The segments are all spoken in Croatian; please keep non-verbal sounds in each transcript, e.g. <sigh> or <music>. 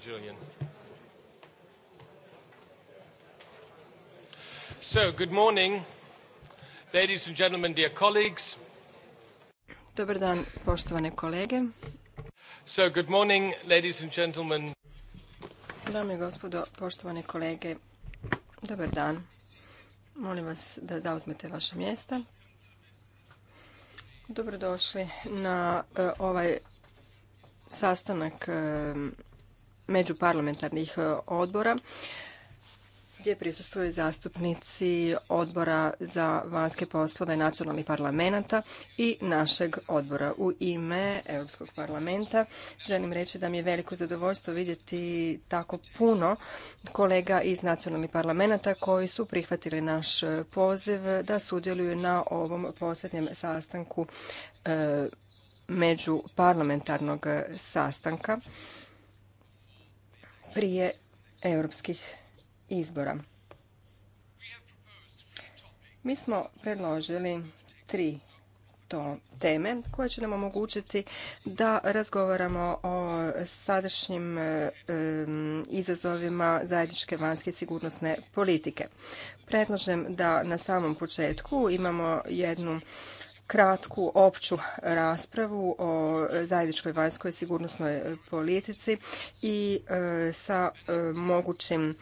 Julian. So, good morning, ladies and gentlemen, dear colleagues. Dobar dan, poštovane kolege. So, good morning, ladies and gentlemen. Dame i gospodo, poštovane kolege, dobar dan. Molim vas da zauzmete vaše mjesta. Dobrodošli na eh, ovaj sastanak eh, međuparlamentarnih e, odbora gdje prisustuju zastupnici odbora za vanjske poslove nacionalnih parlamenta i našeg odbora. U ime Europskog parlamenta želim reći da mi je veliko zadovoljstvo vidjeti tako puno kolega iz nacionalnih parlamenta koji su prihvatili naš poziv da sudjeluju na ovom posljednjem sastanku e, međuparlamentarnog sastanka prije europskih izbora. Mi smo predložili tri to teme koje će nam omogućiti da razgovaramo o sadašnjim izazovima zajedničke vanjske sigurnosne politike. Predlažem da na samom početku imamo jednu kratku opću raspravu o zajedničkoj vanjskoj sigurnosnoj politici i e, sa e, mogućim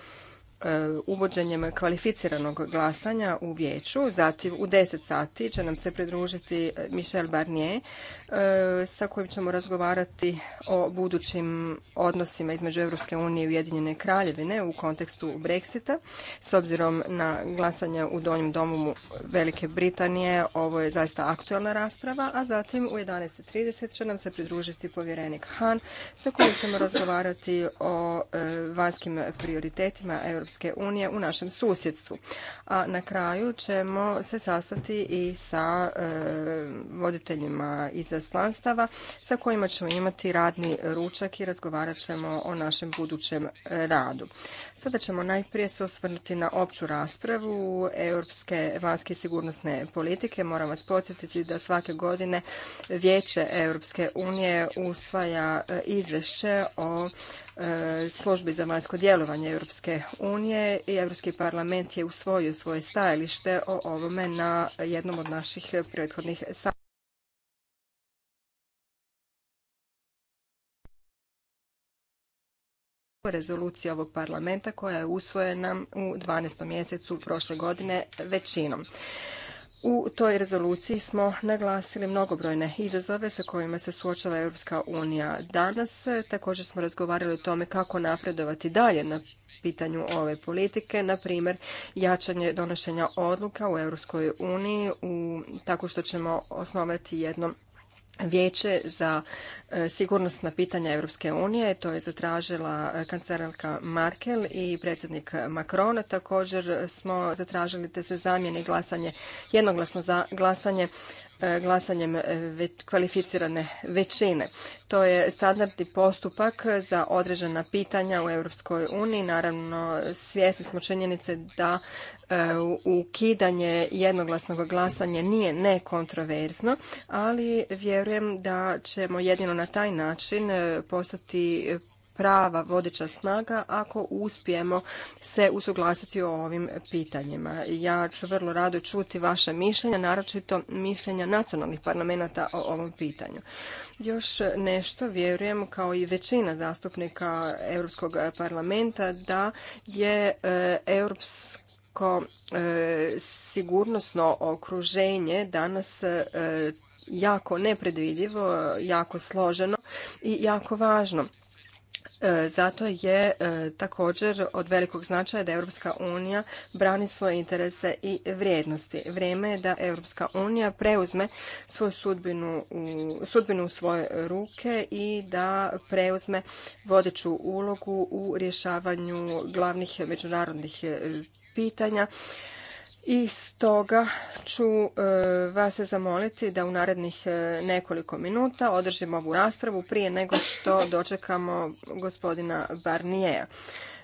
E, uvođenjem kvalificiranog glasanja u vijeću. Zatim u 10 sati će nam se pridružiti Michel Barnier e, sa kojim ćemo razgovarati o budućim odnosima između Europske unije i Ujedinjene kraljevine u kontekstu Brexita. S obzirom na glasanje u Donjem domu Velike Britanije, ovo je zaista aktualna rasprava, a zatim u 11.30 će nam se pridružiti povjerenik Han sa kojim ćemo razgovarati o e, vanjskim prioritetima Europske Europske unije u našem susjedstvu. A na kraju ćemo se sastati i sa e, voditeljima izaslanstava sa kojima ćemo imati radni ručak i razgovarat ćemo o našem budućem radu. Sada ćemo najprije se osvrnuti na opću raspravu europske vanjske sigurnosne politike. Moram vas podsjetiti da svake godine Vijeće Europske unije usvaja e, izvješće o E, službi za vanjsko djelovanje Europske unije i Europski parlament je usvojio svoje stajalište o ovome na jednom od naših prethodnih rezolucija ovog parlamenta koja je usvojena u 12. mjesecu prošle godine većinom. U toj rezoluciji smo naglasili mnogobrojne izazove sa kojima se suočava Europska unija danas. E, također smo razgovarali o tome kako napredovati dalje na pitanju ove politike, na primjer jačanje donošenja odluka u Europskoj uniji tako što ćemo osnovati jednom Vijeće za e, sigurnosna pitanja Europske unije, to je zatražila e, kancelarka Markel i predsjednik Macron. Također smo zatražili da se zamijeni glasanje, jednoglasno glasanje e, glasanjem kvalificirane većine. To je standardni postupak za određena pitanja u Europskoj uniji. Naravno, svjesni smo činjenice da E, ukidanje jednoglasnog glasanja nije nekontroverzno, ali vjerujem da ćemo jedino na taj način e, postati prava vodeća snaga ako uspijemo se usuglasiti o ovim pitanjima. Ja ću vrlo rado čuti vaše mišljenja, naročito mišljenja nacionalnih parlamenta o ovom pitanju. Još nešto, vjerujem, kao i većina zastupnika Europskog parlamenta, da je e, Europska kako e, sigurnosno okruženje danas e, jako nepredvidivo, jako složeno i jako važno. E, zato je također od velikog značaja da Europska unija brani svoje interese i vrijednosti. Vrijeme je da Europska unija preuzme svoju sudbinu, sudbinu u svoje ruke i da preuzme vodeću ulogu u rješavanju glavnih međunarodnih pitanja i stoga ću e, vas zamoliti da u narednih e, nekoliko minuta održimo ovu raspravu prije nego što dočekamo gospodina Barnijeja.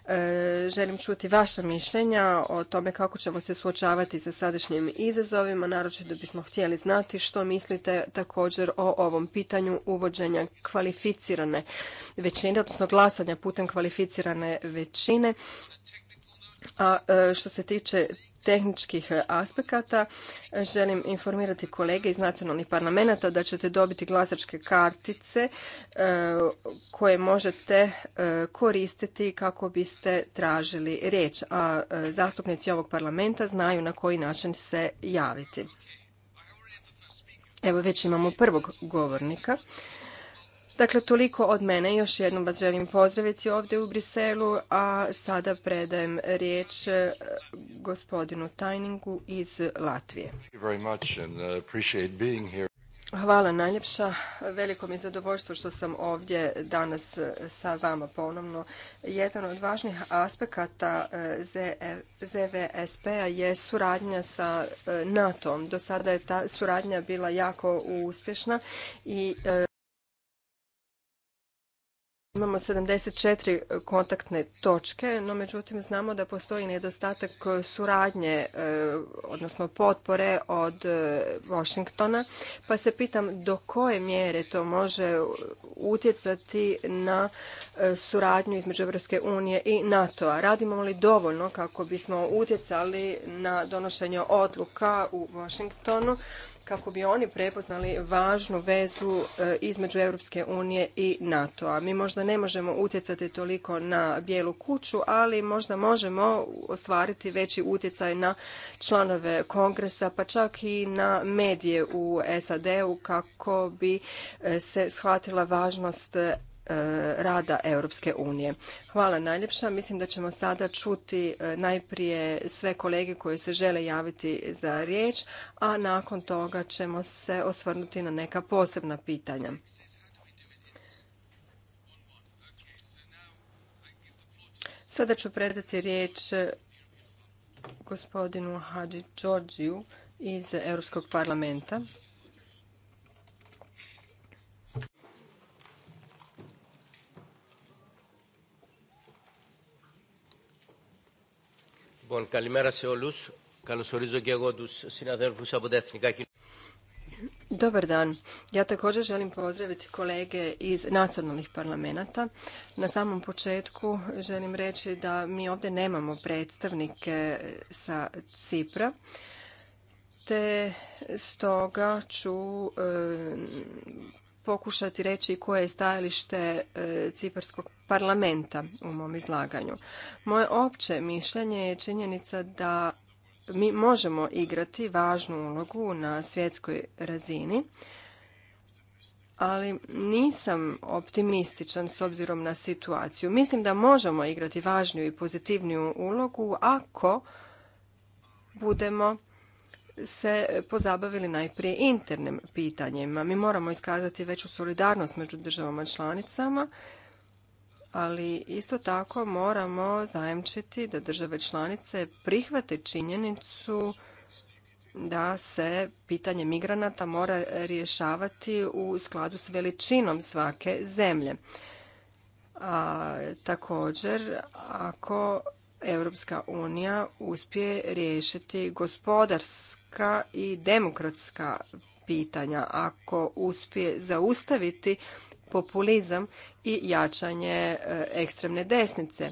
E, želim čuti vaša mišljenja o tome kako ćemo se suočavati sa sadašnjim izazovima, da bismo htjeli znati što mislite također o ovom pitanju uvođenja kvalificirane većine, odnosno glasanja putem kvalificirane većine a e, što se tiče tehničkih aspekata želim informirati kolege iz nacionalnih parlamenta da ćete dobiti glasačke kartice e, koje možete e, koristiti kako biste tražili riječ, a zastupnici ovog parlamenta znaju na koji način se javiti. Evo već imamo prvog govornika. Dakle, toliko od mene. Još jednom vas želim pozdraviti ovdje u Briselu, a sada predajem riječ e, gospodinu Tajningu iz Latvije. Uh, Hvala najljepša. Veliko mi je zadovoljstvo što sam ovdje danas e, sa vama ponovno. Jedan od važnih aspekata e, ZVSP-a je suradnja sa NATO-om. Do sada je ta suradnja bila jako uspješna i Imamo 74 kontaktne točke, no međutim znamo da postoji nedostatak suradnje, e, odnosno potpore od e, Washingtona, pa se pitam do koje mjere to može utjecati na e, suradnju između Europske unije i NATO-a. Radimo li dovoljno kako bismo utjecali na donošenje odluka u Washingtonu kako bi oni prepoznali važnu vezu e, između Europske unije i NATO-a. Mi možda ne možemo utjecati toliko na bijelu kuću, ali možda možemo ostvariti veći utjecaj na članove kongresa, pa čak i na medije u SAD-u kako bi e, se shvatila važnost E, rada Europske unije. Hvala najljepša. Mislim da ćemo sada čuti e, najprije sve kolege koji se žele javiti za riječ, a nakon toga ćemo se osvrnuti na neka posebna pitanja. Sada ću predati riječ gospodinu Hadži Đorđiju iz Europskog parlamenta. Λοιπόν, καλημέρα σε όλου. Καλωσορίζω και εγώ του από Dobar dan. Ja također želim pozdraviti kolege iz nacionalnih parlamenta. Na samom početku želim reći da mi ovdje nemamo predstavnike sa Cipra, te stoga ću e, pokušati reći koje je stajalište e, Ciparskog parlamenta u mom izlaganju. Moje opće mišljenje je činjenica da mi možemo igrati važnu ulogu na svjetskoj razini, ali nisam optimističan s obzirom na situaciju. Mislim da možemo igrati važniju i pozitivniju ulogu ako budemo se pozabavili najprije internim pitanjima. Mi moramo iskazati veću solidarnost među državama članicama, ali isto tako moramo zajemčiti da države članice prihvate činjenicu da se pitanje migranata mora rješavati u skladu s veličinom svake zemlje. također, ako Europska unija uspije riješiti gospodarska i demokratska pitanja, ako uspije zaustaviti populizam i jačanje e, ekstremne desnice.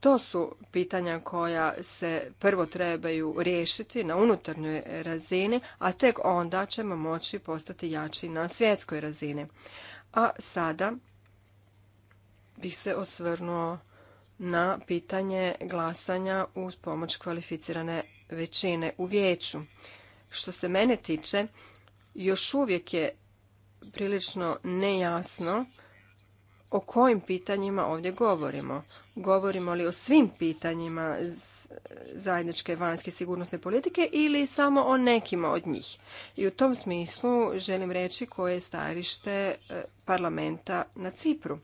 To su pitanja koja se prvo trebaju riješiti na unutarnjoj razini, a tek onda ćemo moći postati jači na svjetskoj razini. A sada bih se osvrnuo na pitanje glasanja uz pomoć kvalificirane većine u vijeću. Što se mene tiče, još uvijek je prilično nejasno o kojim pitanjima ovdje govorimo. Govorimo li o svim pitanjima zajedničke vanjske sigurnosne politike ili samo o nekima od njih. I u tom smislu želim reći koje je stajalište e, parlamenta na Cipru.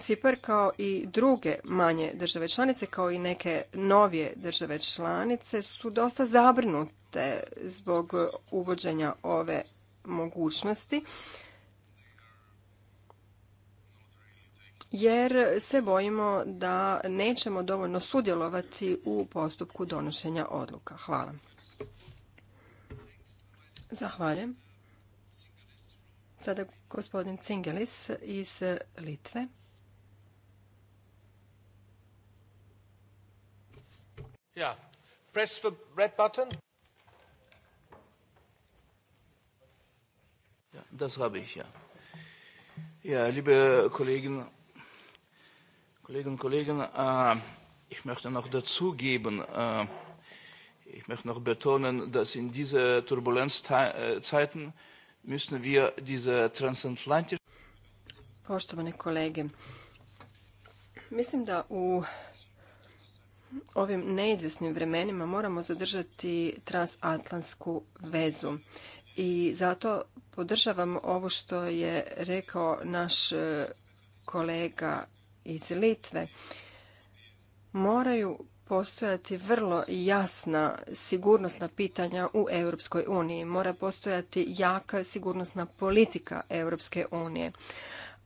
Cipar kao i druge manje države članice, kao i neke novije države članice su dosta zabrinute zbog uvođenja ove mogućnosti, jer se bojimo da nećemo dovoljno sudjelovati u postupku donošenja odluka. Hvala. Zahvaljujem. Sada gospodin Cingelis iz Litve. Yeah. Press the red button. Ja, das habe ich, ja. Ja, liebe Kollegen, Kolleginnen und Kollegen, äh, ich möchte noch geben, äh, ich möchte noch betonen, dass in diese Turbulenzzeiten müssen wir diese transatlantische... Poštovane kolege, mislim da u ovim neizvjesnim vremenima moramo zadržati transatlantsku vezu. I zato podržavam ovo što je rekao naš e, kolega iz Litve. Moraju postojati vrlo jasna sigurnosna pitanja u Europskoj uniji. Mora postojati jaka sigurnosna politika Europske unije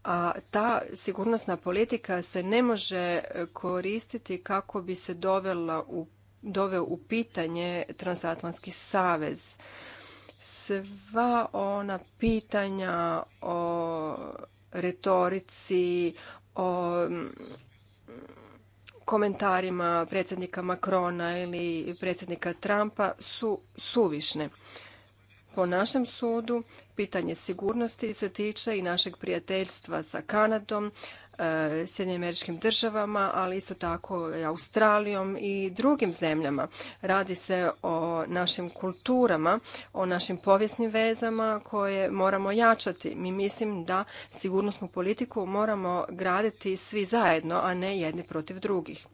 a ta sigurnosna politika se ne može koristiti kako bi se dovela u, doveo u pitanje transatlantski savez. Sva ona pitanja o retorici, o mm, komentarima predsjednika Makrona ili predsjednika Trumpa su suvišne. Po našem sudu, pitanje sigurnosti se tiče i našeg prijateljstva sa Kanadom, e, Sjedinjenim američkim državama, ali isto tako i Australijom i drugim zemljama. Radi se o našim kulturama, o našim povijesnim vezama koje moramo jačati. Mi mislim da sigurnosnu politiku moramo graditi svi zajedno, a ne jedni protiv drugih.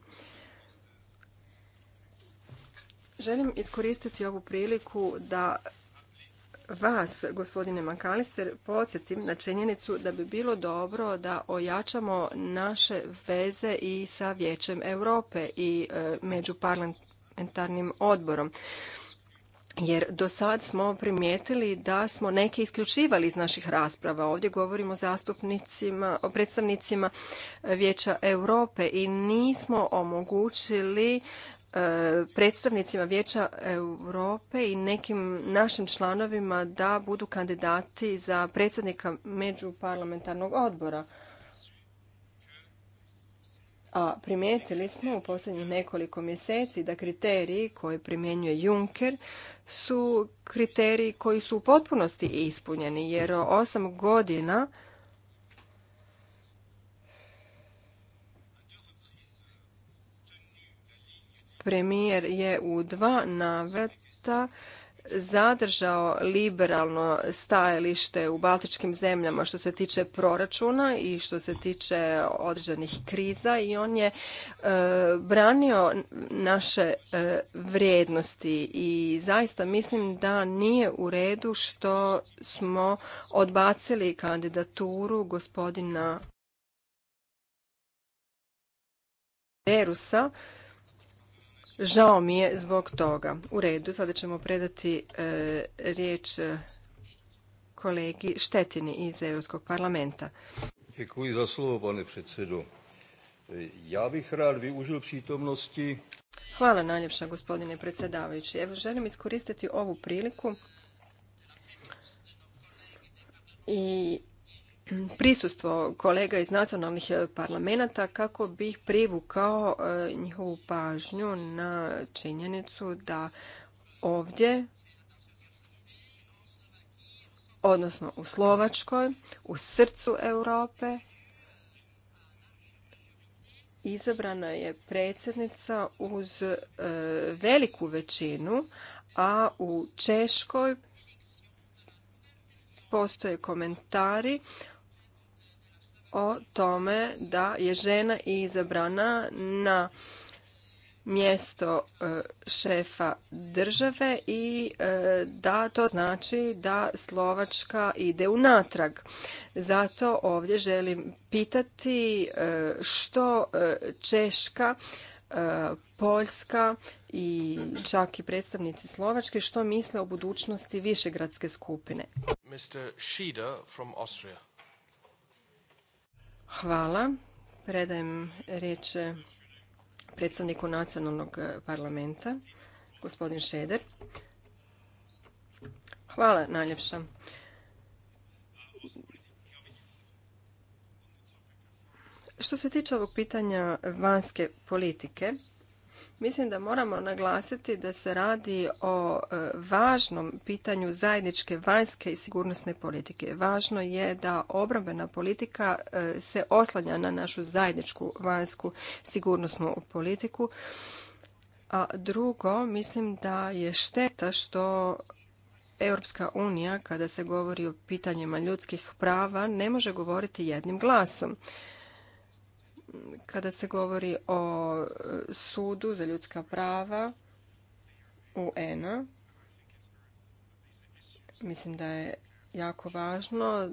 Želim iskoristiti ovu priliku da vas, gospodine Makalister, podsjetim na činjenicu da bi bilo dobro da ojačamo naše veze i sa Vijećem Europe i e, među parlamentarnim odborom. Jer do sad smo primijetili da smo neke isključivali iz naših rasprava. Ovdje govorimo o zastupnicima, o predstavnicima Vijeća Europe i nismo omogućili predstavnicima Vijeća Europe i nekim našim članovima da budu kandidati za predsjednika međuparlamentarnog odbora. A primijetili smo u posljednjih nekoliko mjeseci da kriteriji koje primjenjuje Juncker su kriteriji koji su u potpunosti ispunjeni jer osam godina premijer je u dva navrata zadržao liberalno stajalište u baltičkim zemljama što se tiče proračuna i što se tiče određenih kriza i on je e, branio naše e, vrijednosti i zaista mislim da nije u redu što smo odbacili kandidaturu gospodina Berusa Žao mi je zbog toga. U redu, sada ćemo predati e, riječ e, kolegi Štetini iz Europskog parlamenta. za slovo, pane Ja bih Hvala najljepša, gospodine predsjedavajući. Evo, želim iskoristiti ovu priliku i prisustvo kolega iz nacionalnih e, parlamenta kako bih privukao e, njihovu pažnju na činjenicu da ovdje odnosno u Slovačkoj, u srcu Europe, izabrana je predsjednica uz e, veliku većinu, a u Češkoj postoje komentari o tome da je žena izabrana na mjesto e, šefa države i e, da to znači da Slovačka ide unatrag. Zato ovdje želim pitati e, što Češka, Poljska i čak i predstavnici Slovačke što misle o budućnosti višegradske skupine. Mr. Šida from Austria. Hvala. Predajem riječ predstavniku nacionalnog parlamenta, gospodin Šeder. Hvala najljepša. Što se tiče ovog pitanja vanjske politike, Mislim da moramo naglasiti da se radi o e, važnom pitanju zajedničke vanjske i sigurnosne politike. Važno je da obrambena politika e, se oslanja na našu zajedničku vanjsku sigurnosnu politiku. A drugo, mislim da je šteta što Europska unija, kada se govori o pitanjima ljudskih prava, ne može govoriti jednim glasom kada se govori o e, sudu za ljudska prava un Mislim da je jako važno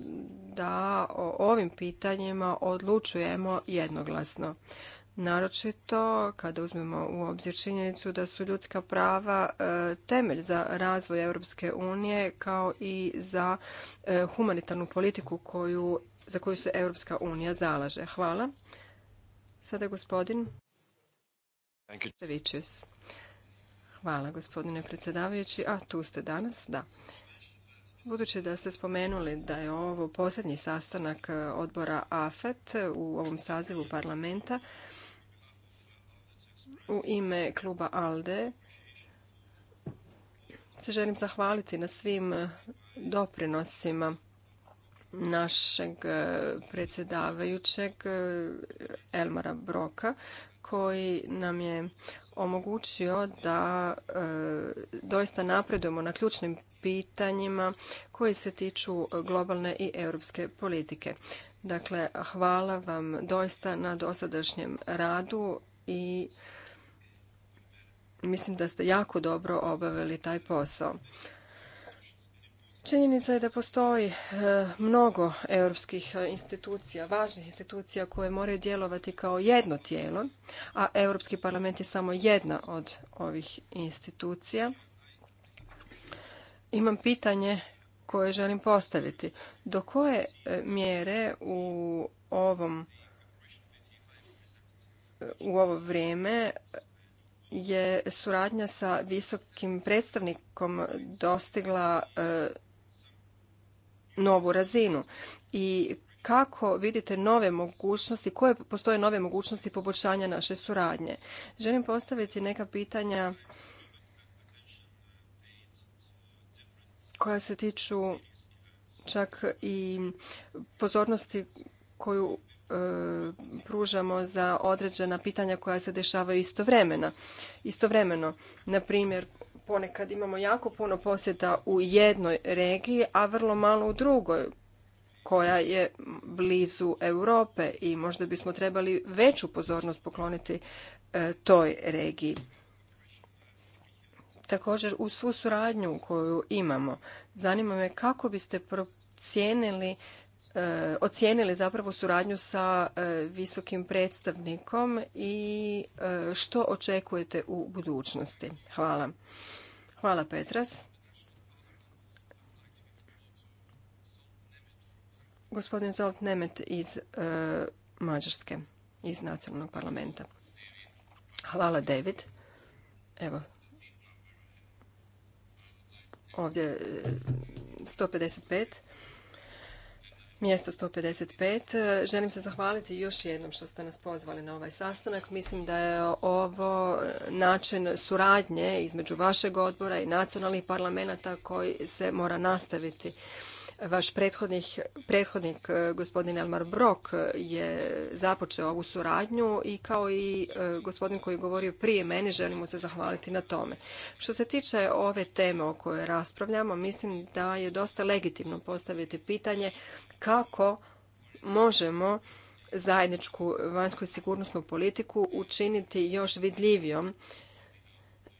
da o ovim pitanjima odlučujemo jednoglasno. Naročito kada uzmemo u obzir činjenicu da su ljudska prava e, temelj za razvoj Europske unije kao i za e, humanitarnu politiku koju, za koju se Europska unija zalaže. Hvala. Sada gospodin Hvala gospodine predsjedavajući. A tu ste danas, da. Budući da ste spomenuli da je ovo posljednji sastanak e, odbora AFET u ovom sazivu parlamenta, u ime kluba ALDE se želim zahvaliti na svim e, doprinosima našeg e, predsjedavajućeg e, Elmara Broka koji nam je omogućio da e, doista napredujemo na ključnim pitanjima koji se tiču globalne i europske politike. Dakle, hvala vam doista na dosadašnjem radu i mislim da ste jako dobro obavili taj posao. Činjenica je da postoji e, mnogo europskih e, institucija, važnih institucija koje moraju djelovati kao jedno tijelo, a Europski parlament je samo jedna od ovih institucija. Imam pitanje koje želim postaviti. Do koje e, mjere u ovom u ovo vrijeme je suradnja sa visokim predstavnikom dostigla novu razinu i kako vidite nove mogućnosti, koje postoje nove mogućnosti poboljšanja naše suradnje. Želim postaviti neka pitanja koja se tiču čak i pozornosti koju e, pružamo za određena pitanja koja se dešavaju istovremeno. Istovremeno, na primjer, ponekad imamo jako puno posjeta u jednoj regiji, a vrlo malo u drugoj koja je blizu Europe i možda bismo trebali veću pozornost pokloniti e, toj regiji. Također, u svu suradnju koju imamo, zanima me kako biste procijenili E, ocijenili zapravo suradnju sa e, visokim predstavnikom i e, što očekujete u budućnosti. Hvala. Hvala Petras. Gospodin Zolt Nemet iz Mađarske, iz nacionalnog parlamenta. Hvala David. Evo. Ovdje 155 mjesto 155. Želim se zahvaliti još jednom što ste nas pozvali na ovaj sastanak. Mislim da je ovo način suradnje između vašeg odbora i nacionalnih parlamenta koji se mora nastaviti Vaš prethodnih, prethodnik, e, gospodin Elmar Brok, je započeo ovu suradnju i kao i e, gospodin koji je govorio prije mene, mu se zahvaliti na tome. Što se tiče ove teme o kojoj raspravljamo, mislim da je dosta legitimno postaviti pitanje kako možemo zajedničku vanjsku i sigurnosnu politiku učiniti još vidljivijom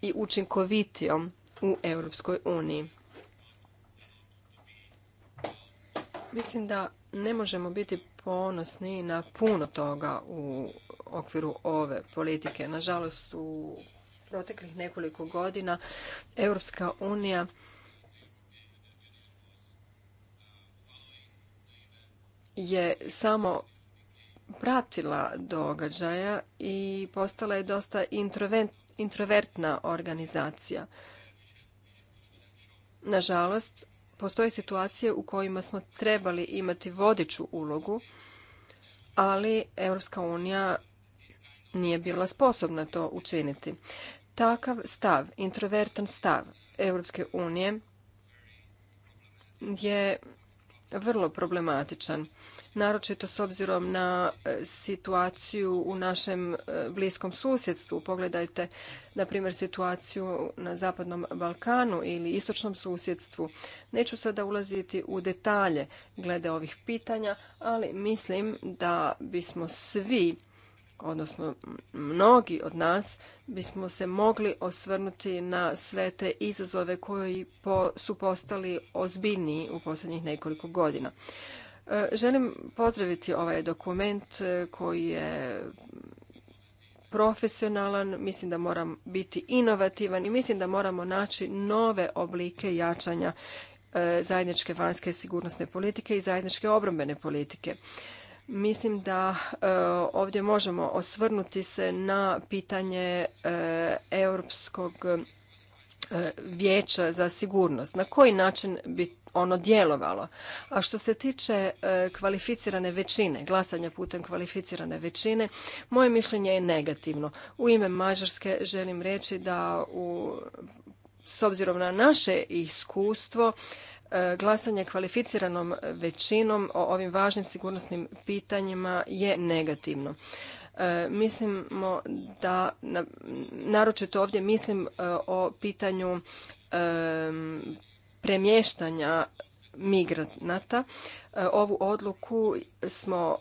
i učinkovitijom u Europskoj uniji. Mislim da ne možemo biti ponosni na puno toga u okviru ove politike. Nažalost, u proteklih nekoliko godina Europska unija je samo pratila događaja i postala je dosta introvertna organizacija. Nažalost, postoje situacije u kojima smo trebali imati vodiču ulogu, ali Europska unija nije bila sposobna to učiniti. Takav stav, introvertan stav Europske unije je vrlo problematičan naročito s obzirom na e, situaciju u našem e, bliskom susjedstvu. Pogledajte, na primjer, situaciju na Zapadnom Balkanu ili istočnom susjedstvu. Neću sada ulaziti u detalje glede ovih pitanja, ali mislim da bismo svi odnosno mnogi od nas bismo se mogli osvrnuti na sve te izazove koji su postali ozbiljniji u posljednjih nekoliko godina. Želim pozdraviti ovaj dokument e, koji je profesionalan, mislim da moram biti inovativan i mislim da moramo naći nove oblike jačanja e, zajedničke vanjske sigurnosne politike i zajedničke obrambene politike. Mislim da e, ovdje možemo osvrnuti se na pitanje europskog vijeća za sigurnost. Na koji način bi ono djelovalo. A što se tiče e, kvalificirane većine, glasanja putem kvalificirane većine, moje mišljenje je negativno. U ime Mađarske želim reći da u, s obzirom na naše iskustvo, e, glasanje kvalificiranom većinom o ovim važnim sigurnosnim pitanjima je negativno. E, mislimo da, naročito ovdje mislim o pitanju premještanja migranata. E, ovu odluku smo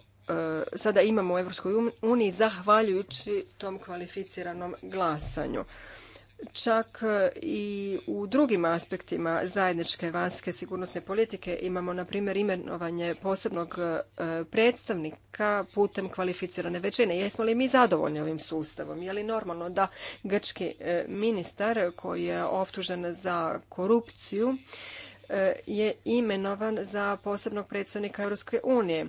e, sada imamo u Europskoj uniji zahvaljujući tom kvalificiranom glasanju čak e, i u drugim aspektima zajedničke vanjske sigurnosne politike imamo na primjer imenovanje posebnog e, predstavnika putem kvalificirane većine. Jesmo li mi zadovoljni ovim sustavom? Je li normalno da grčki e, ministar koji je optužen za korupciju je imenovan za posebnog predstavnika Europske unije,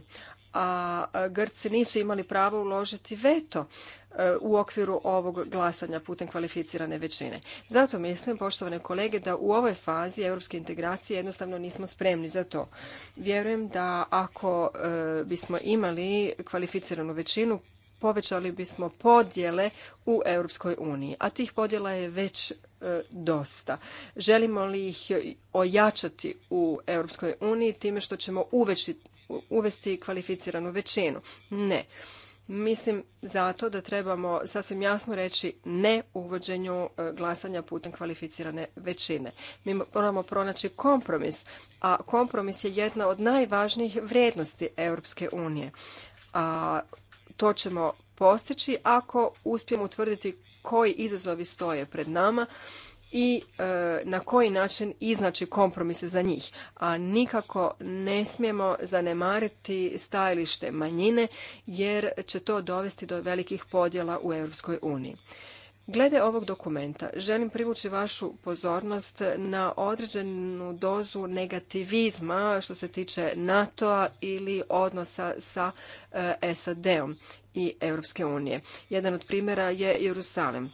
a Grci nisu imali pravo uložiti veto E, u okviru ovog glasanja putem kvalificirane većine. Zato mislim, poštovane kolege, da u ovoj fazi europske integracije jednostavno nismo spremni za to. Vjerujem da ako e, bismo imali kvalificiranu većinu, povećali bismo podjele u Europskoj uniji, a tih podjela je već e, dosta. Želimo li ih ojačati u Europskoj uniji time što ćemo uvesti kvalificiranu većinu? Ne. Mislim zato da trebamo sasvim jasno reći ne uvođenju e, glasanja putem kvalificirane većine. Mi moramo pronaći kompromis, a kompromis je jedna od najvažnijih vrijednosti Europske unije. A to ćemo postići ako uspijemo utvrditi koji izazovi stoje pred nama i e, na koji način iznaći kompromise za njih. A nikako ne smijemo zanemariti stajalište manjine jer će to dovesti do velikih podjela u Europskoj uniji. Glede ovog dokumenta želim privući vašu pozornost na određenu dozu negativizma što se tiče NATO-a ili odnosa sa e, SAD-om i Europske unije. Jedan od primjera je Jerusalem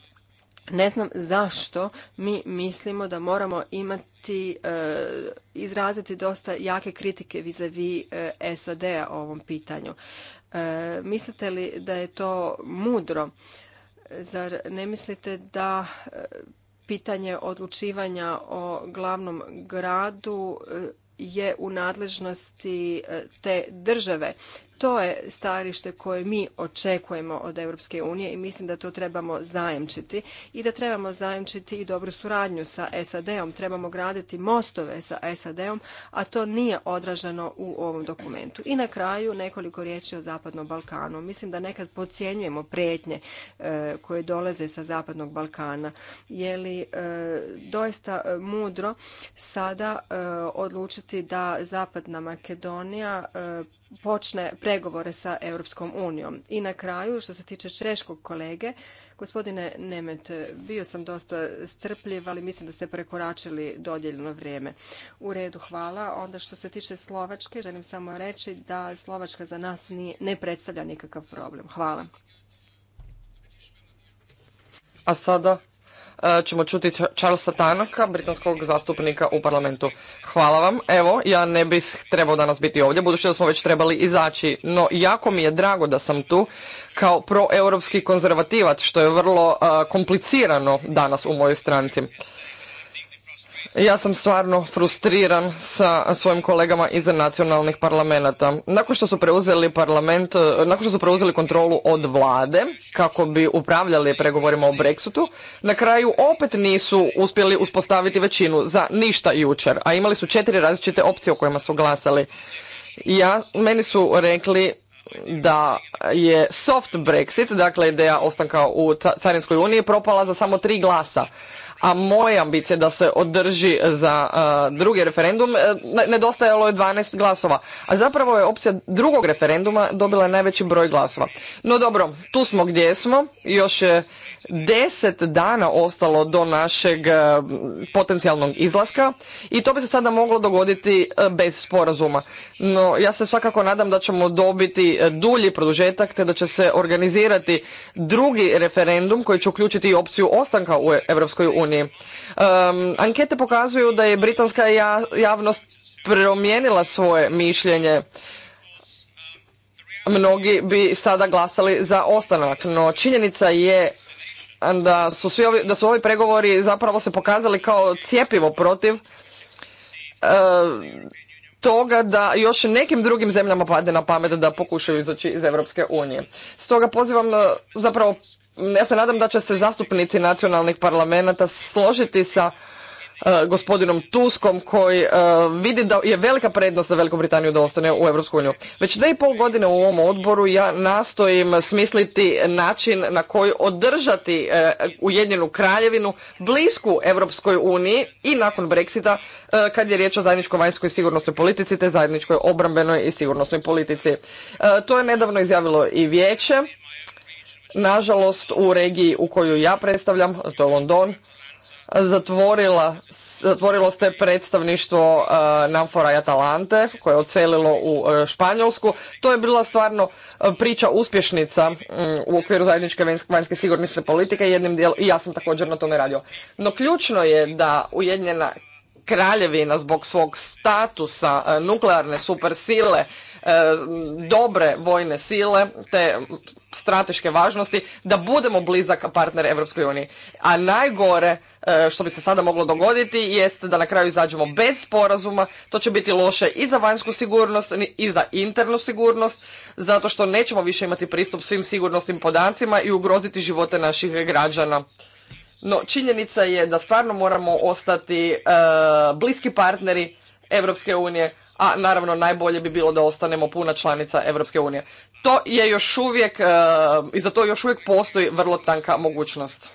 ne znam zašto mi mislimo da moramo imati e, izraziti dosta jake kritike vizavi e, SAD-a o ovom pitanju. E, mislite li da je to mudro? Zar ne mislite da pitanje odlučivanja o glavnom gradu je u nadležnosti te države to je starište koje mi očekujemo od Europske unije i mislim da to trebamo zajamčiti i da trebamo zajamčiti i dobru suradnju sa SAD-om. Trebamo graditi mostove sa SAD-om, a to nije odraženo u ovom dokumentu. I na kraju nekoliko riječi o Zapadnom Balkanu. Mislim da nekad podcjenjujemo prijetnje e, koje dolaze sa Zapadnog Balkana. Je li e, doista e, mudro sada odlučiti da Zapadna Makedonija počne pregovore sa Europskom unijom. I na kraju, što se tiče češkog kolege, gospodine Nemet, bio sam dosta strpljiv, ali mislim da ste prekoračili dodjeljeno vrijeme. U redu, hvala. Onda što se tiče Slovačke, želim samo reći da Slovačka za nas ne predstavlja nikakav problem. Hvala. A sada E, ćemo čuti Charlesa Tanaka, britanskog zastupnika u parlamentu. Hvala vam. Evo, ja ne bih trebao danas biti ovdje, budući da smo već trebali izaći, no jako mi je drago da sam tu kao proeuropski konzervativac, što je vrlo e, komplicirano danas u mojoj stranci ja sam stvarno frustriran sa svojim kolegama iz nacionalnih parlamenata. Nakon što su preuzeli parlament, eh, nakon što su preuzeli kontrolu od vlade kako bi upravljali pregovorima o Brexitu, na kraju opet nisu uspjeli uspostaviti većinu za ništa jučer, a imali su četiri različite opcije o kojima su glasali. Ja, meni su rekli da je soft Brexit, dakle ideja ostanka u Carinskoj uniji, propala za samo tri glasa a moje ambicije da se održi za drugi referendum, e, nedostajalo je 12 glasova. A zapravo je opcija drugog referenduma dobila najveći broj glasova. No dobro, tu smo gdje smo, još je deset dana ostalo do našeg e, potencijalnog izlaska i to bi se sada moglo dogoditi e, bez sporazuma. No, ja se svakako nadam da ćemo dobiti e, dulji produžetak te da će se organizirati drugi referendum koji će uključiti i opciju ostanka u Europskoj uniji. ankete pokazuju da je britanska javnost promijenila svoje mišljenje mnogi bi sada glasali za ostanak, no činjenica je da su, ovi, da su pregovori zapravo se pokazali kao cijepivo protiv e, toga da još nekim drugim zemljama padne na pamet da pokušaju izaći iz Europske unije. Stoga pozivam e, zapravo, ja se nadam da će se zastupnici nacionalnih parlamenta složiti sa E, gospodinom Tuskom koji e, vidi da je velika prednost za Veliku Britaniju da ostane u EU. Već dve i pol godine u ovom odboru ja nastojim smisliti način na koji održati e, Ujedinjenu kraljevinu blisku Europskoj uniji i nakon Brexita kad je riječ o zajedničkoj vanjskoj sigurnosnoj politici te zajedničkoj obrambenoj i sigurnosnoj politici. To je nedavno izjavilo i vijeće. Nažalost, u regiji u koju ja predstavljam, to je London, zatvorila, zatvorilo ste predstavništvo uh, Namfora i Atalante koje je ocelilo u e, Španjolsku. To je bila stvarno e, priča uspješnica mm, u okviru zajedničke vanjske sigurnosne politike jednim dijelom i ja sam također na tome radio. No ključno je da Ujedinjena kraljevina zbog svog statusa nuklearne supersile E, dobre vojne sile, te strateške važnosti, da budemo blizak partner Europskoj uniji. A najgore e, što bi se sada moglo dogoditi jest da na kraju izađemo bez sporazuma. To će biti loše i za vanjsku sigurnost i za internu sigurnost, zato što nećemo više imati pristup svim sigurnosnim podacima i ugroziti živote naših građana. No, činjenica je da stvarno moramo ostati e, bliski partneri Europske unije a naravno najbolje bi bilo da ostanemo puna članica Europske unije. To je još uvijek, e, i za to još uvijek postoji vrlo tanka mogućnost.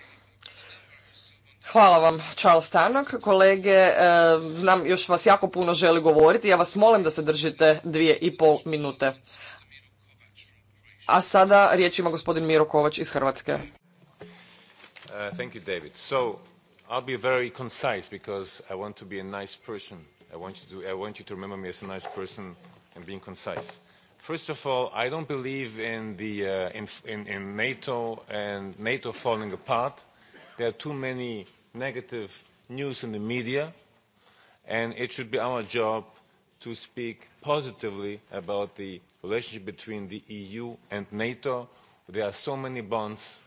Hvala vam, Charles Tanok. Kolege, e, znam, još vas jako puno želi govoriti. Ja vas molim da se držite dvije i pol minute. A sada riječ ima gospodin Miro Kovač iz Hrvatske. Uh, thank you, David. So, I'll be very concise because I want to be a nice person. I want, you to, I want you to remember me as a nice person and being concise. First of all, I don't believe in, the, uh, in, in, in NATO and NATO falling apart. There are too many negative news in the media, and it should be our job to speak positively about the relationship between the EU and NATO. There are so many bonds,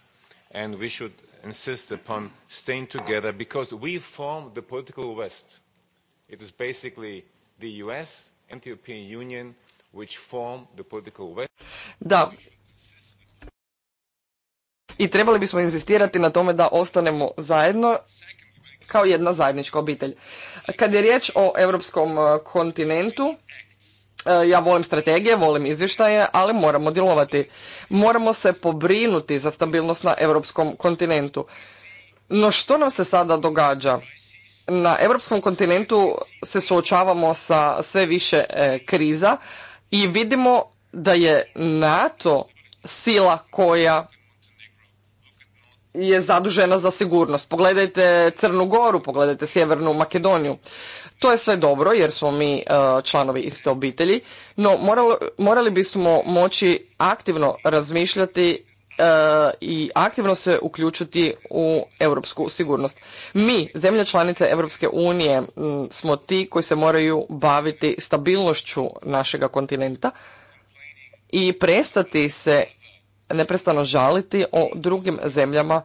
and we should insist upon staying together because we form the political West It is basically the US and the European Union which form the political Da. I trebali bismo insistirati na tome da ostanemo zajedno kao jedna zajednička obitelj. Kad je riječ o europskom e, kontinentu, e, ja volim strategije, volim izvještaje, ali moramo djelovati. Moramo se pobrinuti za stabilnost na europskom kontinentu. No što nam se sada događa? na europskom kontinentu se suočavamo sa sve više e, kriza i vidimo da je NATO sila koja je zadužena za sigurnost. Pogledajte Crnu Goru, pogledajte Sjevernu Makedoniju. To je sve dobro jer smo mi e, članovi iste obitelji, no morali, morali bismo moći aktivno razmišljati E, i aktivno se uključiti u europsku sigurnost. Mi, zemlje članice Europske unije, smo ti koji se moraju baviti stabilnošću našega kontinenta i prestati se neprestano žaliti o drugim zemljama,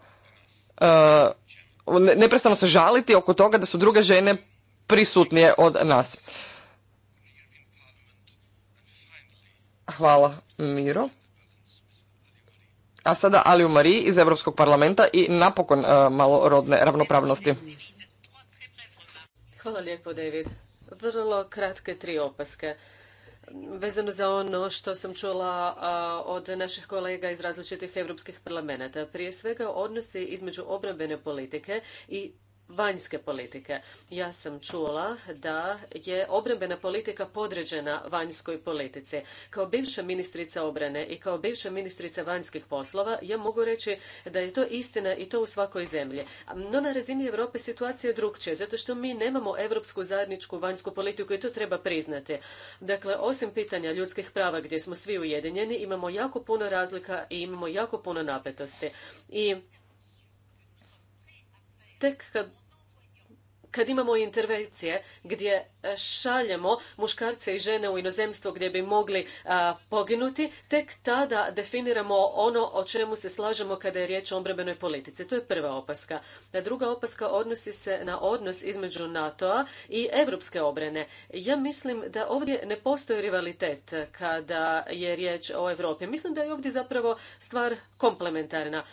e, neprestano se žaliti oko toga da su druge žene prisutnije od nas. Hvala, Miro. A sada Aliju Mariji iz Europskog parlamenta i napokon malorodne malo rodne ravnopravnosti. Hvala lijepo, David. Vrlo kratke tri opaske. Vezano za ono što sam čula od naših kolega iz različitih evropskih parlamenta. Prije svega odnosi između obrambene politike i vanjske politike. Ja sam čula da je obrambena politika podređena vanjskoj politici. Kao bivša ministrica obrane i kao bivša ministrica vanjskih poslova ja mogu reći da je to istina i to u svakoj zemlji. No na razini Europe situacija je drukčija zato što mi nemamo europsku zajedničku vanjsku politiku i to treba priznati. Dakle, osim pitanja ljudskih prava gdje smo svi ujedinjeni, imamo jako puno razlika i imamo jako puno napetosti. I tek kad kad imamo intervencije gdje e, šaljemo muškarce i žene u inozemstvo gdje bi mogli poginuti, tek tada definiramo ono o čemu se slažemo kada je riječ o obrambenoj politici. To je prva opaska. E, druga opaska odnosi se na odnos između NATO-a i europske obrane. Ja mislim da ovdje ne postoji rivalitet kada je riječ o Europi. Mislim da je ovdje zapravo stvar komplementarna.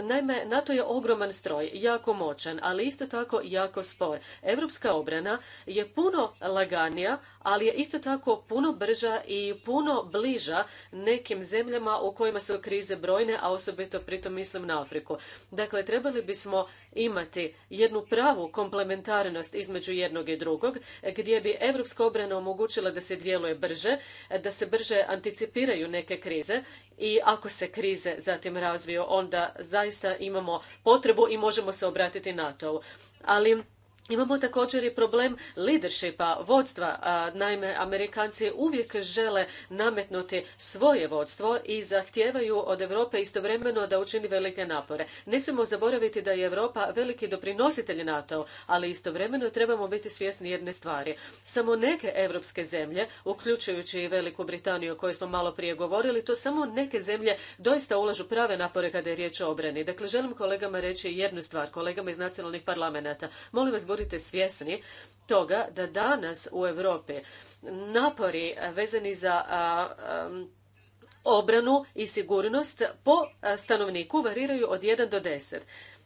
Naime, NATO je ogroman stroj, jako moćan, ali isto tako jako spor. Europska obrana je puno laganija, ali je isto tako puno brža i puno bliža nekim zemljama u kojima su krize brojne, a osobito pritom mislim na Afriku. Dakle, trebali bismo imati jednu pravu komplementarnost između jednog i drugog, gdje bi europska obrana omogućila da se djeluje brže, da se brže anticipiraju neke krize i ako se krize zatim razviju, onda za zaista imamo potrebu i možemo se obratiti NATO-u. Ali Imamo također i problem leadershipa, vodstva. Naime, Amerikanci uvijek žele nametnuti svoje vodstvo i zahtijevaju od Europe istovremeno da učini velike napore. Ne smijemo zaboraviti da je Europa veliki doprinositelj NATO, ali istovremeno trebamo biti svjesni jedne stvari. Samo neke europske zemlje, uključujući i Veliku Britaniju o kojoj smo malo prije govorili, to samo neke zemlje doista ulažu prave napore kada je riječ o obrani. Dakle, želim kolegama reći jednu stvar, kolegama iz nacionalnih parlamenata. Molim vas, budite svjesni toga da danas u Europi napori vezani za obranu i sigurnost po stanovniku variraju od 1 do 10.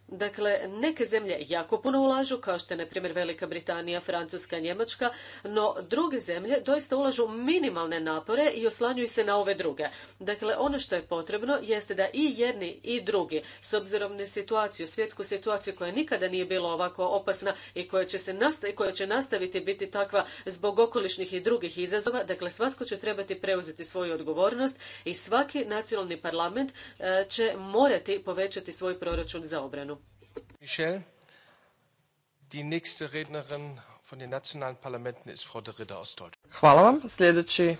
Dakle, neke zemlje jako puno ulažu, kao što je, na primjer, Velika Britanija, Francuska, Njemačka, no druge zemlje doista ulažu minimalne napore i oslanjuju se na ove druge. Dakle, ono što je potrebno jeste da i jedni i drugi, s obzirom na situaciju, svjetsku situaciju koja nikada nije bila ovako opasna i koja će, se nastaviti koja će nastaviti biti takva zbog okolišnih i drugih izazova, dakle, svatko će trebati preuzeti svoju odgovornost i svaki nacionalni parlament e, će morati povećati svoj proračun za obranu. Michel, die nächste Rednerin von den nationalen Parlamenten ist Frau de aus Deutschland. Hvala vam. Sljedeći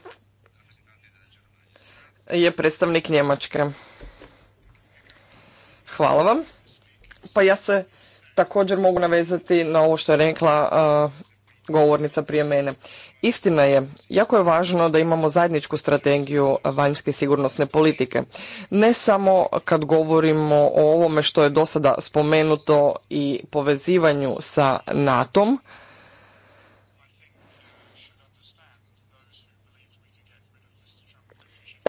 je predstavnik Njemačke. Hvala vam. Pa ja se također mogu navezati na ovo što je rekla uh, govornica prije mene. Istina je, jako je važno da imamo zajedničku strategiju vanjske sigurnosne politike. Ne samo kad govorimo o ovome što je do sada spomenuto i povezivanju sa NATO-om,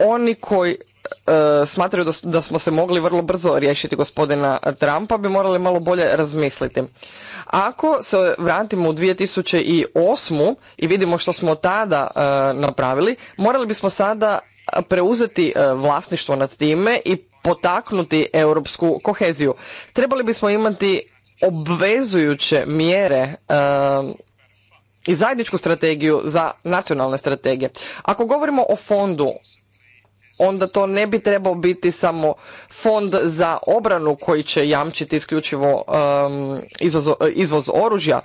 oni koji e, smatraju da, da smo se mogli vrlo brzo riješiti gospodina Trumpa bi morali malo bolje razmisliti. Ako se vratimo u 2008. i vidimo što smo tada e, napravili, morali bismo sada preuzeti e, vlasništvo nad time i potaknuti europsku koheziju. Trebali bismo imati obvezujuće mjere e, i zajedničku strategiju za nacionalne strategije. Ako govorimo o fondu onda to ne bi trebao biti samo fond za obranu koji će jamčiti isključivo um, izvoz, izvoz oružja,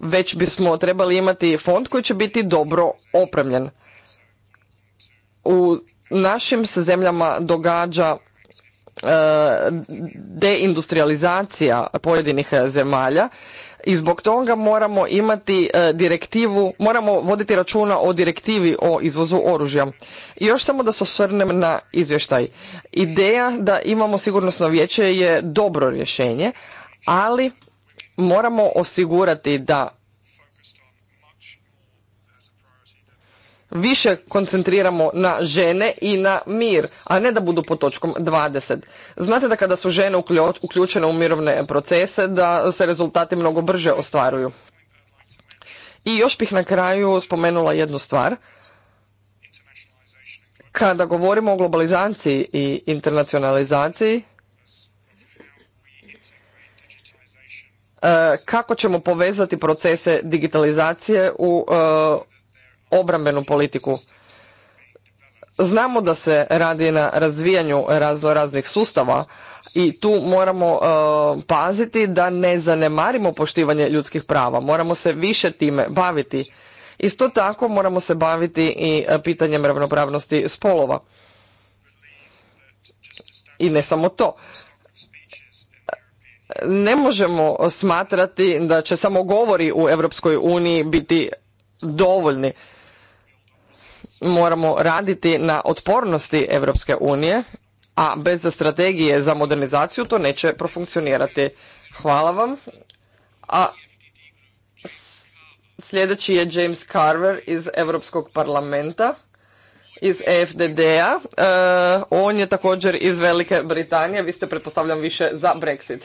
već bismo trebali imati fond koji će biti dobro opremljen. U našim se zemljama događa uh, deindustrializacija pojedinih zemalja i zbog toga moramo imati e, direktivu, moramo voditi računa o direktivi o izvozu oružja. I još samo da se osvrnem na izvještaj. Ideja da imamo sigurnosno vijeće je dobro rješenje, ali moramo osigurati da više koncentriramo na žene i na mir, a ne da budu pod točkom 20. Znate da kada su žene uključene u mirovne procese, da se rezultati mnogo brže ostvaruju. I još bih na kraju spomenula jednu stvar. Kada govorimo o globalizaciji i internacionalizaciji, e, kako ćemo povezati procese digitalizacije u e, obrambenu politiku. Znamo da se radi na razvijanju razno raznih sustava i tu moramo e, paziti da ne zanemarimo poštivanje ljudskih prava. Moramo se više time baviti. Isto tako moramo se baviti i e, pitanjem ravnopravnosti spolova. I ne samo to. Ne možemo smatrati da će samo govori u Europskoj uniji biti dovoljni moramo raditi na otpornosti Europske unije, a bez strategije za modernizaciju to neće profunkcionirati. Hvala vam. A sljedeći je James Carver iz Europskog parlamenta iz EFDD-a. E, on je također iz Velike Britanije. Vi ste, pretpostavljam, više za Brexit.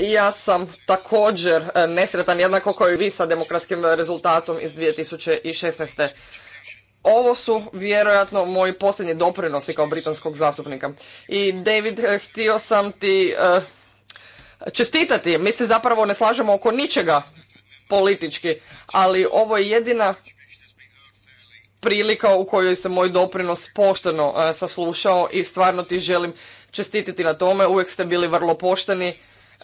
Ja sam također e, nesretan jednako kao i vi sa demokratskim rezultatom iz 2016. Ovo su vjerojatno moji posljednji doprinosi kao britanskog zastupnika. I David, e, htio sam ti e, čestitati. Mi se zapravo ne slažemo oko ničega politički, ali ovo je jedina prilika u kojoj se moj doprinos pošteno saslušao i stvarno ti želim čestititi na tome. Uvijek ste bili vrlo pošteni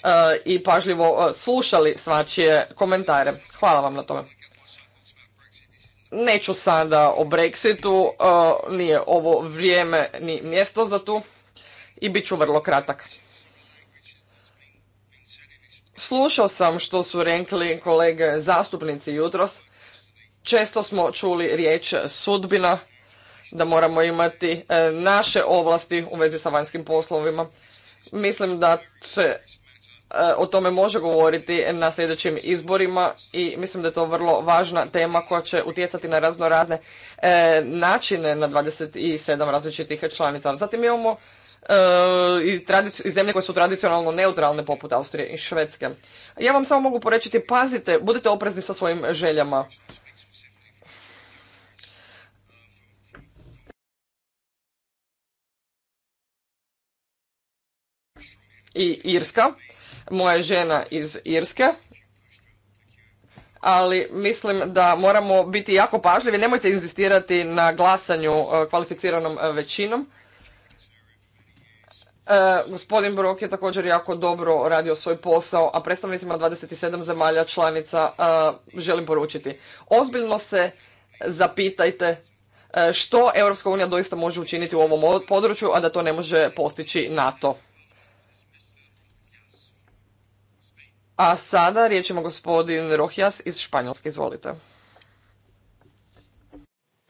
Eh, i pažljivo eh, slušali svačije komentare. Hvala vam na tome. Neću sada o Brexitu, eh, nije ovo vrijeme ni mjesto za tu i bit ću vrlo kratak. Slušao sam što su rekli kolege zastupnici jutros. Često smo čuli riječ sudbina, da moramo imati naše ovlasti u vezi sa vanjskim poslovima. Mislim da se E, o tome može govoriti na sljedećim izborima i mislim da je to vrlo važna tema koja će utjecati na razno razne e, načine na 27 različitih članica. Zatim imamo e, i, zemlje koje su tradicionalno neutralne poput Austrije i Švedske. Ja vam samo mogu porečiti, pazite, budite oprezni sa svojim željama. I Irska moja je žena iz Irske, ali mislim da moramo biti jako pažljivi. Nemojte inzistirati na glasanju e, kvalificiranom e, većinom. E, gospodin Brok je također jako dobro radio svoj posao, a predstavnicima 27 zemalja članica želim poručiti. Ozbiljno se zapitajte što EU doista može učiniti u ovom području, a da to ne može postići NATO. A sada riječ ima gospodin Rohjas iz Španjolske. Izvolite.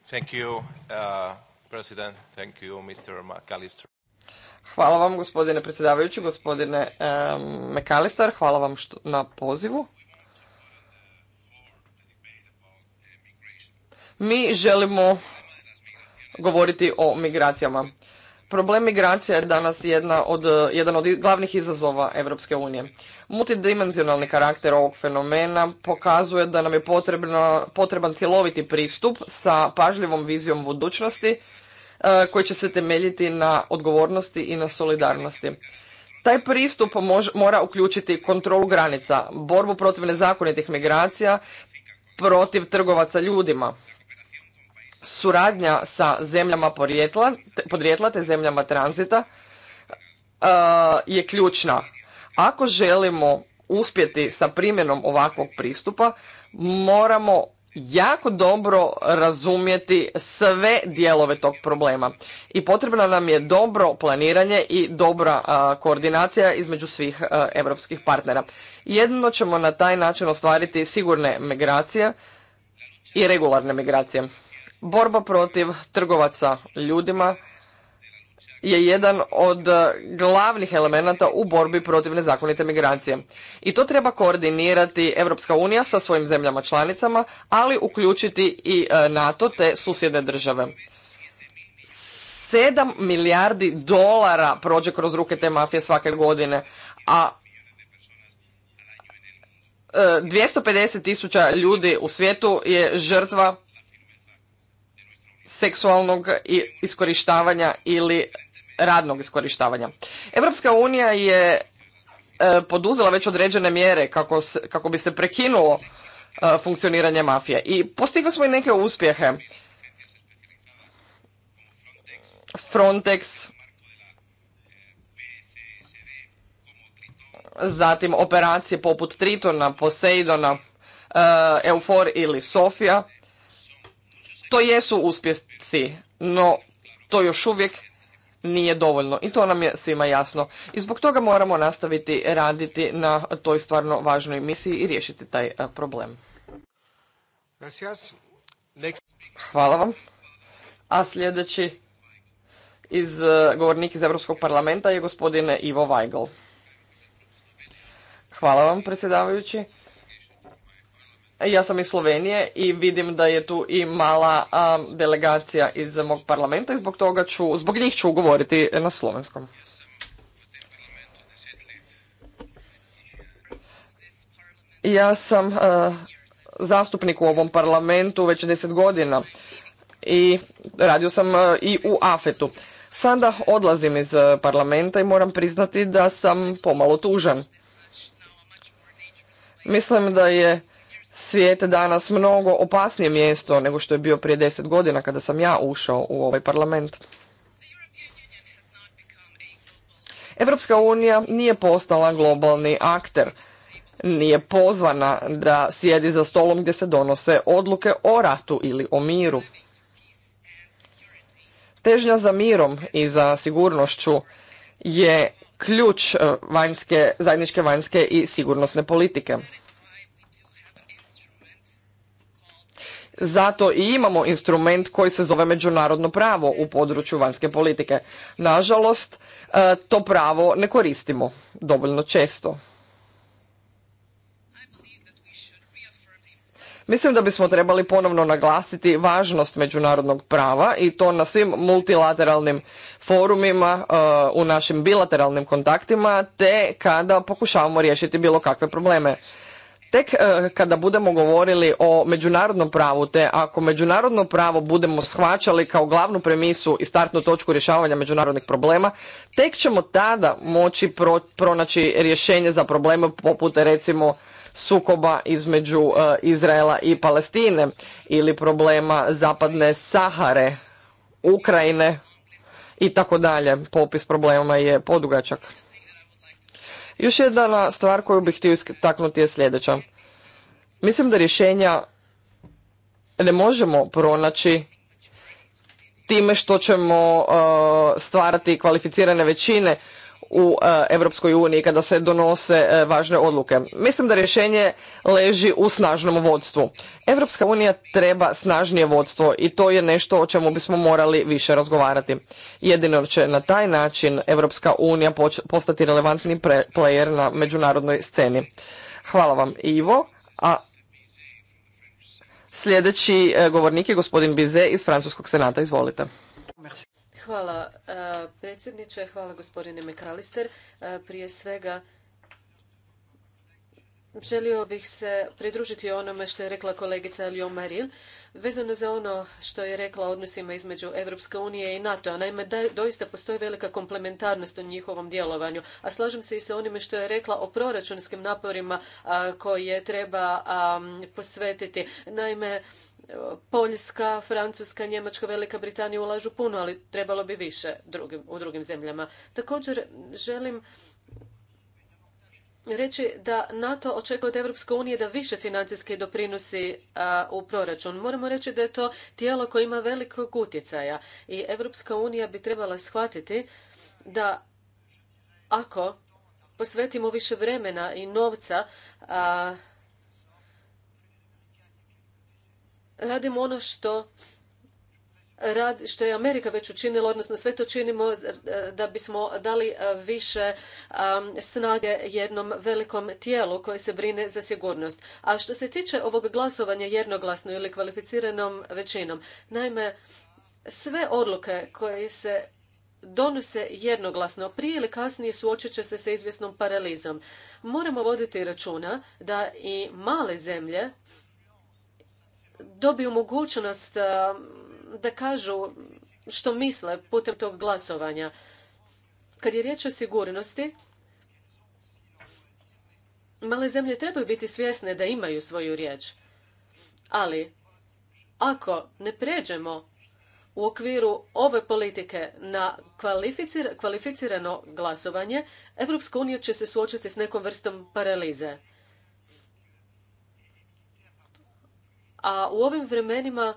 Thank uh, Hvala vam gospodine predsjedavajući, gospodine um, McAllister. Hvala vam što, na pozivu. Mi želimo govoriti o migracijama. Problem migracija je danas jedna od, jedan od glavnih izazova Europske unije. Multidimenzionalni karakter ovog fenomena pokazuje da nam je potrebno, potreban cjeloviti pristup sa pažljivom vizijom budućnosti e, koji će se temeljiti na odgovornosti i na solidarnosti. Taj pristup mora uključiti kontrolu granica, borbu protiv nezakonitih migracija, protiv trgovaca ljudima, suradnja sa zemljama podrijetla te zemljama tranzita uh, je ključna. Ako želimo uspjeti sa primjenom ovakvog pristupa, moramo jako dobro razumjeti sve dijelove tog problema i potrebno nam je dobro planiranje i dobra uh, koordinacija između svih europskih evropskih partnera. Jedno ćemo na taj način ostvariti sigurne migracije i regularne migracije. Borba protiv trgovaca ljudima je jedan od e, glavnih elemenata u borbi protiv nezakonite migracije. I to treba koordinirati Europska unija sa svojim zemljama članicama, ali uključiti i e, NATO te susjedne države. 7 milijardi dolara prođe kroz ruke te mafije svake godine, a 250 e, tisuća ljudi u svijetu je žrtva seksualnog iskorištavanja ili radnog iskorištavanja. Europska unija je e, poduzela već određene mjere kako, kako bi se prekinulo e, funkcioniranje mafije i postigli smo i neke uspjehe. Frontex, zatim operacije poput Tritona, Poseidona, e, Eufor ili Sofija, to jesu uspjesi, no to još uvijek nije dovoljno i to nam je svima jasno. I zbog toga moramo nastaviti raditi na toj stvarno važnoj misiji i riješiti taj e, problem. Hvala vam. A sljedeći iz, e, govornik iz Europskog parlamenta je gospodine Ivo Weigl. Hvala vam, predsjedavajući. Ja sam iz Slovenije i vidim da je tu i mala delegacija iz mog parlamenta i zbog toga ću, zbog njih ću govoriti na slovenskom. Ja sam zastupnik u ovom parlamentu već deset godina i radio sam i u Afetu. u Sada odlazim iz parlamenta i moram priznati da sam pomalo tužan. Mislim da je svijet danas mnogo opasnije mjesto nego što je bio prije deset godina kada sam ja ušao u ovaj parlament. Evropska unija nije postala globalni akter, nije pozvana da sjedi za stolom gdje se donose odluke o ratu ili o miru. Težnja za mirom i za sigurnošću je ključ eh, zajedničke vanjske i sigurnosne politike. Zato i imamo instrument koji se zove međunarodno pravo u području vanjske politike. Nažalost, e, to pravo ne koristimo dovoljno često. Mislim da bismo trebali ponovno naglasiti važnost međunarodnog prava i to na svim multilateralnim forumima, e, u našim bilateralnim kontaktima, te kada pokušavamo riješiti bilo kakve probleme. Tek e, kada budemo govorili o međunarodnom pravu, te ako međunarodno pravo budemo shvaćali kao glavnu premisu i startnu točku rješavanja međunarodnih problema, tek ćemo tada moći pronaći rješenje za probleme poput recimo sukoba između e, Izraela i Palestine ili problema zapadne Sahare, Ukrajine i tako dalje. Popis problema je podugačak. Još jedna stvar koju bih htio istaknuti je sljedeća. Mislim da rješenja ne možemo pronaći time što ćemo uh, stvarati kvalificirane većine u Europskoj uniji kada se donose e, važne odluke. Mislim da rješenje leži u snažnom vodstvu. Europska unija treba snažnije vodstvo i to je nešto o čemu bismo morali više razgovarati. Jedino će na taj način Europska unija postati relevantni player na međunarodnoj sceni. Hvala vam Ivo, a sljedeći e, govornik je gospodin Bizet iz Francuskog senata. Izvolite. Hvala e, predsjedniče, hvala gospodine McAllister. E, prije svega Želio bih se pridružiti onome što je rekla kolegica Lyon Marin vezano za ono što je rekla o odnosima između Europske unije i NATO-a. Naime, doista postoji velika komplementarnost u njihovom djelovanju. A slažem se i sa onime što je rekla o proračunskim naporima koje treba posvetiti. Naime, Poljska, Francuska, Njemačka, Velika Britanija ulažu puno, ali trebalo bi više u drugim zemljama. Također želim reći da NATO očekuje od Europske unije da više financijski doprinosi u proračun. Moramo reći da je to tijelo koje ima velikog utjecaja i Europska unija bi trebala shvatiti da ako posvetimo više vremena i novca radimo ono što što je Amerika već učinila, odnosno sve to činimo e, da bismo dali e, više snage jednom velikom tijelu koje se brine za sigurnost. A što se tiče ovog glasovanja jednoglasno ili kvalificiranom većinom, naime, sve odluke koje se donose jednoglasno, prije ili kasnije suočit će se sa izvjesnom paralizom. Moramo voditi računa da i male zemlje dobiju mogućnost e, da kažu što misle putem tog glasovanja. Kad je riječ o sigurnosti, male zemlje trebaju biti svjesne da imaju svoju riječ. Ali, ako ne pređemo u okviru ove politike na kvalificirano glasovanje, Evropska unija će se suočiti s nekom vrstom paralize. a u ovim vremenima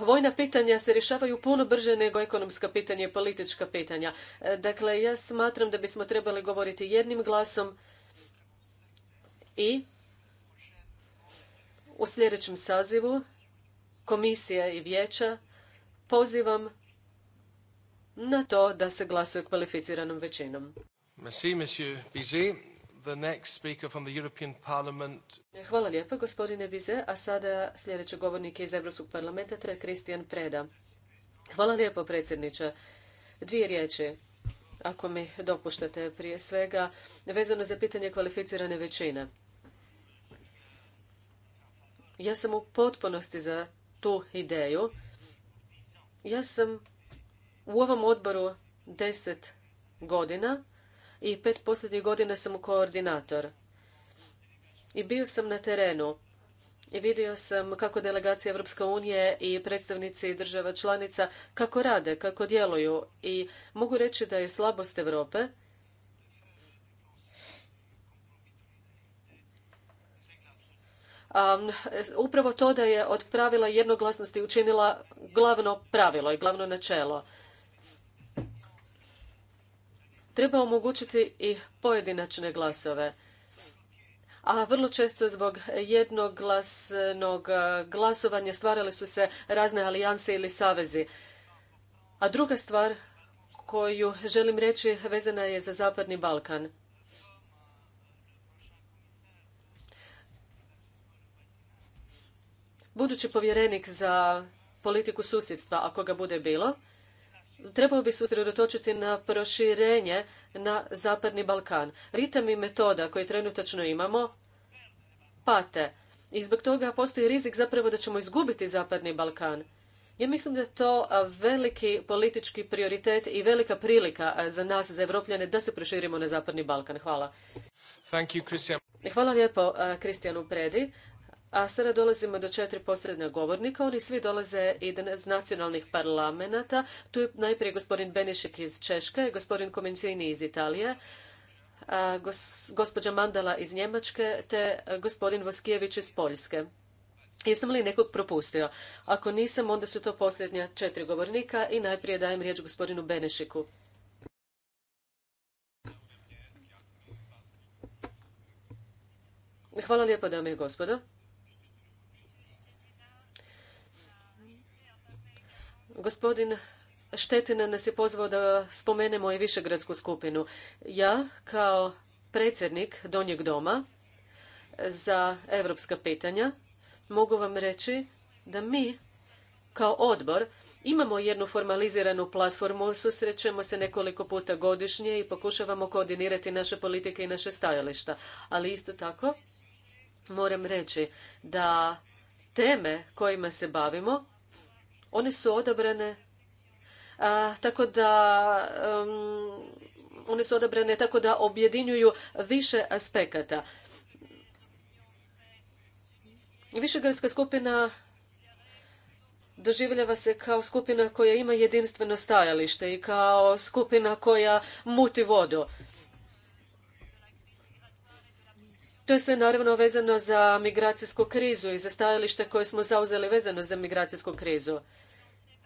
vojna pitanja se rješavaju puno brže nego ekonomska pitanja i politička pitanja. E, dakle, ja smatram da bismo trebali govoriti jednim glasom i u sljedećem sazivu komisija i vijeća pozivam na to da se glasuje kvalificiranom većinom. Merci, Hvala lijepa, gospodine Bize. A sada sljedeći govornik iz Europskog parlamenta, to je Kristijan Preda. Hvala lijepo, predsjedniče. Dvije riječi, ako mi dopuštate prije svega, vezano za pitanje kvalificirane većine. Ja sam u potpunosti za tu ideju. Ja sam u ovom odboru deset godina i pet posljednjih godina sam koordinator. I bio sam na terenu i vidio sam kako delegacija Europske unije i predstavnici država članica kako rade, kako djeluju i mogu reći da je slabost Europe upravo to da je od pravila jednoglasnosti učinila glavno pravilo i glavno načelo. Treba omogućiti i pojedinačne glasove. A vrlo često zbog jednoglasnog e, glasovanja stvarale su se razne alijanse ili savezi. A druga stvar koju želim reći vezana je za Zapadni Balkan. Budući povjerenik za politiku susjedstva, ako ga bude bilo, trebao bi se usredotočiti na proširenje na Zapadni Balkan. Ritam i metoda koje trenutačno imamo pate i zbog toga postoji rizik zapravo da ćemo izgubiti Zapadni Balkan. Ja mislim da je to veliki politički prioritet i velika prilika za nas, za Evropljane, da se proširimo na Zapadni Balkan. Hvala. Hvala lijepo Kristijanu Predi. A sada dolazimo do četiri posredna govornika. Oni svi dolaze iz nacionalnih parlamenata. Tu je najprije gospodin Benišek iz Češke, gospodin Komencini iz Italije, gospođa Mandala iz Njemačke te gospodin Voskijević iz Poljske. Jesam li nekog propustio? Ako nisam, onda su to posljednja četiri govornika i najprije dajem riječ gospodinu Benešiku. Hvala lijepo, dame i gospodo. Gospodin Štetina nas je pozvao da spomenemo i Višegradsku skupinu. Ja kao predsjednik Donjeg doma za europska pitanja mogu vam reći da mi kao odbor imamo jednu formaliziranu platformu, susrećemo se nekoliko puta godišnje i pokušavamo koordinirati naše politike i naše stajališta. Ali isto tako moram reći da teme kojima se bavimo one su odabrane a, tako da one su odabrane tako da objedinjuju više aspekata. Višegradska skupina doživljava se kao skupina koja ima jedinstveno stajalište i kao skupina koja muti vodu. To je sve naravno vezano za migracijsku krizu i za stajalište koje smo zauzeli vezano za migracijsku krizu.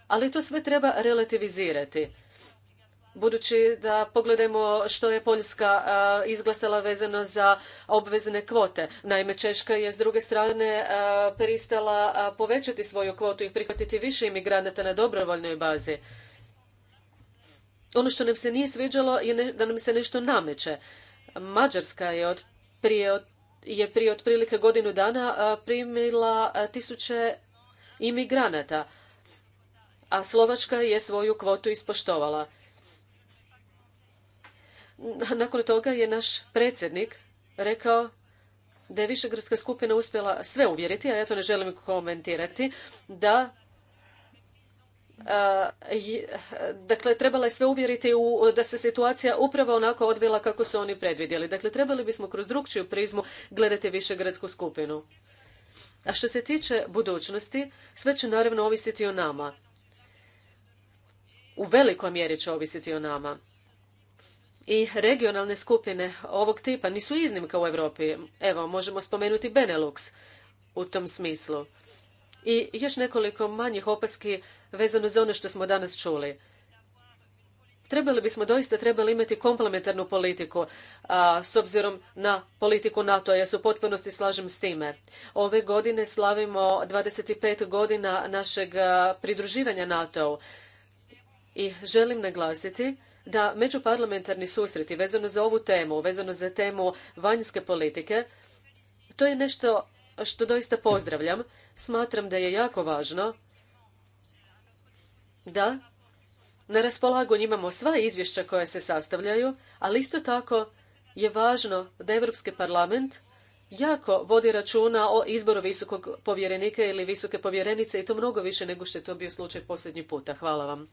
Ali to sve treba relativizirati. Budući da pogledajmo što je Poljska izglasala vezano za obvezne kvote. Naime, Češka je s druge strane pristala povećati svoju kvotu i prihvatiti više imigranata na dobrovoljnoj bazi. Ono što nam se nije sviđalo je da nam se nešto nameće. Mađarska je od prije, je prije otprilike godinu dana primila tisuće imigranata a Slovačka je svoju kvotu ispoštovala. Nakon toga je naš predsjednik rekao da je Višegradska skupina uspjela sve uvjeriti, a ja to ne želim komentirati, da dakle trebala je sve uvjeriti u, da se situacija upravo onako odvila kako su oni predvidjeli. Dakle, trebali bismo kroz drugčiju prizmu gledati Višegradsku skupinu. A što se tiče budućnosti, sve će naravno ovisiti o nama u velikoj mjeri će ovisiti o nama. I regionalne skupine ovog tipa nisu iznimka u Europi. Evo, možemo spomenuti Benelux u tom smislu. I još nekoliko manjih opaski vezano za ono što smo danas čuli. Trebali bismo doista trebali imati komplementarnu politiku s obzirom na politiku NATO-a. Ja se u potpunosti slažem s time. Ove godine slavimo 25 godina našeg pridruživanja NATO-u i želim naglasiti da međuparlamentarni susreti vezano za ovu temu, vezano za temu vanjske politike, to je nešto što doista pozdravljam. Smatram da je jako važno da na raspolagu imamo sva izvješća koja se sastavljaju, ali isto tako je važno da Evropski parlament jako vodi računa o izboru visokog povjerenika ili visoke povjerenice i to mnogo više nego što je to bio slučaj posljednji puta. Hvala vam.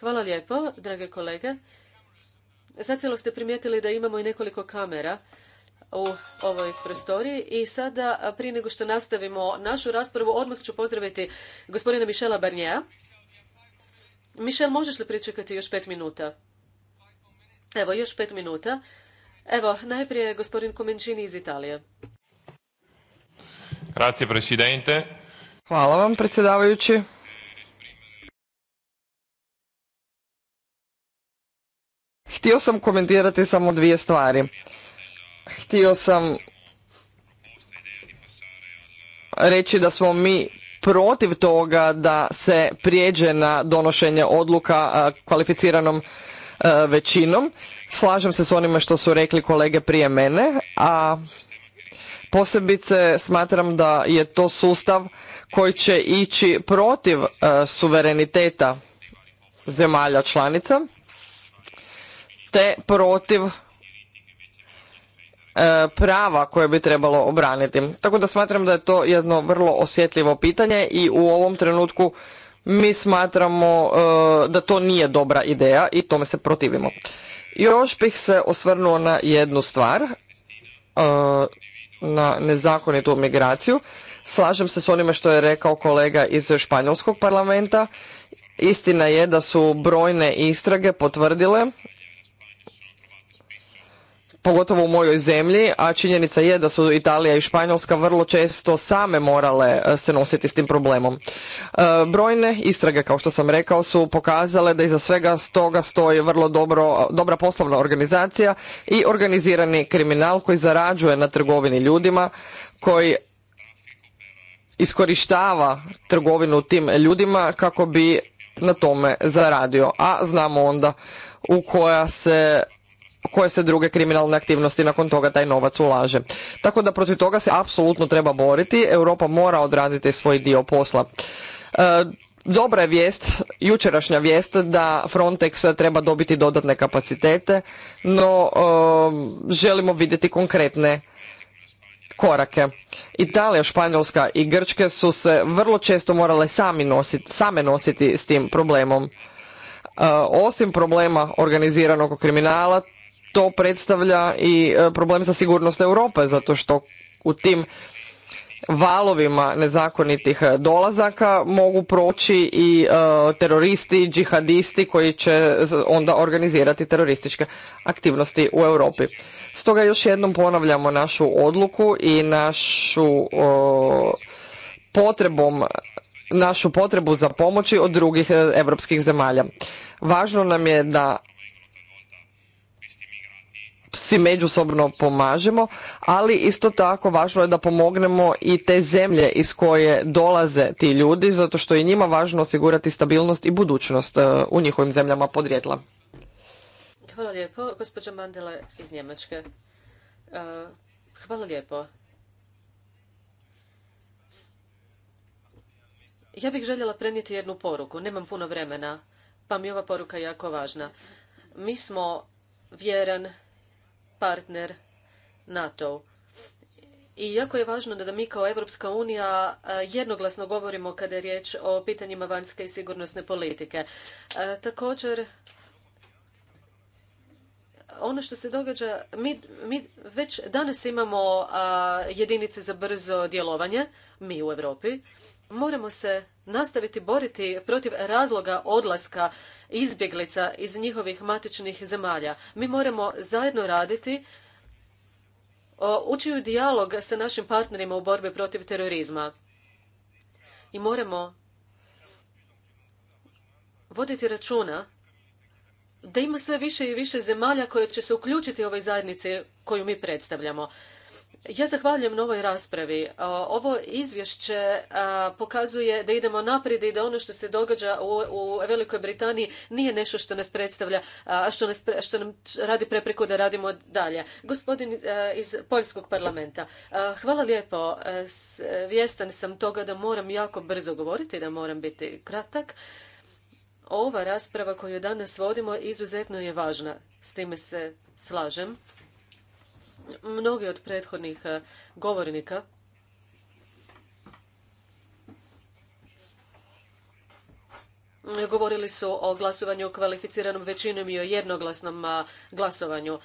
Hvala lijepo, drage kolege. Zacijelo ste primijetili da imamo i nekoliko kamera u ovoj prostoriji i sada prije nego što nastavimo našu raspravu odmah ću pozdraviti gospodina Mišela Barnjeja. Mišel, možeš li pričekati još pet minuta? Evo, još pet minuta Evo, najprije gospodin Komenčini iz Italije. Grazie, presidente. Hvala vam, predsjedavajući. Htio sam komentirati samo dvije stvari. Htio sam reći da smo mi protiv toga da se prijeđe na donošenje odluka kvalificiranom E, većinom. Slažem se s onime što su rekli kolege prije mene, a posebice smatram da je to sustav koji će ići protiv e, suvereniteta zemalja članica te protiv e, prava koje bi trebalo obraniti. Tako da smatram da je to jedno vrlo osjetljivo pitanje i u ovom trenutku mi smatramo e, da to nije dobra ideja i tome se protivimo. Još bih se osvrnuo na jednu stvar, e, na nezakonitu migraciju. Slažem se s onime što je rekao kolega iz Španjolskog parlamenta. Istina je da su brojne istrage potvrdile pogotovo u mojoj zemlji, a činjenica je da su Italija i Španjolska vrlo često same morale e, se nositi s tim problemom. E, brojne istrage, kao što sam rekao, su pokazale da iza svega stoga stoji vrlo dobro, dobra poslovna organizacija i organizirani kriminal koji zarađuje na trgovini ljudima, koji iskorištava trgovinu tim ljudima kako bi na tome zaradio. A znamo onda u koja se koje se druge kriminalne aktivnosti nakon toga taj novac ulaže. Tako da protiv toga se apsolutno treba boriti. Europa mora odraditi svoj dio posla. E, dobra je vijest, jučerašnja vijest da Frontex treba dobiti dodatne kapacitete, no e, želimo vidjeti konkretne korake. Italija, Španjolska i Grčke su se vrlo često morale sami nositi, same nositi s tim problemom. E, osim problema organiziranog kriminala, to predstavlja i e, problem za sigurnost Europe zato što u tim valovima nezakonitih e, dolazaka mogu proći i teroristi teroristi, džihadisti koji će onda organizirati terorističke aktivnosti u Europi. Stoga još jednom ponavljamo našu odluku i našu potrebom našu potrebu za pomoći od drugih europskih zemalja. Važno nam je da si međusobno pomažemo, ali isto tako važno je da pomognemo i te zemlje iz koje dolaze ti ljudi, zato što je njima važno osigurati stabilnost i budućnost e, u njihovim zemljama podrijetla. Hvala lijepo, gospođa Mandela iz Njemačke. E, hvala lijepo. Ja bih željela prenijeti jednu poruku, nemam puno vremena, pa mi ova poruka jako važna. Mi smo vjeran partner nato I jako je važno da mi kao Europska unija e, jednoglasno govorimo kada je riječ o pitanjima vanjske i sigurnosne politike. E, također, ono što se događa, mi, mi već danas imamo jedinice za brzo djelovanje, mi u Europi, moramo se nastaviti boriti protiv razloga odlaska izbjeglica iz njihovih matičnih zemalja. Mi moramo zajedno raditi ući u dijalog sa našim partnerima u borbi protiv terorizma. I moramo voditi računa da ima sve više i više zemalja koje će se uključiti u ovoj zajednici koju mi predstavljamo. Ja zahvaljujem na ovoj raspravi. E, ovo izvješće e, pokazuje da idemo naprijed i da ono što se događa u Velikoj Britaniji nije nešto što nas predstavlja, što, što nam radi prepreku da radimo dalje. Gospodin e, iz Poljskog parlamenta, hvala lijepo. Vjestan sam toga da moram jako brzo govoriti, da moram biti kratak. Ova rasprava koju danas vodimo izuzetno je važna. S time se slažem mnogi od prethodnih e, govornika govorili su o glasovanju kvalificiranom većinom i o jednoglasnom glasovanju.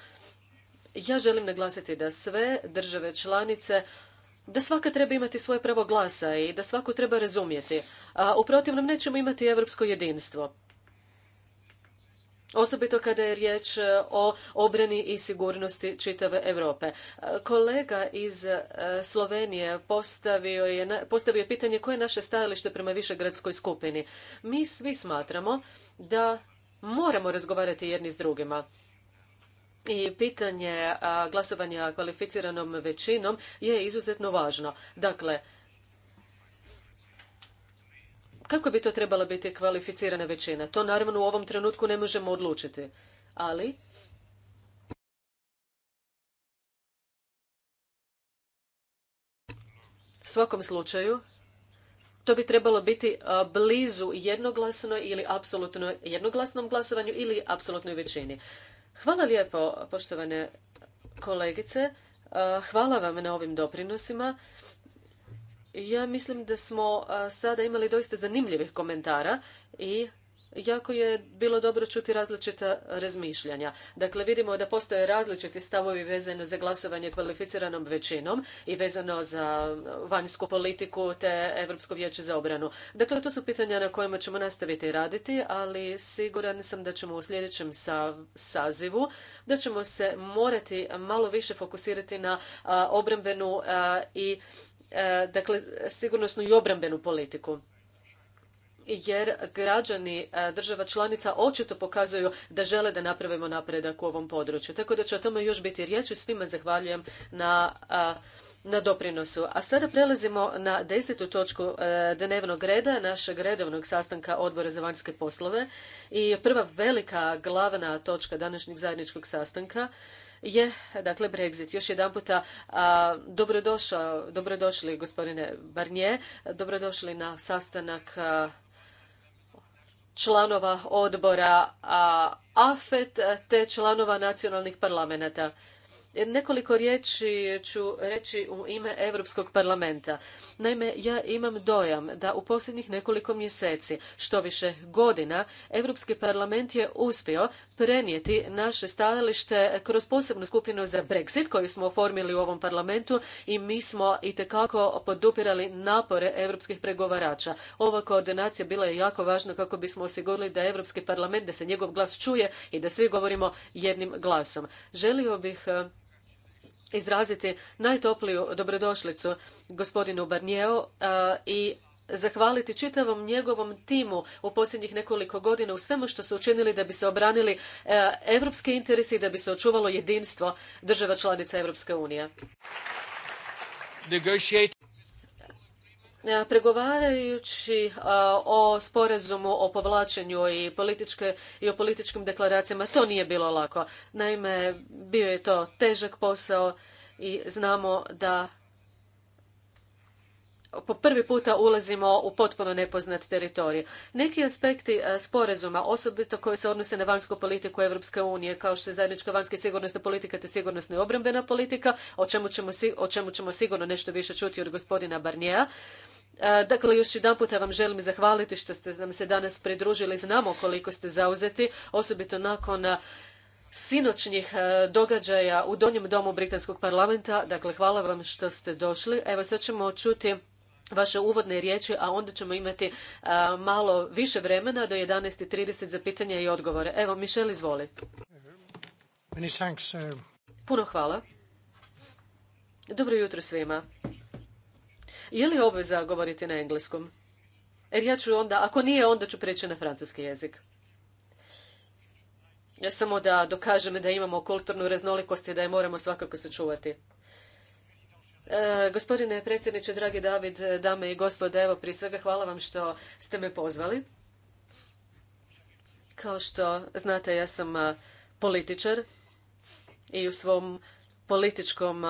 Ja želim naglasiti da sve države članice da svaka treba imati svoje pravo glasa i da svaku treba razumjeti. A u protivnom nećemo imati europsko jedinstvo osobito kada je riječ e, o obrani i sigurnosti čitave Europe. E, kolega iz e, Slovenije postavio je, postavio je pitanje koje je naše stajalište prema višegradskoj skupini. Mi svi smatramo da moramo razgovarati jedni s drugima. I pitanje glasovanja kvalificiranom većinom je izuzetno važno. Dakle, kako bi to trebala biti kvalificirana većina? To naravno u ovom trenutku ne možemo odlučiti. Ali svakom slučaju to bi trebalo biti blizu jednoglasno ili apsolutno jednoglasnom glasovanju ili apsolutnoj većini. Hvala lijepo, poštovane kolegice. Hvala vam na ovim doprinosima. Ja mislim da smo sada imali doista zanimljivih komentara i jako je bilo dobro čuti različita razmišljanja. Dakle, vidimo da postoje različiti stavovi vezano za glasovanje kvalificiranom većinom i vezano za vanjsku politiku te Europsko vijeće za obranu. Dakle, to su pitanja na kojima ćemo nastaviti raditi, ali siguran sam da ćemo u sljedećem sazivu da ćemo se morati malo više fokusirati na obrambenu i E, dakle, sigurnosnu i obrambenu politiku jer građani e, država članica očito pokazuju da žele da napravimo napredak u ovom području. Tako da će o tome još biti riječi. Svima zahvaljujem na, e, na doprinosu. A sada prelazimo na desetu točku dnevnog reda našeg redovnog sastanka Odbora za vanjske poslove. I prva velika glavna točka današnjeg zajedničkog sastanka je dakle Brexit. Još jedan puta dobrodošao, dobrodošli gospodine Barnier, dobrodošli na sastanak članova odbora a, AFET te članova nacionalnih parlamenta. Nekoliko riječi ću reći u ime Europskog parlamenta. Naime, ja imam dojam da u posljednjih nekoliko mjeseci, što više godina, Europski parlament je uspio prenijeti naše stajalište kroz posebnu skupinu za Brexit koju smo oformili u ovom parlamentu i mi smo itekako podupirali napore europskih pregovarača. Ova koordinacija bila je jako važna kako bismo osigurali da Europski parlament, da se njegov glas čuje i da svi govorimo jednim glasom. Želio bih izraziti najtopliju dobrodošlicu gospodinu Barnijeu e, i zahvaliti čitavom njegovom timu u posljednjih nekoliko godina u svemu što su učinili da bi se obranili europski interesi i da bi se očuvalo jedinstvo država članica Evropske unije. E, pregovarajući e, o sporazumu o povlačenju i, političke, i o političkim deklaracijama to nije bilo lako. Naime, bio je to težak posao i znamo da po prvi puta ulazimo u potpuno nepoznat teritorij. Neki aspekti e, sporazuma, osobito koji se odnose na vanjsku politiku Europske unije, kao što je zajednička vanjska i sigurnosna politika te sigurnosna i obrambena politika, o čemu, ćemo, o čemu ćemo sigurno nešto više čuti od gospodina Barnija e, Dakle, još jedan puta vam želim zahvaliti što ste nam se danas pridružili. Znamo koliko ste zauzeti, osobito nakon e, sinoćnjih događaja u Donjem domu Britanskog parlamenta. Dakle, hvala vam što ste došli. Evo, sad ćemo čuti vaše uvodne riječi, a onda ćemo imati e, malo više vremena do 11.30 za pitanja i odgovore. Evo, Mišel, izvoli. Puno hvala. Dobro jutro svima. Je li obveza govoriti na engleskom? Jer ja ću onda, ako nije, onda ću preći na francuski jezik. samo da dokažem da imamo kulturnu raznolikost i da je moramo svakako sačuvati. E, gospodine predsjedniče, dragi David, dame i gospode, evo prije svega hvala vam što ste me pozvali. Kao što znate, ja sam političar i u svom političkom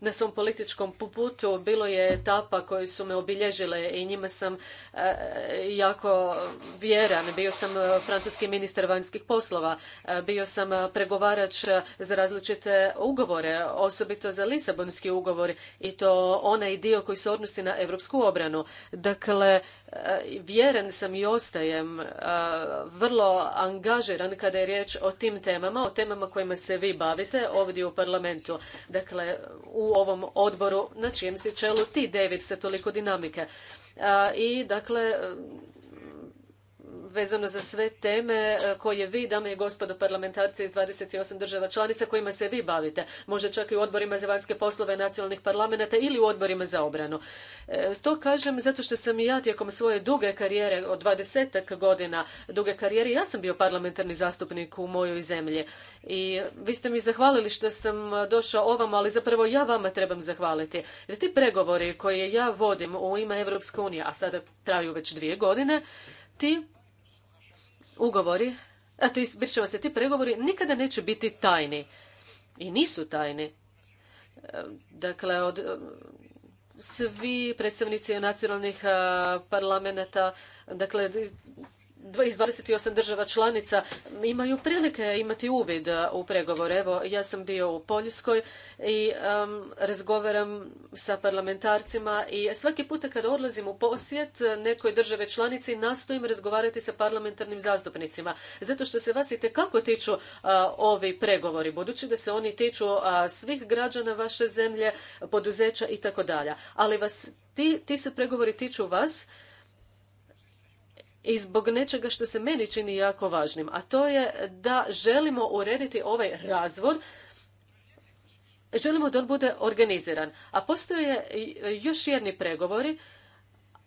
na svom političkom putu bilo je etapa koje su me obilježile i njima sam e, jako vjeran. Bio sam e, francuski ministar vanjskih poslova, e, bio sam pregovarač za različite ugovore, osobito za Lisabonski ugovor i to onaj dio koji se odnosi na europsku obranu. Dakle, E, vjeren sam i ostajem e, vrlo angažiran kada je riječ o tim temama, o temama kojima se vi bavite ovdje u parlamentu. Dakle, u ovom odboru na čijem si čelu ti, David, toliko dinamike. E, I dakle, vezano za sve teme e, koje vi, dame i gospodo parlamentarci iz 28 država članica kojima se vi bavite, možda čak i u odborima za vanjske poslove nacionalnih parlamenta ili u odborima za obranu. E, to kažem zato što sam i ja tijekom svoje duge karijere od dvadesetak godina duge karijere ja sam bio parlamentarni zastupnik u mojoj zemlji i vi ste mi zahvalili što sam došao ovamo, ali zapravo ja vama trebam zahvaliti. Jer ti pregovori koje ja vodim u ime Europske unije, a sada traju već dvije godine, ti ugovori, a to se, ti pregovori nikada neće biti tajni. I nisu tajni. E, dakle, od, e, svi predstavnici nacionalnih e, parlamenta, dakle, iz 28 država članica imaju prilike imati uvid e, u pregovore. Evo, ja sam bio u Poljskoj i razgovaram sa parlamentarcima i svaki puta kada odlazim u posjet nekoj države članici nastojim razgovarati sa parlamentarnim zastupnicima. Zato što se vas i tekako tiču e, ovi pregovori, budući da se oni tiču e, svih građana vaše zemlje, poduzeća i tako dalje. Ali vas, ti, ti se pregovori tiču vas i zbog nečega što se meni čini jako važnim, a to je da želimo urediti ovaj razvod Želimo da on bude organiziran. A postoje još jedni pregovori,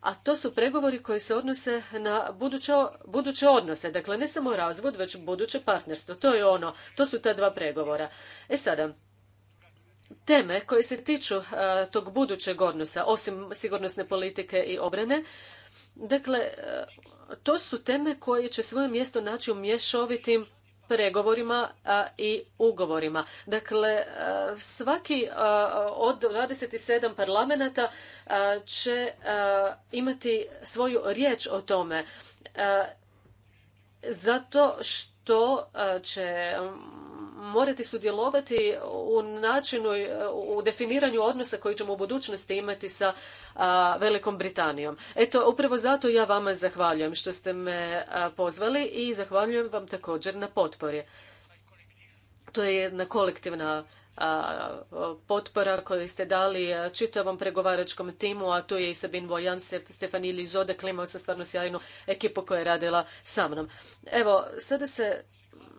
a to su pregovori koji se odnose na buduće, buduće odnose. Dakle, ne samo razvod, već buduće partnerstvo. To je ono, to su ta dva pregovora. E sada, teme koje se tiču e, tog budućeg odnosa, osim sigurnosne politike i obrane, dakle, e, to su teme koje će svoje mjesto naći u mješovitim pregovorima i ugovorima. Dakle, svaki od od 27 parlamenta će imati svoju riječ o tome zato što e, će morati sudjelovati u načinu e, u definiranju odnosa koji ćemo u budućnosti imati sa e, Velikom Britanijom. Eto, upravo zato ja vama zahvaljujem što ste me pozvali i zahvaljujem vam također na potpori. To je jedna kolektivna potpora koju ste dali čitavom pregovaračkom timu, a tu je i Sabin Vojan, Stefanili Zoda, imao sa stvarno sjajnu ekipu koja je radila sa mnom. Evo, sada se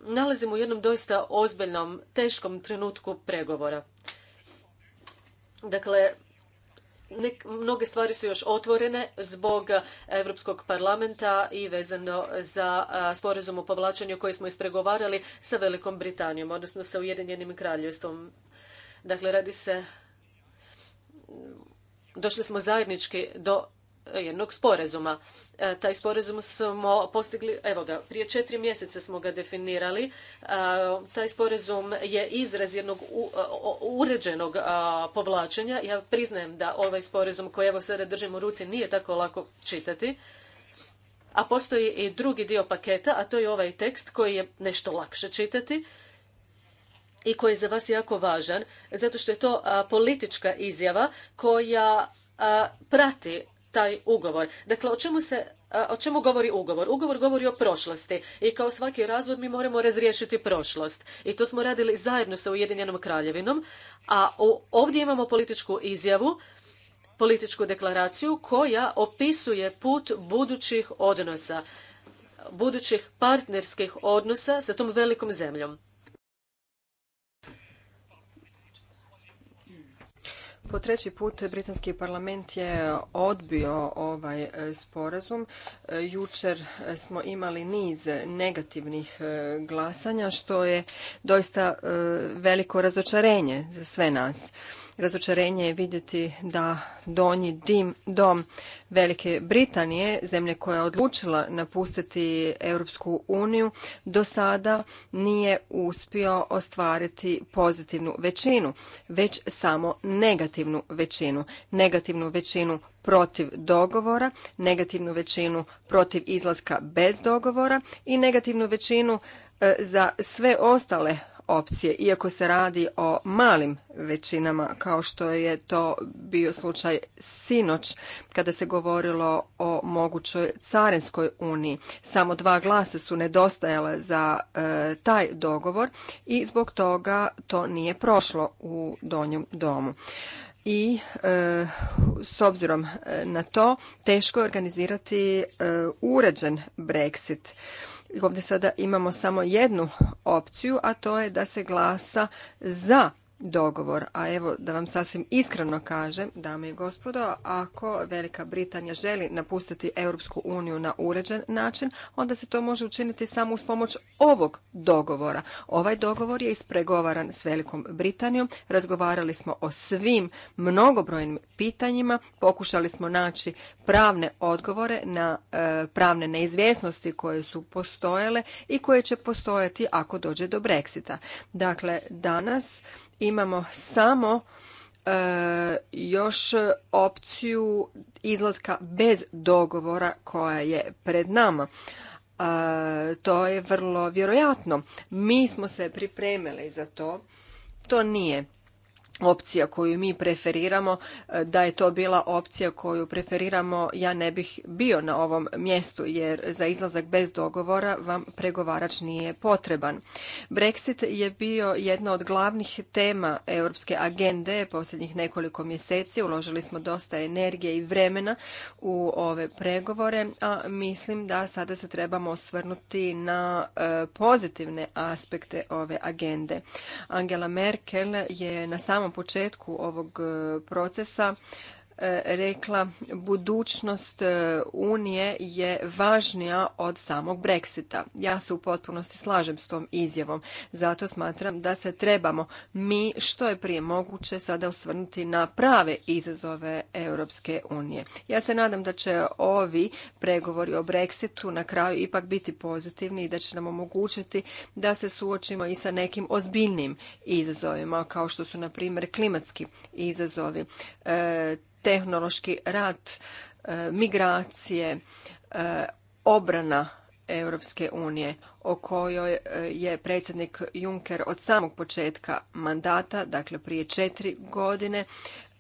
nalazimo u jednom doista ozbiljnom, teškom trenutku pregovora. Dakle, mnoge stvari su još otvorene zbog Europskog parlamenta i vezano za sporazum o povlačenju koji smo ispregovarali sa Velikom Britanijom, odnosno sa Ujedinjenim kraljevstvom. Dakle, radi se... Došli smo zajednički do jednog sporazuma. E, taj sporazum smo postigli, evo ga, prije četiri mjeseca smo ga definirali. E, taj sporazum je izraz jednog e, uređenog povlačenja. Ja priznajem da ovaj sporazum koji evo sada držim u ruci nije tako lako čitati. A postoji i drugi dio paketa, a to je ovaj tekst koji je nešto lakše čitati i koji je za vas jako važan, zato što je to politička izjava koja prati taj ugovor. Dakle, o čemu se o čemu govori ugovor? Ugovor govori o prošlosti i kao svaki razvod mi moramo razriješiti prošlost. I to smo radili zajedno sa Ujedinjenom kraljevinom, a ovdje imamo političku izjavu, političku deklaraciju koja opisuje put budućih odnosa, budućih partnerskih odnosa sa tom velikom zemljom. Po treći put Britanski parlament je odbio ovaj e, sporazum. E, jučer smo imali niz negativnih e, glasanja što je doista veliko razočarenje za sve nas razočarenje je vidjeti da donji dim, dom Velike Britanije, zemlje koja je odlučila napustiti Europsku uniju, do sada nije uspio ostvariti pozitivnu većinu, već samo negativnu većinu. Negativnu većinu protiv dogovora, negativnu većinu protiv izlaska bez dogovora i negativnu većinu e, za sve ostale opcije, iako se radi o malim većinama, kao što je to bio slučaj sinoć, kada se govorilo o mogućoj carinskoj uniji. Samo dva glasa su nedostajale za e, taj dogovor i zbog toga to nije prošlo u donjem domu i e, s obzirom e, na to teško je organizirati e, uređen Brexit ovdje sada imamo samo jednu opciju, a to je da se glasa za dogovor. A evo da vam sasvim iskreno kažem, dame i gospodo, ako Velika Britanija želi napustiti Europsku uniju na uređen način, onda se to može učiniti samo uz pomoć ovog dogovora. Ovaj dogovor je ispregovaran s Velikom Britanijom, razgovarali smo o svim mnogobrojnim pitanjima, pokušali smo naći pravne odgovore na e, pravne neizvjesnosti koje su postojale i koje će postojati ako dođe do Brexita. Dakle, danas imamo samo e, još opciju izlaska bez dogovora koja je pred nama. E, to je vrlo vjerojatno. Mi smo se pripremili za to. To nije opcija koju mi preferiramo, e, da je to bila opcija koju preferiramo, ja ne bih bio na ovom mjestu jer za izlazak bez dogovora vam pregovarač nije potreban. Brexit je bio jedna od glavnih tema europske agende posljednjih nekoliko mjeseci. Uložili smo dosta energije i vremena u ove pregovore, a mislim da sada se trebamo osvrnuti na e, pozitivne aspekte ove agende. Angela Merkel je na samom samom početku ovog e, procesa E, rekla budućnost e, Unije je važnija od samog Brexita. Ja se u potpunosti slažem s tom izjavom. Zato smatram da se trebamo mi što je prije moguće sada osvrnuti na prave izazove Europske unije. Ja se nadam da će ovi pregovori o Brexitu na kraju ipak biti pozitivni i da će nam omogućiti da se suočimo i sa nekim ozbiljnim izazovima kao što su na primjer klimatski izazovi. E, tehnološki rat, e, migracije, e, obrana Europske unije o kojoj e, je predsjednik Juncker od samog početka mandata, dakle prije četiri godine,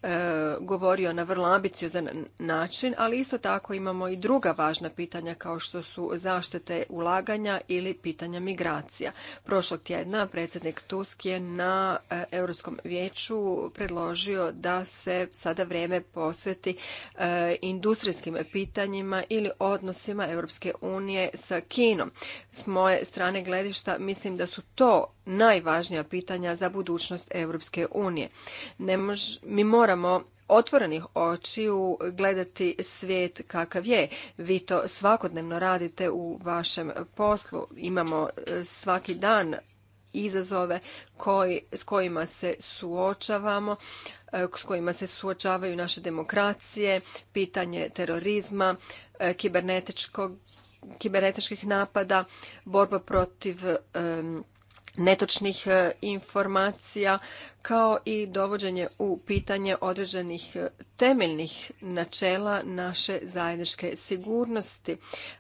E, govorio na vrlo ambiciozan način, ali isto tako imamo i druga važna pitanja kao što su zaštite ulaganja ili pitanja migracija. Prošlog tjedna predsjednik Tusk je na e, Europskom vijeću predložio da se sada vrijeme posveti e, industrijskim pitanjima ili odnosima Europske unije sa Kinom. S moje strane gledišta mislim da su to najvažnija pitanja za budućnost Europske unije. Ne mi mora moramo otvorenih očiju gledati svijet kakav je. Vi to svakodnevno radite u vašem poslu. Imamo e, svaki dan izazove koji, s kojima se suočavamo, e, s kojima se suočavaju naše demokracije, pitanje terorizma, e, kibernetičkih napada, borba protiv netočnih e, informacija kao i dovođenje u pitanje određenih e, temeljnih načela naše zajedničke sigurnosti,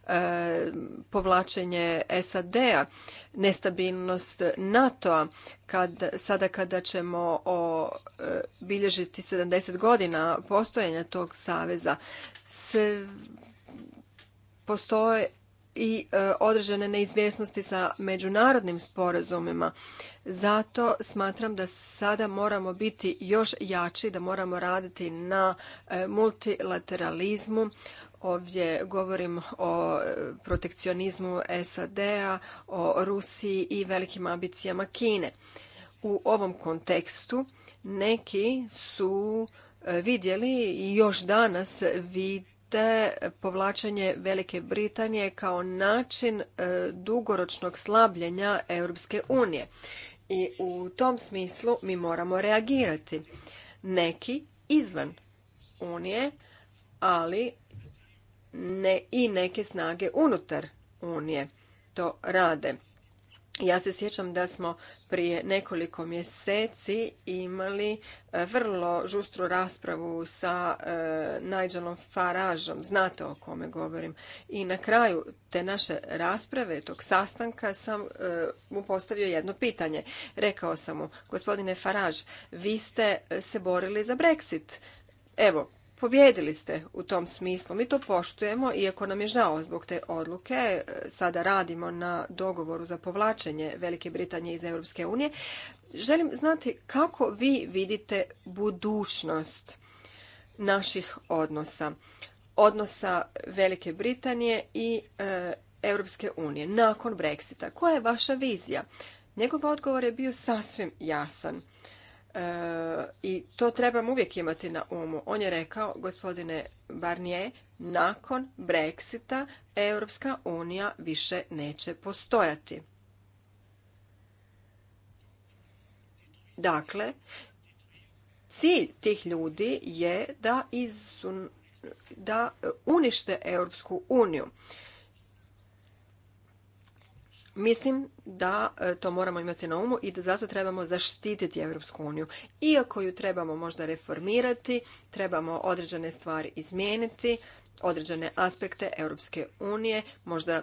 e, povlačenje SAD-a, nestabilnost NATO-a, kad, sada kada ćemo obilježiti 70 godina postojanja tog saveza, se postoje i e, određene neizvjesnosti sa međunarodnim sporazumima. Zato smatram da sada moramo biti još jači, da moramo raditi na e, multilateralizmu. Ovdje govorim o e, protekcionizmu SAD-a, o Rusiji i velikim ambicijama Kine. U ovom kontekstu neki su vidjeli i još danas vidjeli te povlačenje Velike Britanije kao način e, dugoročnog slabljenja Europske unije. I u tom smislu mi moramo reagirati. Neki izvan unije, ali ne i neke snage unutar unije to rade. Ja se sjećam da smo prije nekoliko mjeseci imali e, vrlo žustru raspravu sa e, Nigelom Faražom, znate o kome govorim. I na kraju te naše rasprave, tog sastanka, sam e, mu postavio jedno pitanje. Rekao sam mu, gospodine Faraž, vi ste se borili za Brexit. Evo, Pobjedili ste u tom smislu. Mi to poštujemo, iako nam je žao zbog te odluke. Sada radimo na dogovoru za povlačenje Velike Britanije iz Europske unije. Želim znati kako vi vidite budućnost naših odnosa. Odnosa Velike Britanije i e, Europske unije nakon Brexita. Koja je vaša vizija? Njegov odgovor je bio sasvim jasan. E, i to trebamo uvijek imati na umu. On je rekao, gospodine Barnier, nakon Brexita Europska unija više neće postojati. Dakle, cilj tih ljudi je da, da unište Europsku uniju. Mislim da e, to moramo imati na umu i da zato trebamo zaštititi Europsku uniju. Iako ju trebamo možda reformirati, trebamo određene stvari izmijeniti, određene aspekte Europske unije, možda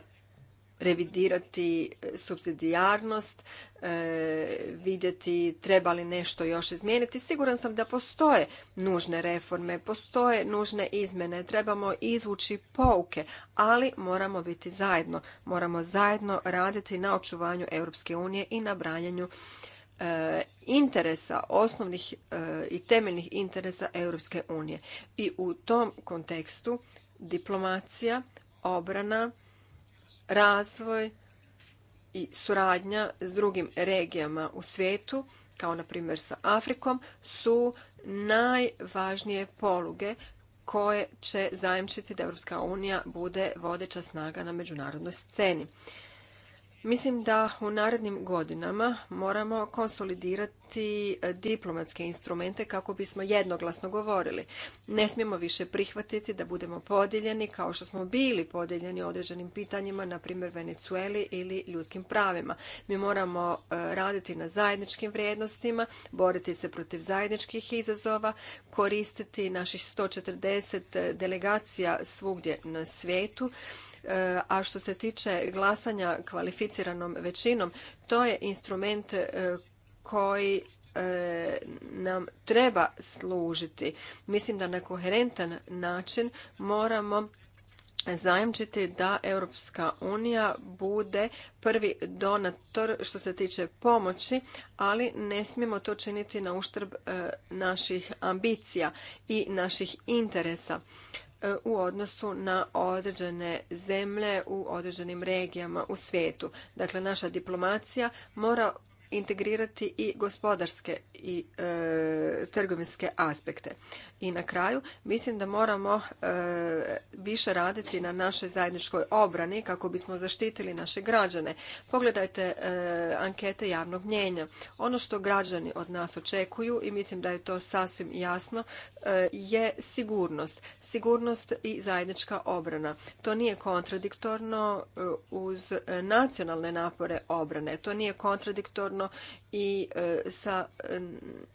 revidirati e, subsidijarnost, e, vidjeti treba li nešto još izmijeniti. Siguran sam da postoje nužne reforme, postoje nužne izmjene, trebamo izvući pouke, ali moramo biti zajedno. Moramo zajedno raditi na očuvanju Europske unije i na branjanju e, interesa, osnovnih i temeljnih interesa Europske unije. I u tom kontekstu diplomacija, obrana, razvoj i suradnja s drugim regijama u svijetu, kao na primjer sa Afrikom, su najvažnije poluge koje će zajamčiti da EU unija bude vodeća snaga na međunarodnoj sceni. Mislim da u narednim godinama moramo konsolidirati e, diplomatske instrumente kako bismo jednoglasno govorili. Ne smijemo više prihvatiti da budemo podijeljeni kao što smo bili podijeljeni određenim pitanjima, na primjer Venecueli ili ljudskim pravima. Mi moramo e, raditi na zajedničkim vrijednostima, boriti se protiv zajedničkih izazova, koristiti naših 140 e, delegacija svugdje na svijetu E, a što se tiče glasanja kvalificiranom većinom, to je instrument e, koji e, nam treba služiti. Mislim da na koherentan način moramo zajamčiti da Europska unija bude prvi donator što se tiče pomoći, ali ne smijemo to činiti na uštrb naših ambicija i naših interesa. E, u odnosu na određene zemlje u određenim regijama u svijetu. Dakle, naša diplomacija mora integrirati i gospodarske i e, trgovinske aspekte. I na kraju mislim da moramo e, više raditi na našoj zajedničkoj obrani kako bismo zaštitili naše građane. Pogledajte e, ankete javnog mnjenja. Ono što građani od nas očekuju i mislim da je to sasvim jasno e, je sigurnost. Sigurnost i zajednička obrana. To nije kontradiktorno uz nacionalne napore obrane. To nije kontradiktorno sigurno i e, sa e,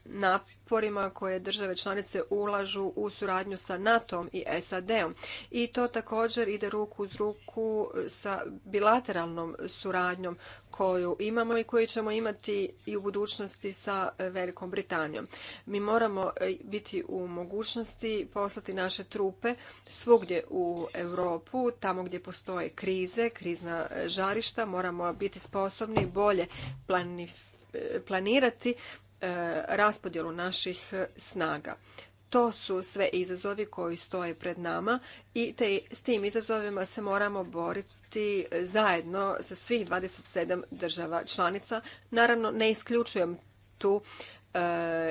naporima koje države članice ulažu u suradnju sa NATO-om i SAD-om. I to također ide ruku uz ruku e, sa bilateralnom suradnjom koju imamo i koju ćemo imati i u budućnosti sa Velikom Britanijom. Mi moramo biti u mogućnosti poslati naše trupe svugdje u Europu, tamo gdje postoje krize, krizna žarišta, moramo biti sposobni bolje planirati planirati e, raspodjelu naših snaga. To su sve izazovi koji stoje pred nama i te, s tim izazovima se moramo boriti zajedno sa svih 27 država članica. Naravno, ne isključujem tu e,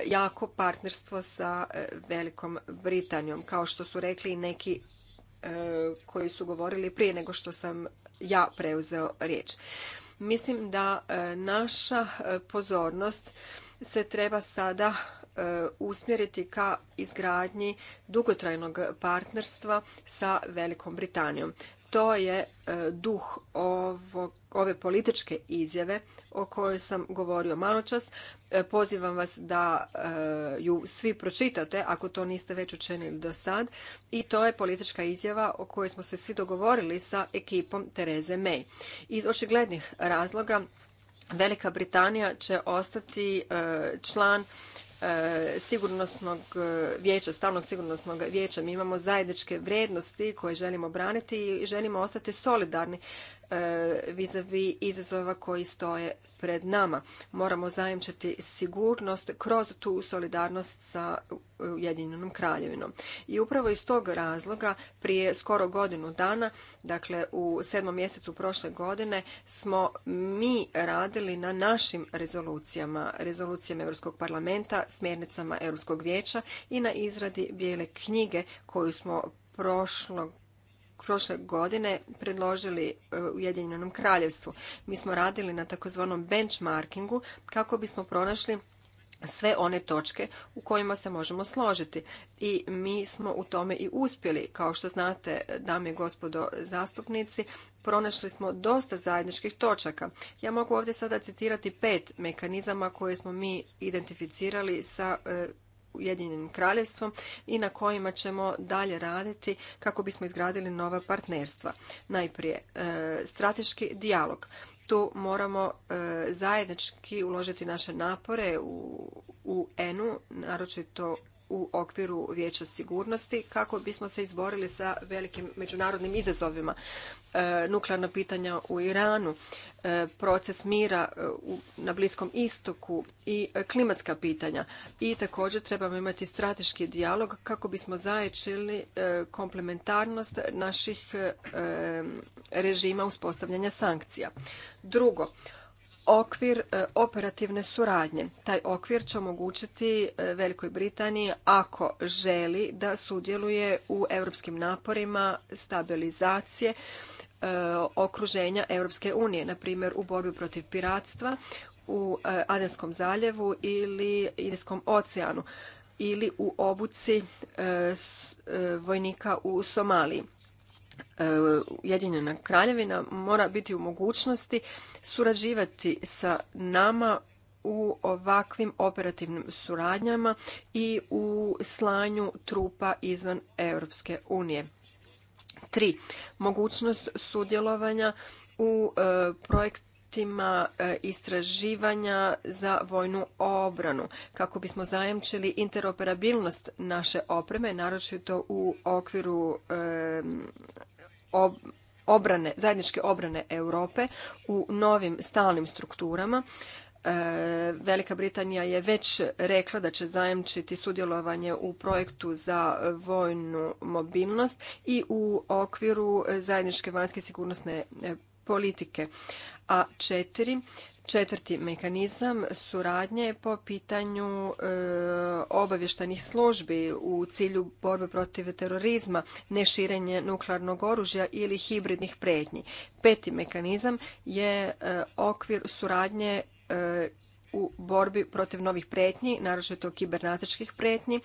jako partnerstvo sa e, Velikom Britanijom, kao što su rekli i neki koji su govorili prije nego što sam ja preuzeo riječ. Mislim da e, naša e, pozornost se treba sada e, usmjeriti ka izgradnji dugotrajnog partnerstva sa Velikom Britanijom to je e, duh ove političke izjave o kojoj sam govorio maločas. E, pozivam vas da e, ju svi pročitate ako to niste već učinili do sad. I to je politička izjava o kojoj smo se svi dogovorili sa ekipom Tereze May. Iz očiglednih razloga Velika Britanija će ostati član E, sigurnosnog e, vijeća, stalnog sigurnosnog vijeća. Mi imamo zajedničke vrijednosti koje želimo braniti i želimo ostati solidarni E, vizavi izazova koji stoje pred nama. Moramo zajemčati sigurnost kroz tu solidarnost sa Ujedinjenom kraljevinom. I upravo iz tog razloga prije skoro godinu dana, dakle u sedmom mjesecu prošle godine, smo mi radili na našim rezolucijama, rezolucijama Europskog parlamenta, smjernicama Europskog vijeća i na izradi bijele knjige koju smo prošlog prošle godine predložili e, Ujedinjenom kraljevstvu. Mi smo radili na takozvanom benchmarkingu kako bismo pronašli sve one točke u kojima se možemo složiti. I mi smo u tome i uspjeli. Kao što znate, dame i gospodo zastupnici, pronašli smo dosta zajedničkih točaka. Ja mogu ovdje sada citirati pet mekanizama koje smo mi identificirali sa e, Ujedinjenim kraljevstvom i na kojima ćemo dalje raditi kako bismo izgradili nova partnerstva. Najprije, e, strateški dijalog. Tu moramo e, zajednički uložiti naše napore u UN-u, naročito u okviru vijeća sigurnosti kako bismo se izborili sa velikim međunarodnim izazovima e, nuklearna pitanja u Iranu, e, proces mira e, na Bliskom istoku i klimatska pitanja. I također trebamo imati strateški dijalog kako bismo zaječili komplementarnost naših režima uspostavljanja sankcija. Drugo, okvir e, operativne suradnje. Taj okvir će omogućiti e, Velikoj Britaniji ako želi da sudjeluje u europskim naporima stabilizacije e, okruženja Europske unije, na primjer u borbi protiv piratstva u Adenskom zaljevu ili Indijskom oceanu ili u obuci vojnika u Somaliji. E, Ujedinjena kraljevina mora biti u mogućnosti surađivati sa nama u ovakvim operativnim suradnjama i u slanju trupa izvan Europske unije. Tri, mogućnost sudjelovanja u e, projektu projektima e, istraživanja za vojnu obranu kako bismo zajamčili interoperabilnost naše opreme, naročito u okviru e, obrane, zajedničke obrane Europe u novim stalnim strukturama. E, Velika Britanija je već rekla da će zajamčiti sudjelovanje u projektu za vojnu mobilnost i u okviru zajedničke vanjske sigurnosne politike. A4 Četvrti mehanizam suradnje po pitanju e, obavještajnih službi u cilju borbe protiv terorizma, neširenje nuklearnog oružja ili hibridnih prijetnji. Peti mehanizam je e, okvir suradnje e, u borbi protiv novih prijetnji, naročito kibernatičkih prijetnji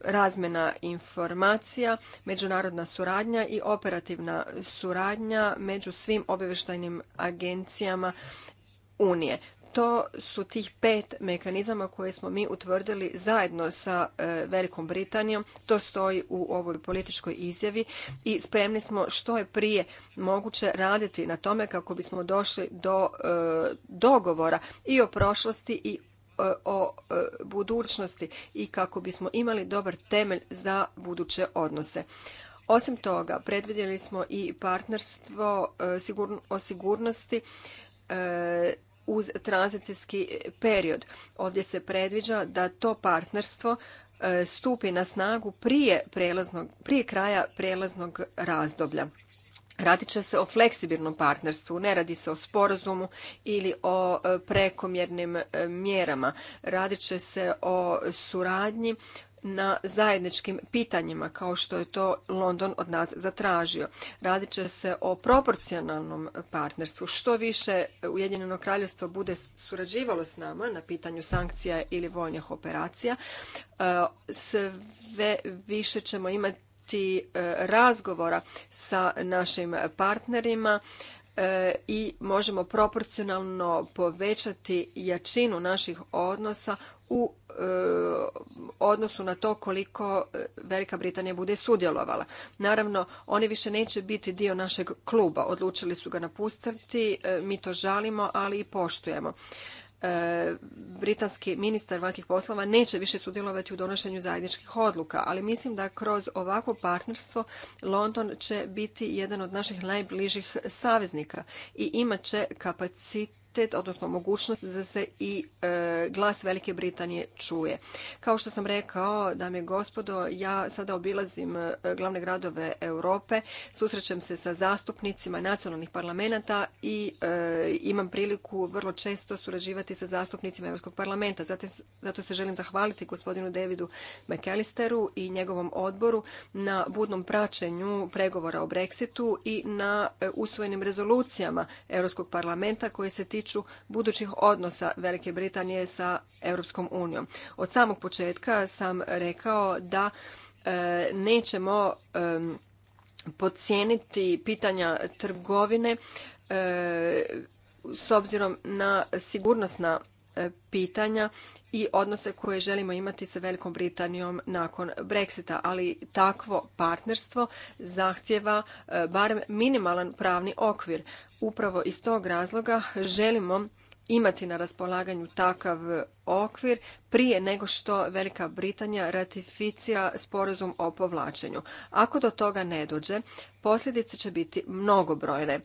razmjena informacija, međunarodna suradnja i operativna suradnja među svim obavještajnim agencijama Unije. To su tih pet mekanizama koje smo mi utvrdili zajedno sa e, Velikom Britanijom. To stoji u ovoj političkoj izjavi i spremni smo što je prije moguće raditi na tome kako bismo došli do e, dogovora i o prošlosti i o e, budućnosti i kako bismo imali dobar temelj za buduće odnose. Osim toga, predvidjeli smo i partnerstvo e, o sigurnosti e, uz tranzicijski period. Ovdje se predviđa da to partnerstvo stupi na snagu prije, prije kraja prelaznog razdoblja. Radit će se o fleksibilnom partnerstvu, ne radi se o sporazumu ili o e, prekomjernim e, mjerama. Radit će se o suradnji na zajedničkim pitanjima kao što je to London od nas zatražio. Radit će se o proporcionalnom partnerstvu. Što više Ujedinjeno kraljevstvo bude surađivalo s nama na pitanju sankcija ili vojnih operacija, e, sve više ćemo imati biti e, razgovora sa našim partnerima e, i možemo proporcionalno povećati jačinu naših odnosa u e, odnosu na to koliko Velika Britanija bude sudjelovala. Naravno, oni više neće biti dio našeg kluba. Odlučili su ga napustiti, mi to žalimo, ali i poštujemo. E, britanski ministar vanjskih poslova neće više sudjelovati u donošenju zajedničkih odluka, ali mislim da kroz ovakvo partnerstvo London će biti jedan od naših najbližih saveznika i imat će kapacitet kapacitet, odnosno mogućnost da se i e, glas Velike Britanije čuje. Kao što sam rekao, dame i gospodo, ja sada obilazim e, glavne gradove Europe, susrećem se sa zastupnicima nacionalnih parlamenta i e, imam priliku vrlo često surađivati sa zastupnicima Europskog parlamenta. Zato se želim zahvaliti gospodinu Davidu McAllisteru i njegovom odboru na budnom praćenju pregovora o Brexitu i na usvojenim rezolucijama Europskog parlamenta koje se tiču tiču budućih odnosa Velike Britanije sa Europskom unijom. Od samog početka sam rekao da e, nećemo e, podcijeniti pitanja trgovine e, s obzirom na sigurnosna E, pitanja i odnose koje želimo imati sa Velikom Britanijom nakon Brexita, ali takvo partnerstvo zahtjeva e, barem minimalan pravni okvir. Upravo iz tog razloga želimo imati na raspolaganju takav okvir prije nego što Velika Britanija ratificira sporazum o povlačenju. Ako do toga ne dođe, posljedice će biti mnogobrojne. E,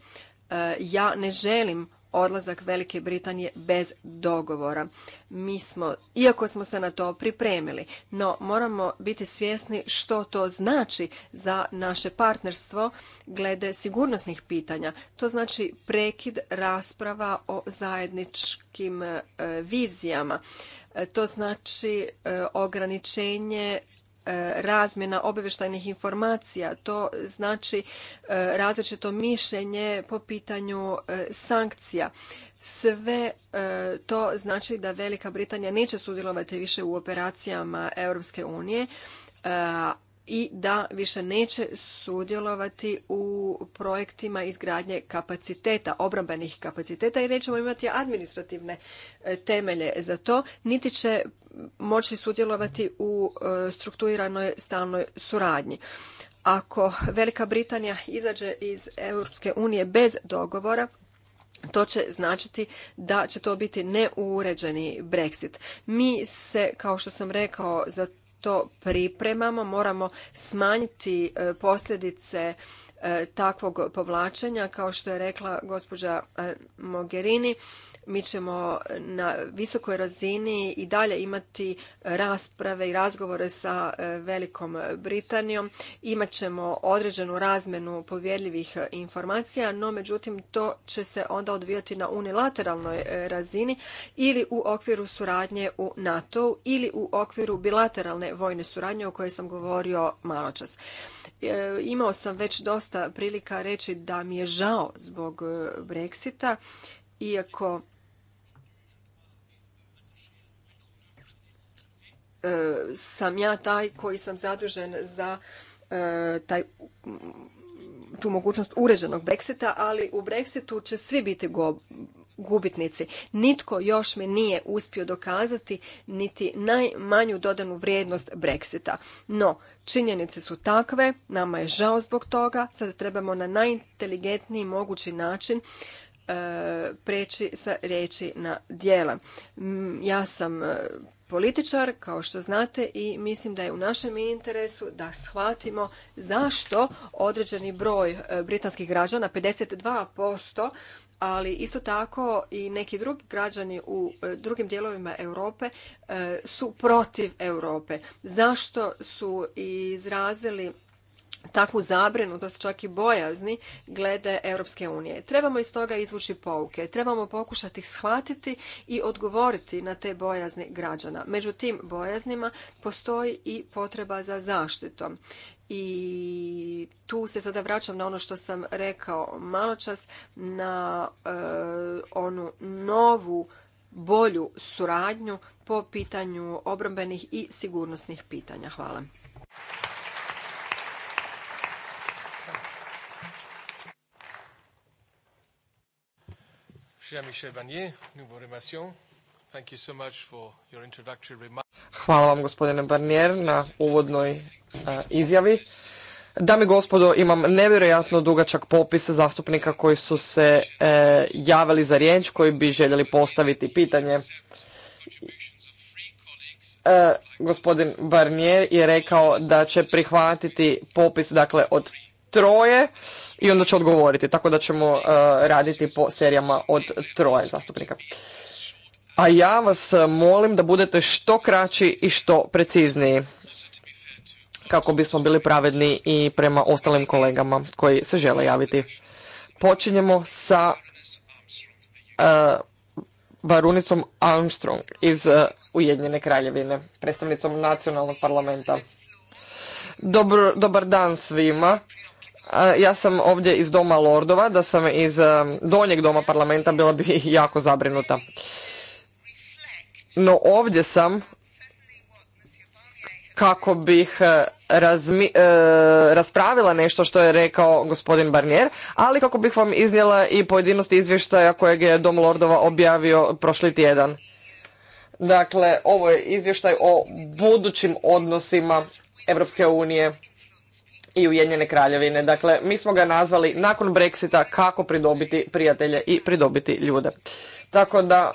ja ne želim odlazak Velike Britanije bez dogovora. Mi smo, iako smo se na to pripremili, no moramo biti svjesni što to znači za naše partnerstvo glede sigurnosnih pitanja. To znači prekid rasprava o zajedničkim e, vizijama. E, to znači e, ograničenje E, razmjena obavještajnih informacija. To znači e, različito mišljenje po pitanju e, sankcija. Sve to znači da Velika Britanija neće sudjelovati više u operacijama Europske unije, i da više neće sudjelovati u projektima izgradnje kapaciteta, obrambenih kapaciteta i nećemo imati administrativne e, temelje za to, niti će moći sudjelovati u e, strukturiranoj stalnoj suradnji. Ako Velika Britanija izađe iz Europske unije bez dogovora, to će značiti da će to biti neuređeni Brexit. Mi se, kao što sam rekao, za to pripremamo, moramo smanjiti e, posljedice e, takvog povlačenja, kao što je rekla gospođa e, Mogherini mi ćemo na visokoj razini i dalje imati rasprave i razgovore sa e, Velikom Britanijom. Imaćemo određenu razmenu povjerljivih informacija, no međutim to će se onda odvijati na unilateralnoj e, razini ili u okviru suradnje u NATO ili u okviru bilateralne vojne suradnje o kojoj sam govorio malo čas. E, imao sam već dosta prilika reći da mi je žao zbog Brexita, iako E, sam ja taj koji sam zadužen za e, taj tu mogućnost uređenog Brexita, ali u Brexitu će svi biti gubitnici. Nitko još me nije uspio dokazati niti najmanju dodanu vrijednost Brexita. No, činjenice su takve, nama je žao zbog toga, sad trebamo na najinteligentniji mogući način e, preći sa riječi na dijela. Ja sam e, političar, kao što znate, i mislim da je u našem interesu da shvatimo zašto određeni broj e, britanskih građana, 52%, ali isto tako i neki drugi građani u e, drugim dijelovima Europe e, su protiv Europe. Zašto su izrazili takvu zabrinutost, pa čak i bojazni glede Europske unije. Trebamo iz toga izvući pouke, trebamo pokušati shvatiti i odgovoriti na te bojazni građana. Međutim, tim bojaznima postoji i potreba za zaštitom. I tu se sada vraćam na ono što sam rekao čas, na e, onu novu bolju suradnju po pitanju obrambenih i sigurnosnih pitanja. Hvala. Hvala vam gospodine Barnier na uvodnoj e, izjavi. Dame i gospodo, imam nevjerojatno dugačak popis zastupnika koji su se e, javili za riječ, koji bi željeli postaviti pitanje. E, gospodin Barnier je rekao da će prihvatiti popis dakle, od troje i onda će odgovoriti. Tako da ćemo uh, raditi po serijama od troje zastupnika. A ja vas uh, molim da budete što kraći i što precizniji kako bismo bili pravedni i prema ostalim kolegama koji se žele javiti. Počinjemo sa uh, Varunicom Armstrong iz uh, Ujedinjene kraljevine, predstavnicom nacionalnog parlamenta. Dobro, dobar dan svima ja sam ovdje iz doma lordova, da sam iz e, donjeg doma parlamenta bila bi <laughs> jako zabrinuta. No ovdje sam kako bih e, e, raspravila nešto što je rekao gospodin Barnier, ali kako bih vam iznijela i pojedinost izvještaja kojeg je Dom Lordova objavio prošli tjedan. Dakle, ovo je izvještaj o budućim odnosima Europske unije i Ujedinjene kraljevine. Dakle, mi smo ga nazvali nakon Brexita kako pridobiti prijatelje i pridobiti ljude. Tako da,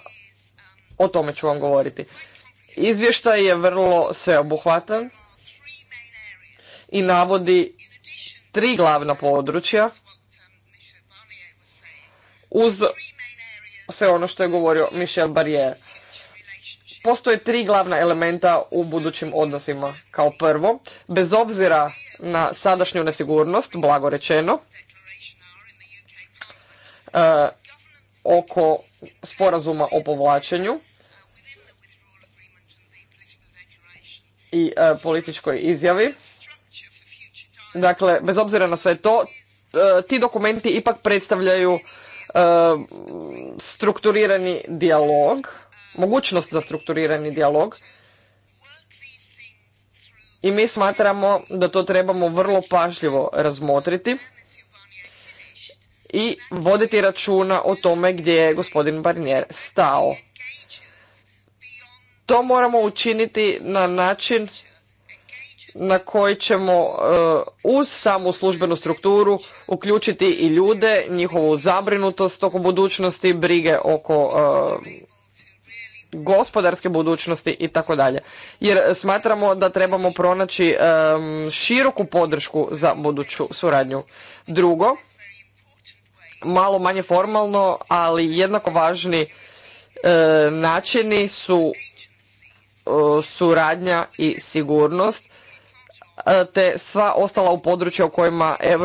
o tome ću vam govoriti. Izvještaj je vrlo sveobuhvatan i navodi tri glavna područja uz sve ono što je govorio Michel Barrier. Postoje tri glavna elementa u budućim odnosima. Kao prvo, bez obzira na sadašnju nesigurnost, blago rečeno, e, oko sporazuma o povlačenju i e, političkoj izjavi. Dakle, bez obzira na sve to, e, ti dokumenti ipak predstavljaju strukturirani dijalog, mogućnost za strukturirani dijalog i mi smatramo da to trebamo vrlo pažljivo razmotriti i voditi računa o tome gdje je gospodin Barnier stao. To moramo učiniti na način na koji ćemo e, uz samu službenu strukturu uključiti i ljude, njihovu zabrinutost oko budućnosti, brige oko e, gospodarske budućnosti i tako dalje. Jer smatramo da trebamo pronaći um, široku podršku za buduću suradnju. Drugo, malo manje formalno, ali jednako važni načini su suradnja i sigurnost E, te sva ostala u područja u kojima e,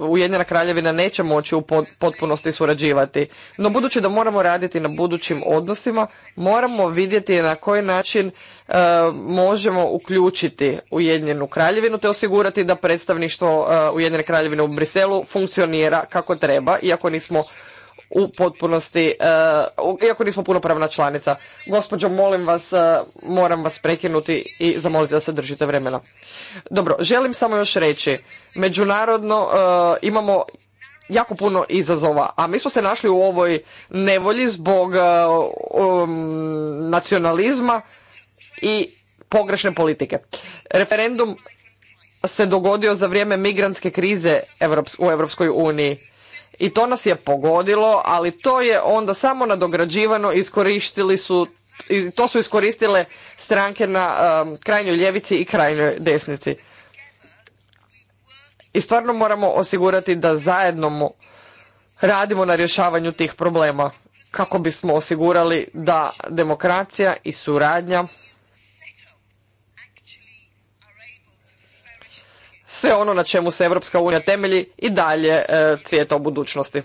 Ujedinjena kraljevina neće moći u potpunosti surađivati. No budući da moramo raditi na budućim odnosima, moramo vidjeti na koji način e, možemo uključiti Ujedinjenu kraljevinu te osigurati da predstavništvo Ujedinjene kraljevine u Briselu funkcionira kako treba, iako nismo u potpunosti, eh, iako nismo punopravna članica. Gospođo, molim vas, eh, moram vas prekinuti i zamoliti da se držite vremena. Dobro, želim samo još reći, međunarodno eh, imamo jako puno izazova, a mi smo se našli u ovoj nevolji zbog um, nacionalizma i pogrešne politike. Referendum se dogodio za vrijeme migrantske krize u Europskoj uniji i to nas je pogodilo, ali to je onda samo nadograđivano, iskoristili su i to su iskoristile stranke na um, krajnjoj ljevici i krajnjoj desnici. I stvarno moramo osigurati da zajedno radimo na rješavanju tih problema kako bismo osigurali da demokracija i suradnja sve ono na čemu se Evropska unija temelji i dalje e, cvijeta u budućnosti.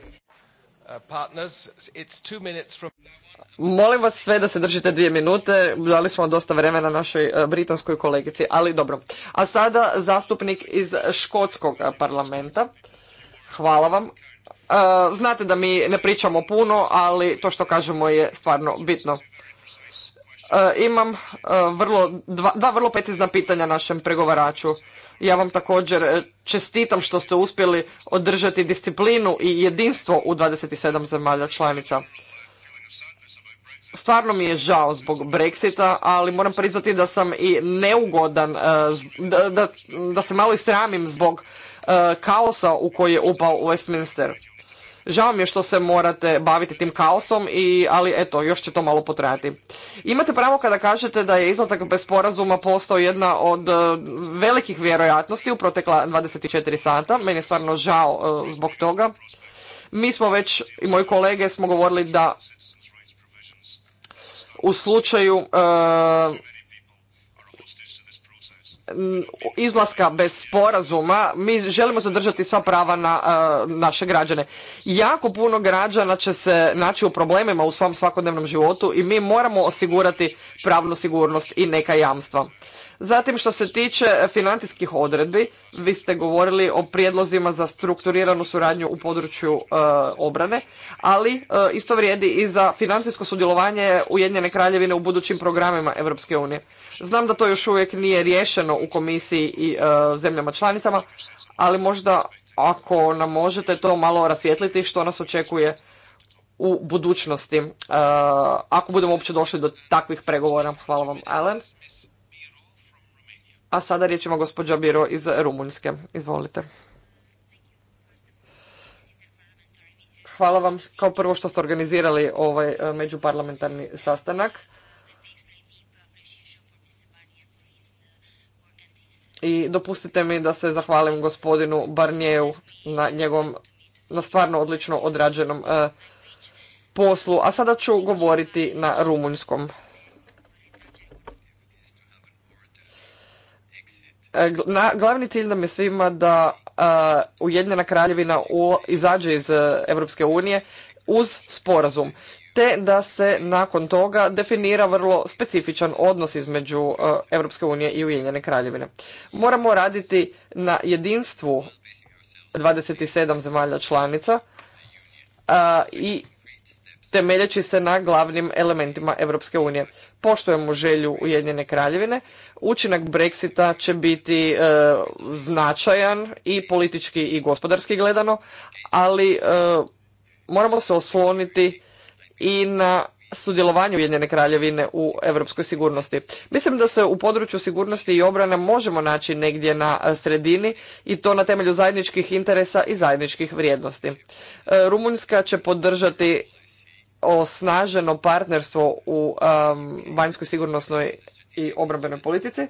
Molim vas sve da se držite dvije minute, dali smo dosta vremena našoj e, britanskoj kolegici, ali dobro. A sada zastupnik iz Škotskog parlamenta. Hvala vam. E, znate da mi ne pričamo puno, ali to što kažemo je stvarno bitno. E, imam e, vrlo, dva, vrlo precizna pitanja našem pregovaraču. Ja vam također e, čestitam što ste uspjeli održati disciplinu i jedinstvo u 27 zemalja članica. Stvarno mi je žao zbog Brexita, ali moram priznati da sam i neugodan, da, da, se malo i sramim zbog kaosa u koji je upao Westminster Žao mi je što se morate baviti tim kaosom, i, ali eto, još će to malo potrajati. Imate pravo kada kažete da je izlazak bez sporazuma postao jedna od e, velikih vjerojatnosti u protekla 24 sata. Meni je stvarno žao e, zbog toga. Mi smo već, i moji kolege smo govorili da u slučaju e, Mm, izlaska bez sporazuma, mi želimo zadržati sva prava na e, naše građane. Jako puno građana će se naći u problemima u svom svakodnevnom životu i mi moramo osigurati pravnu sigurnost i neka jamstva. Zatim što se tiče financijskih odredbi, vi ste govorili o prijedlozima za strukturiranu suradnju u području e, obrane, ali e, isto vrijedi i za financijsko sudjelovanje Ujedinjene kraljevine u budućim programima Europske unije. Znam da to još uvijek nije riješeno u komisiji i e, zemljama članicama, ali možda ako nam možete to malo rasvijetliti što nas očekuje u budućnosti, ako budemo uopće došli do takvih pregovora. Hvala vam, Alan. A sada riječ ima gospođa Biro iz Rumunjske. Izvolite. Hvala vam kao prvo što ste organizirali ovaj e, međuparlamentarni sastanak. I dopustite mi da se zahvalim gospodinu Barnijevu na njegovom, na stvarno odlično odrađenom e, poslu. A sada ću govoriti na rumunjskom. E, glavni cilj nam je svima da e, Ujedinjena kraljevina izađe iz Europske unije uz sporazum, te da se nakon toga definira vrlo specifičan odnos između Europske unije i Ujedinjene kraljevine. Moramo raditi na jedinstvu 27 zemalja članica e, i temeljeći se na glavnim elementima Europske unije. Poštujemo želju Ujedinjene kraljevine, učinak Brexita će biti e, značajan i politički i gospodarski gledano, ali e, moramo se osloniti i na sudjelovanju Ujedinjene kraljevine u europskoj sigurnosti. Mislim da se u području sigurnosti i obrane možemo naći negdje na e, sredini i to na temelju zajedničkih interesa i zajedničkih vrijednosti. Rumunjska će podržati osnaženo partnerstvo u um, vanjskoj sigurnosnoj i obrambenoj politici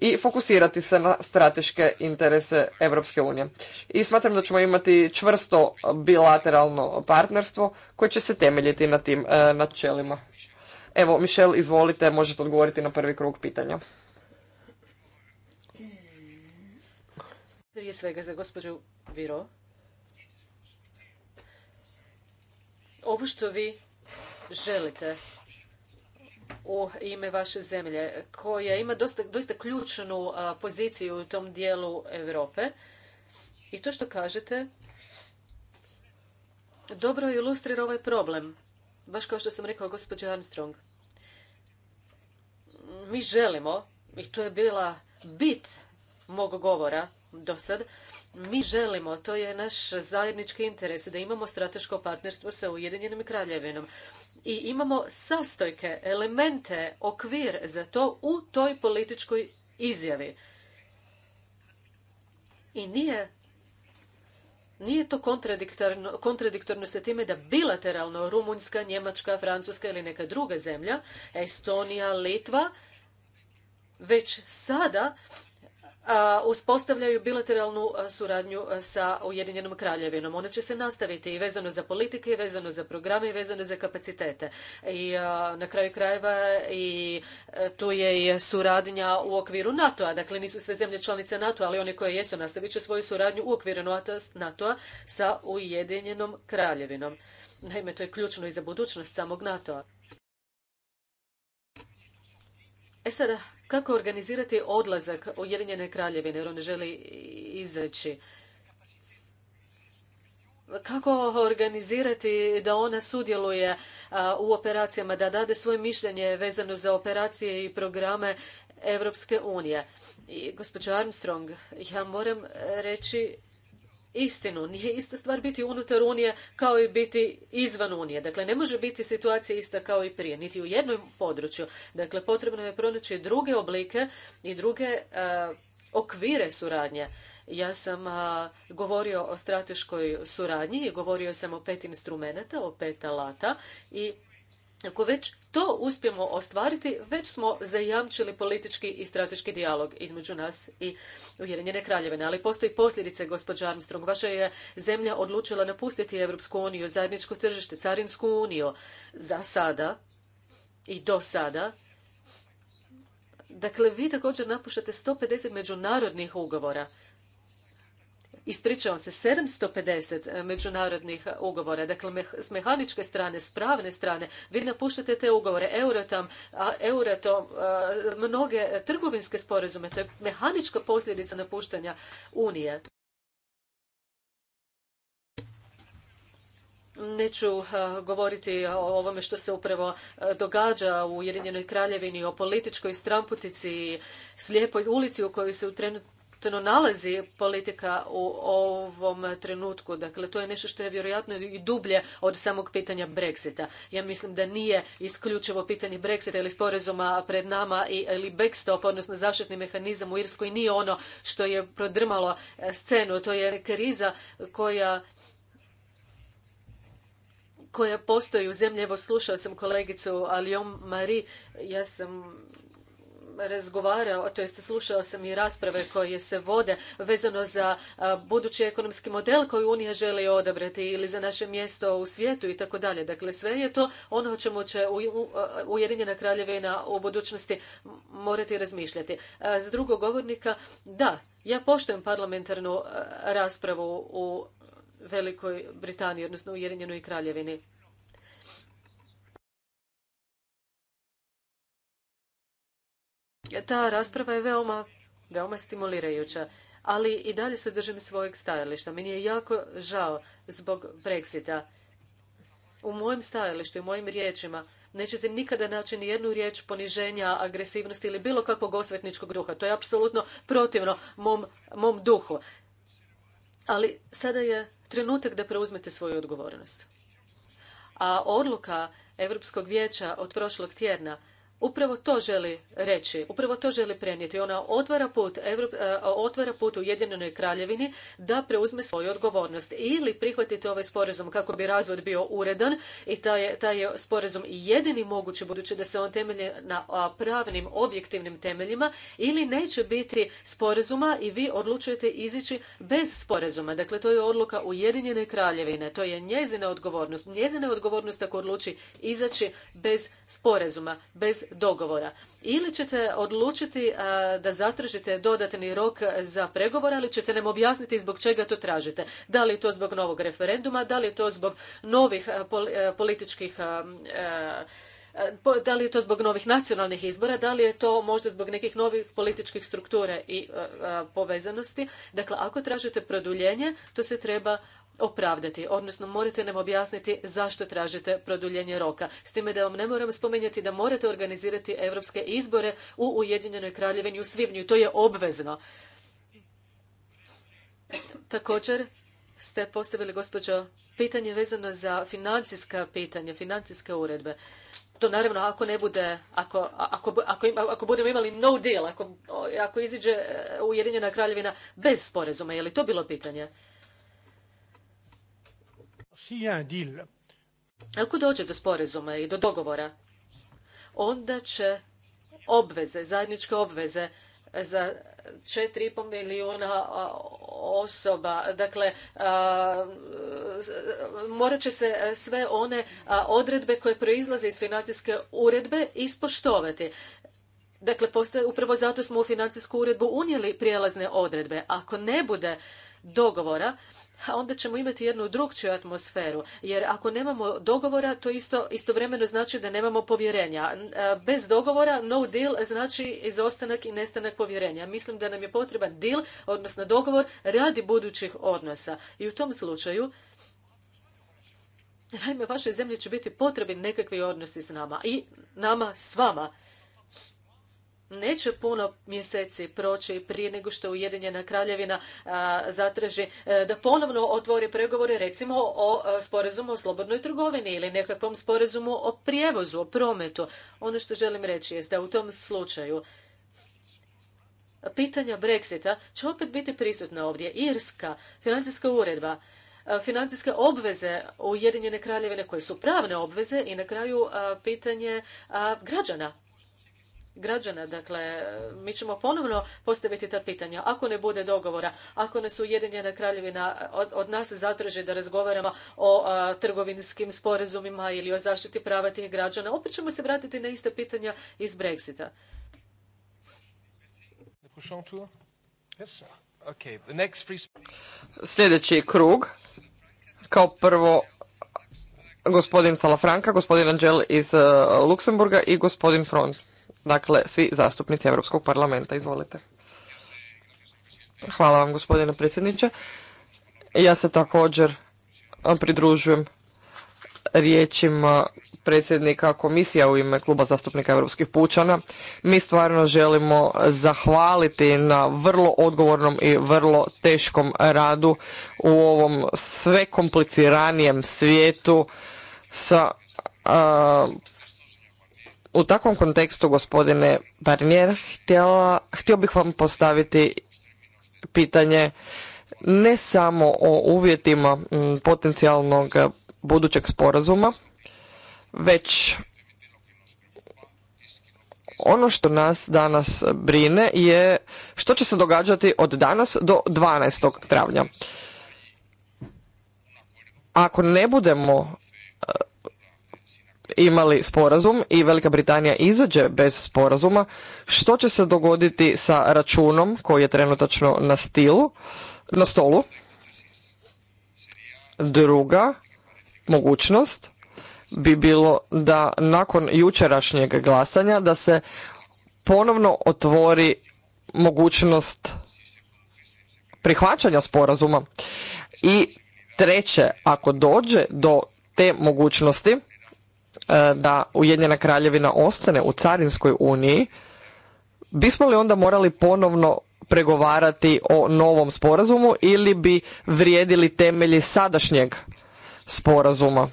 i fokusirati se na strateške interese Europske unije. I smatram da ćemo imati čvrsto bilateralno partnerstvo koje će se temeljiti na tim uh, načelima. Evo, Mišel, izvolite, možete odgovoriti na prvi krug pitanja. Prije svega za gospođu Viro. ovo što vi želite u ime vaše zemlje koja ima dosta, dosta ključnu poziciju u tom dijelu Europe i to što kažete dobro ilustrira ovaj problem baš kao što sam rekao gospođo Armstrong mi želimo i to je bila bit mog govora do sad mi želimo, to je naš zajednički interes, da imamo strateško partnerstvo sa Ujedinjenim kraljevinom. I imamo sastojke, elemente, okvir za to u toj političkoj izjavi. I nije nije to kontradiktorno, kontradiktorno sa time da bilateralno Rumunjska, Njemačka, Francuska ili neka druga zemlja, Estonija, Litva, već sada uspostavljaju bilateralnu suradnju sa Ujedinjenom kraljevinom. Ona će se nastaviti i vezano za politike, i vezano za programe, i vezano za kapacitete. I na kraju krajeva i e, tu je i suradnja u okviru NATO-a. Dakle, nisu sve zemlje članice NATO-a, ali one koje jesu nastavit će svoju suradnju u okviru NATO-a sa Ujedinjenom kraljevinom. Naime, to je ključno i za budućnost samog NATO-a. E sada, kako organizirati odlazak Ujedinjene kraljevine jer on želi izaći. Kako organizirati da ona sudjeluje u operacijama, da dade svoje mišljenje vezano za operacije i programe Europske unije. I gospođo Armstrong, ja moram reći istinu. Nije ista stvar biti unutar Unije kao i biti izvan Unije. Dakle, ne može biti situacija ista kao i prije, niti u jednom području. Dakle, potrebno je pronaći druge oblike i druge e, okvire suradnje. Ja sam e, govorio o strateškoj suradnji i govorio sam o pet instrumenata, o pet alata i ako već to uspijemo ostvariti, već smo zajamčili politički i strateški dijalog između nas i Ujedinjene kraljevine. Ali postoji posljedice, gospođa Armstrong. Vaša je zemlja odlučila napustiti Evropsku uniju, zajedničko tržište, carinsku uniju. Za sada i do sada. Dakle, vi također napuštate 150 međunarodnih ugovora ispričavam se, 750 e, međunarodnih e, ugovora. Dakle, s mehaničke strane, s pravne strane, vi napuštate te ugovore, Eurotom, Euratom, e, mnoge trgovinske sporazume. To je mehanička posljedica napuštanja Unije. Neću govoriti o ovome što se upravo događa u Jedinjenoj kraljevini, o političkoj stramputici, slijepoj ulici u kojoj se trenutno nalazi politika u ovom trenutku. Dakle, to je nešto što je vjerojatno i dublje od samog pitanja Brexita. Ja mislim da nije isključivo pitanje Brexita ili sporezuma pred nama ili backstop, odnosno zaštitni mehanizam u Irskoj, nije ono što je prodrmalo e, scenu. To je kriza koja koja postoji u zemlji. Evo slušao sam kolegicu Alion Marie, ja sam razgovarao, to jest slušao sam i rasprave koje se vode vezano za budući ekonomski model koji Unija želi odabrati ili za naše mjesto u svijetu i tako dalje. Dakle, sve je to ono o čemu će Ujedinjena kraljevina u budućnosti morati razmišljati. Za drugog govornika, da, ja poštujem parlamentarnu raspravu u Velikoj Britaniji, odnosno Ujedinjenoj kraljevini. Ta rasprava je veoma, veoma stimulirajuća, ali i dalje se držim svojeg stajališta. Meni je jako žao zbog Brexita. U mojem stajalištu i mojim riječima nećete nikada naći ni jednu riječ poniženja, agresivnosti ili bilo kakvog osvetničkog duha. To je apsolutno protivno mom, mom duhu. Ali sada je trenutak da preuzmete svoju odgovornost. A odluka Europskog vijeća od prošlog tjedna upravo to želi reći, upravo to želi prenijeti. Ona otvara put, e, otvara put Ujedinjenoj kraljevini da preuzme svoju odgovornost ili prihvatite ovaj sporazum kako bi razvod bio uredan i taj je, taj je sporazum jedini mogući budući da se on temelji na pravnim, objektivnim temeljima ili neće biti sporazuma i vi odlučujete izići bez sporazuma. Dakle, to je odluka Ujedinjene kraljevine. To je njezina odgovornost. Njezina odgovornost ako odluči izaći bez sporazuma, bez dogovora. Ili ćete odlučiti e, da zatražite dodatni rok za pregovore, ali ćete nam objasniti zbog čega to tražite. Da li je to zbog novog referenduma, da li je to zbog novih e, e, političkih da li je to zbog novih nacionalnih izbora, da li je to možda zbog nekih novih političkih struktura i e, e, povezanosti. Dakle, ako tražite produljenje, to se treba opravdati, odnosno morate nam objasniti zašto tražite produljenje roka. S time da vam ne moram spominjati da morate organizirati europske izbore u Ujedinjenoj kraljevini u svibnju. To je obvezno. Također, ste postavili, gospođo, pitanje vezano za financijska pitanja, financijske uredbe. To naravno ako ne bude, ako, budemo imali no deal, ako, ako iziđe e, Ujedinjena kraljevina bez sporazuma, je li to bilo pitanje? E, ako dođe do sporazuma i do dogovora, onda će obveze, zajedničke obveze za 4,5 milijuna osoba. Dakle, morat će se sve one odredbe koje proizlaze iz financijske uredbe ispoštovati. Dakle, upravo zato smo u financijsku uredbu unijeli prijelazne odredbe. Ako ne bude dogovora, onda ćemo imati jednu drugčiju atmosferu. Jer ako nemamo dogovora, to isto, istovremeno znači da nemamo povjerenja. Bez dogovora no deal znači izostanak i nestanak povjerenja. Mislim da nam je potreban deal, odnosno dogovor, radi budućih odnosa. I u tom slučaju Naime, vašoj zemlji će biti potrebni nekakvi odnosi s nama i nama s vama neće puno mjeseci proći prije nego što Ujedinjena kraljevina zatraži e, da ponovno otvori pregovore recimo o e, sporazumu o slobodnoj trgovini ili nekakvom sporazumu o prijevozu, o prometu. Ono što želim reći jest da u tom slučaju pitanja Brexita će opet biti prisutna ovdje. Irska, financijska uredba, e, financijske obveze Ujedinjene kraljevine koje su pravne obveze i na kraju pitanje građana građana. Dakle, mi ćemo ponovno postaviti ta pitanja. Ako ne bude dogovora, ako nas Ujedinjena kraljevina od, nas zatraži da razgovaramo o trgovinskim sporazumima ili o zaštiti prava tih građana, opet ćemo se vratiti na ista pitanja iz Brexita. Sljedeći krug, kao prvo gospodin Salafranka, gospodin Angel iz e, Luksemburga i gospodin Front. Dakle, svi zastupnici Europskog parlamenta, izvolite. Hvala vam gospodine predsjedniče. Ja se također pridružujem riječima predsjednika komisija u ime kluba zastupnika europskih pučana. Mi stvarno želimo zahvaliti na vrlo odgovornom i vrlo teškom radu u ovom sve kompliciranijem svijetu sa u takvom kontekstu, gospodine Barnier, htio bih vam postaviti pitanje ne samo o uvjetima potencijalnog budućeg sporazuma, već ono što nas danas brine je što će se događati od danas do 12. travnja. Ako ne budemo imali sporazum i Velika Britanija izađe bez sporazuma, što će se dogoditi sa računom koji je trenutačno na stilu, na stolu? Druga mogućnost bi bilo da nakon jučerašnjeg glasanja da se ponovno otvori mogućnost prihvaćanja sporazuma i treće ako dođe do te mogućnosti E, da Ujedinjena kraljevina ostane u Carinskoj uniji, bismo li onda morali ponovno pregovarati o novom sporazumu ili bi vrijedili temelji sadašnjeg sporazuma?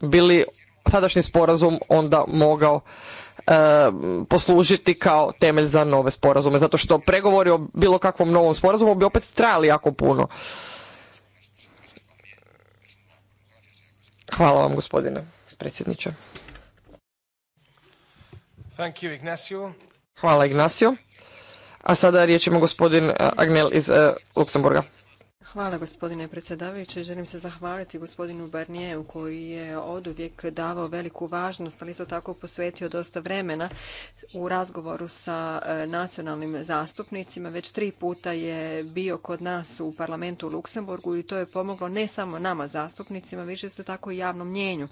Bili sadašnji sporazum onda mogao e, poslužiti kao temelj za nove sporazume, zato što pregovori o bilo kakvom novom sporazumu bi opet trajali jako puno. Hvala vam gospodine predsjedniče. Thank you, Hvala Ignacio. A sada riječ ima gospodin eh, Agnel iz eh, Luksemburga. Hvala gospodine predsjedavajući. Želim se zahvaliti gospodinu Barnijevu koji je oduvijek davao veliku važnost, ali isto tako posvetio dosta vremena u razgovoru sa e, nacionalnim zastupnicima. Već tri puta je bio kod nas u parlamentu u Luksemburgu i to je pomoglo ne samo nama zastupnicima, više isto tako i javnom mnjenju,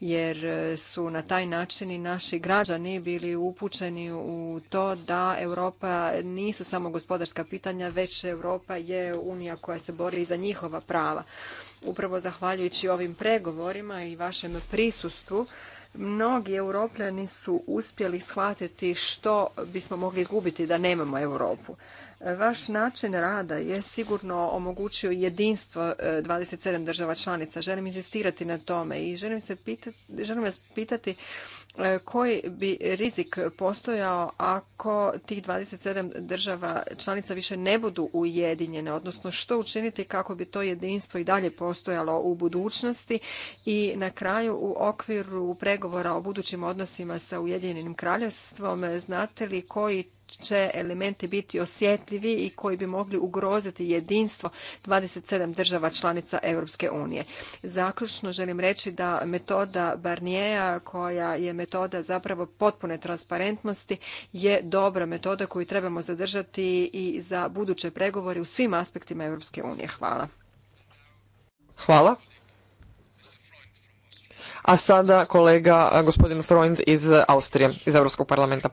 jer e, su na taj način i naši građani bili upućeni u to da Europa nisu samo gospodarska pitanja, već Europa je unija koja se se i za njihova prava. Upravo zahvaljujući ovim pregovorima i vašem prisustvu, mnogi europljani su uspjeli shvatiti što bismo mogli izgubiti da nemamo Europu. Vaš način rada je sigurno omogućio jedinstvo 27 e, država članica. Želim insistirati na tome i želim, se želim vas pitati E, koji bi rizik postojao ako tih 27 država članica više ne budu ujedinjene, odnosno što učiniti kako bi to jedinstvo i dalje postojalo u budućnosti i na kraju u okviru pregovora o budućim odnosima sa Ujedinjenim kraljevstvom znate li koji će elementi biti osjetljivi i koji bi mogli ugroziti jedinstvo 27 država članica Europske unije. Zaključno želim reći da metoda Barnijeja koja je metoda zapravo potpune transparentnosti je dobra metoda koju trebamo zadržati i za buduće pregovore u svim aspektima Europske unije. Hvala. Hvala. A sada kolega gospodin Freund iz Austrije, iz Europskog parlamenta.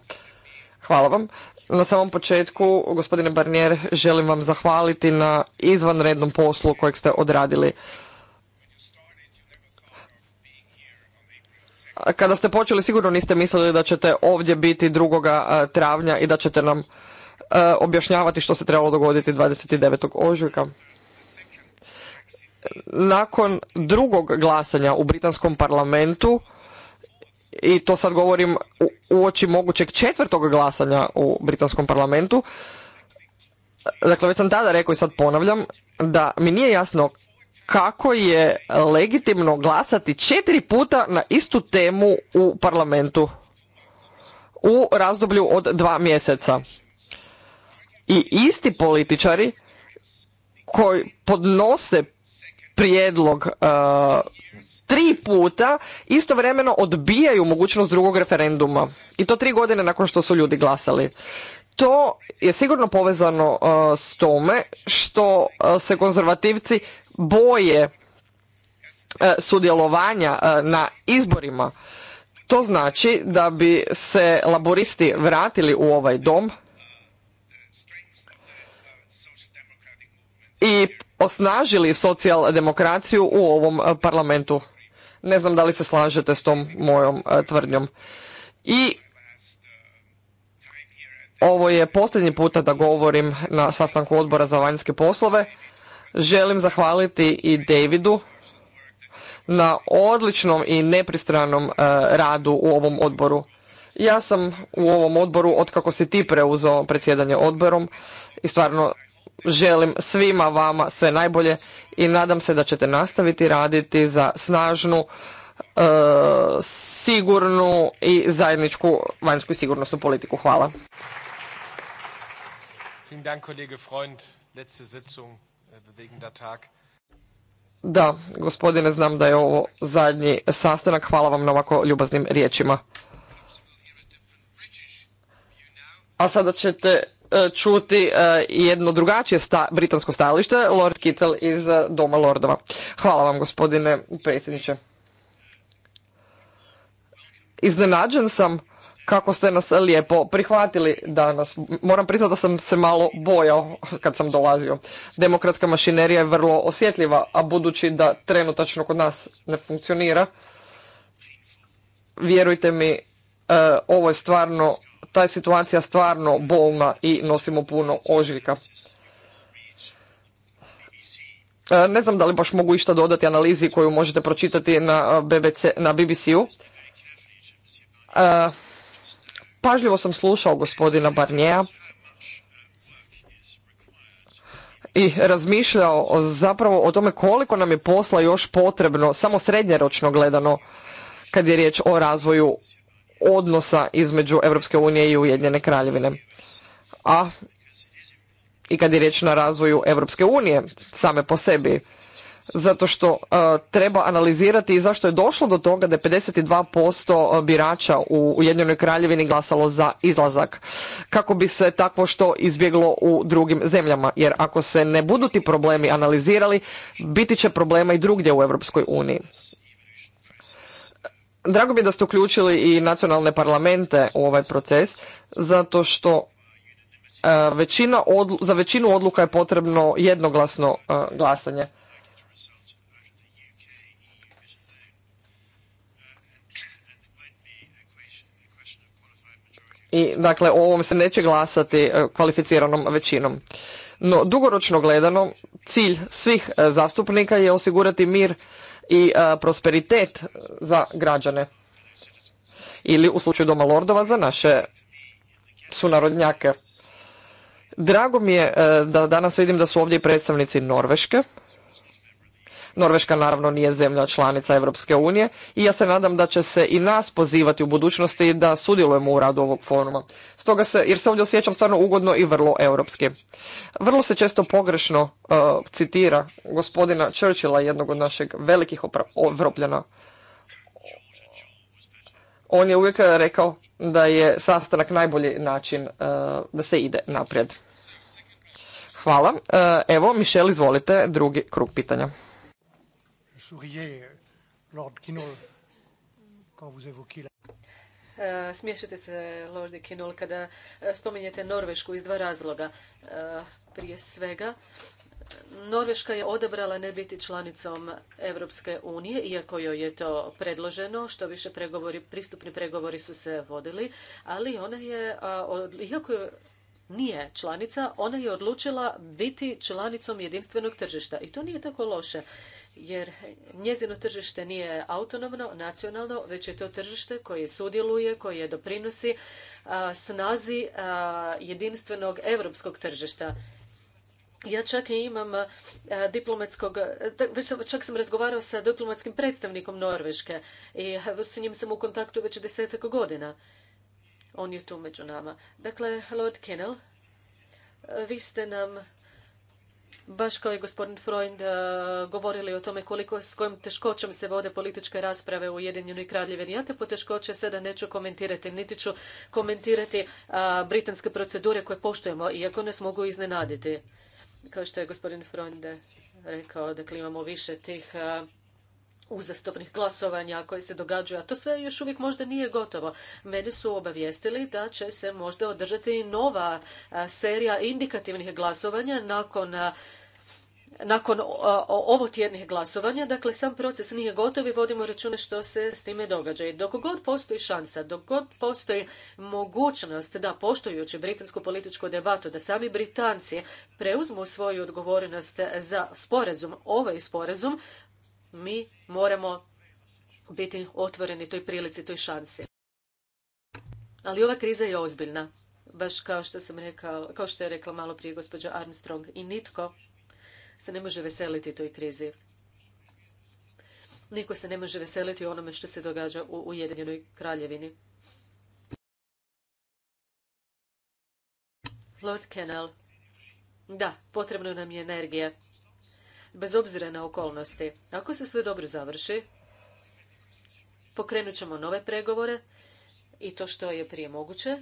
Hvala vam. Na samom početku, gospodine Barnier, želim vam zahvaliti na izvanrednom poslu kojeg ste odradili. Kada ste počeli, sigurno niste mislili da ćete ovdje biti 2. E, travnja i da ćete nam e, objašnjavati što se trebalo dogoditi 29. ožujka. Nakon drugog glasanja u britanskom parlamentu, i to sad govorim u oči mogućeg četvrtog glasanja u britanskom parlamentu. Dakle, već sam tada rekao i sad ponavljam da mi nije jasno kako je legitimno glasati četiri puta na istu temu u parlamentu u razdoblju od dva mjeseca. I isti političari koji podnose prijedlog uh, tri puta istovremeno odbijaju mogućnost drugog referenduma i to tri godine nakon što su ljudi glasali to je sigurno povezano uh, s tome što uh, se konzervativci boje uh, sudjelovanja na izborima to znači da bi se laboristi vratili u ovaj dom i osnažili socijaldemokraciju u ovom parlamentu ne znam da li se slažete s tom mojom e, tvrdnjom. I ovo je posljednji puta da govorim na sastanku odbora za vanjske poslove. Želim zahvaliti i Davidu na odličnom i nepristranom e, radu u ovom odboru. Ja sam u ovom odboru, otkako si ti preuzeo predsjedanje odborom, i stvarno želim svima vama sve najbolje i nadam se da ćete nastaviti raditi za snažnu, e, sigurnu i zajedničku vanjsku i sigurnosnu politiku. Hvala. Äh, da, gospodine, znam da je ovo zadnji sastanak. Hvala vam na ovako ljubaznim riječima. A sada ćete E, čuti e, jedno drugačije britansko stajalište, Lord Kittel iz e, Doma Lordova. Hvala vam gospodine predsjedniče. Iznenađen sam kako ste nas lijepo prihvatili danas. Moram priznati da sam se malo bojao kad sam dolazio. Demokratska mašinerija je vrlo osjetljiva, a budući da trenutačno kod nas ne funkcionira, vjerujte mi, ovo je stvarno ta je situacija stvarno bolna i nosimo puno ožiljka. E, ne znam da li baš mogu išta dodati analizi koju možete pročitati na, e, BBC, na BBC-u. E, pažljivo sam slušao gospodina Barnjeja i razmišljao zapravo o tome koliko nam je posla još potrebno, samo srednjeročno gledano, kad je riječ o razvoju odnosa između Europske unije i Ujedinjene kraljevine. A i kad je riječ na razvoju Europske unije same po sebi, zato što e, treba analizirati i zašto je došlo do toga da je 52% birača u Ujedinjenoj kraljevini glasalo za izlazak kako bi se takvo što izbjeglo u drugim zemljama jer ako se ne budu ti problemi analizirali biti će problema i drugdje u Europskoj uniji. Drago je da ste uključili i nacionalne parlamente u ovaj proces, zato što e, većina za većinu odluka je potrebno jednoglasno e, glasanje. I dakle, o ovom se neće glasati e, kvalificiranom većinom. No, dugoročno gledano, cilj svih zastupnika je osigurati mir i e, prosperitet za građane ili u slučaju Doma Lordova za naše sunarodnjake. Drago mi je e, da danas vidim da su ovdje i predstavnici Norveške Norveška naravno nije zemlja članica Europske unije i ja se nadam da će se i nas pozivati u budućnosti da sudjelujemo u radu ovog foruma. Stoga se, jer se ovdje osjećam stvarno ugodno i vrlo europski. Vrlo se često pogrešno uh, citira gospodina Churchilla, jednog od našeg velikih evropljana. On je uvijek rekao da je sastanak najbolji način uh, da se ide naprijed. Hvala. Uh, evo, Mišel, izvolite, drugi krug pitanja souriez, euh, Lord Kinol, quand vous la... E, smiješite se, Lordi Kinol, kada e, spominjete Norvešku iz dva razloga. E, prije svega, Norveška je odabrala ne biti članicom Europske unije, iako joj je to predloženo, što više pregovori, pristupni pregovori su se vodili, ali ona je, iako je nije članica, ona je odlučila biti članicom jedinstvenog tržišta. I to nije tako loše, jer njezino tržište nije autonomno, nacionalno, već je to tržište koje sudjeluje, koje doprinosi snazi jedinstvenog europskog tržišta. Ja čak i imam diplomatskog, sam, čak sam razgovarao sa diplomatskim predstavnikom Norveške i s njim sam u kontaktu već desetak godina. On je tu među nama. Dakle, Lord Kennel, vi ste nam baš kao i gospodin Freund eh, govorili o tome koliko s kojim teškoćom se vode političke rasprave u Ujedinjenoj Kraljevini. Ja te poteškoće sada neću komentirati, niti ću komentirati eh, britanske procedure koje poštujemo, iako nas mogu iznenaditi. Kao što je gospodin Freund rekao, dakle imamo više tih eh, uzastopnih glasovanja koje se događaju, a to sve još uvijek možda nije gotovo. Mene su obavijestili da će se možda održati nova serija indikativnih glasovanja nakon nakon ovo tjednih glasovanja, dakle sam proces nije gotov i vodimo račune što se s time događa. I dok god postoji šansa, dok god postoji mogućnost da poštujući britansku političku debatu, da sami Britanci preuzmu svoju odgovornost za sporazum, ovaj sporazum, mi moramo biti otvoreni toj prilici, toj šansi. Ali ova kriza je ozbiljna, baš kao što sam rekao, kao što je rekla malo prije gospođa Armstrong i nitko se ne može veseliti toj krizi. Niko se ne može veseliti onome što se događa u Ujedinjenoj kraljevini. Lord Kennel. Da, potrebno nam je energija bez obzira na okolnosti. Ako se sve dobro završi, pokrenut ćemo nove pregovore i to što je prije moguće.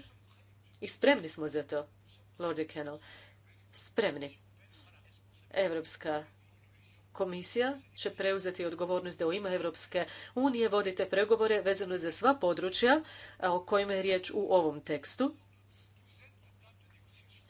I spremni smo za to, Lordi Kennel. Spremni. Evropska komisija će preuzeti odgovornost da u ime Evropske unije vodite pregovore vezano za sva područja o kojima je riječ u ovom tekstu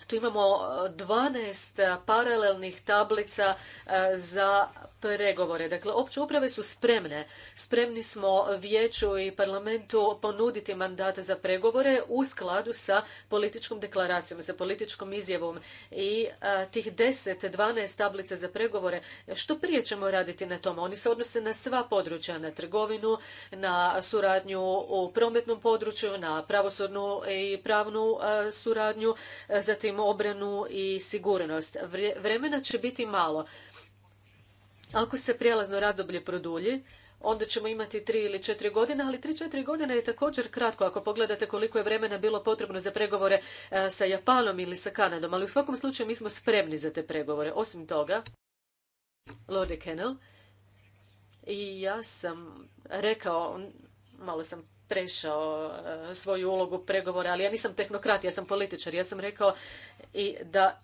tu imamo 12 e, e, paralelnih tablica e, za pregovore. Dakle, opće uprave su spremne. Spremni smo vijeću i parlamentu ponuditi mandate za pregovore u skladu sa političkom deklaracijom, sa političkom izjavom i a, tih 10-12 tablica za pregovore. Što prije ćemo raditi na tom? Oni se odnose na sva područja, na trgovinu, na suradnju u prometnom području, na pravosudnu i pravnu suradnju, zatim obranu i sigurnost. vremena će biti malo ako se prijelazno razdoblje produlji, onda ćemo imati tri ili četiri godine, ali tri, četiri godine je također kratko ako pogledate koliko je vremena bilo potrebno za pregovore e, sa Japanom ili sa Kanadom, ali u svakom slučaju mi smo spremni za te pregovore. Osim toga, Lorde Kennel, i ja sam rekao, malo sam prešao e, svoju ulogu pregovora, ali ja nisam tehnokrat, ja sam političar, ja sam rekao i da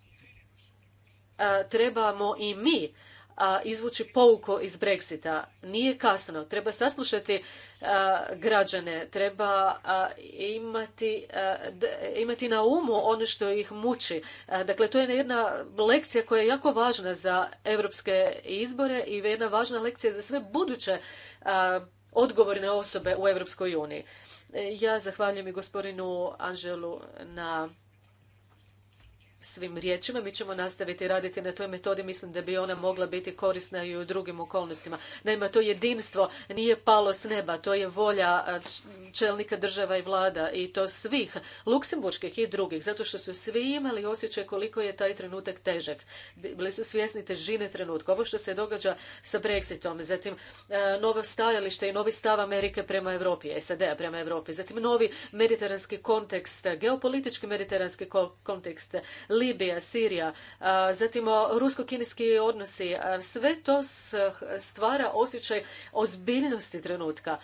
e, trebamo i mi a, izvući pouko iz Brexita. Nije kasno, treba saslušati građane, treba imati, na umu ono što ih muči. Dakle, to je jedna lekcija koja je jako važna za europske izbore i jedna važna lekcija za sve buduće odgovorne osobe u Europskoj uniji. E, ja zahvaljujem i gospodinu Anželu na svim riječima. Mi ćemo nastaviti raditi na toj metodi. Mislim da bi ona mogla biti korisna i u drugim okolnostima. Naime, to jedinstvo nije palo s neba. To je volja čelnika država i vlada i to svih, luksemburških i drugih, zato što su svi imali osjećaj koliko je taj trenutak težak. Bili su svjesni težine trenutka. Ovo što se događa sa Brexitom, zatim novo stajalište i novi stav Amerike prema Europi, SAD-a prema Europi, zatim novi mediteranski kontekst, geopolitički mediteranski kontekst, Libija, Sirija, zatim rusko-kineski odnosi, sve to stvara osjećaj ozbiljnosti trenutka.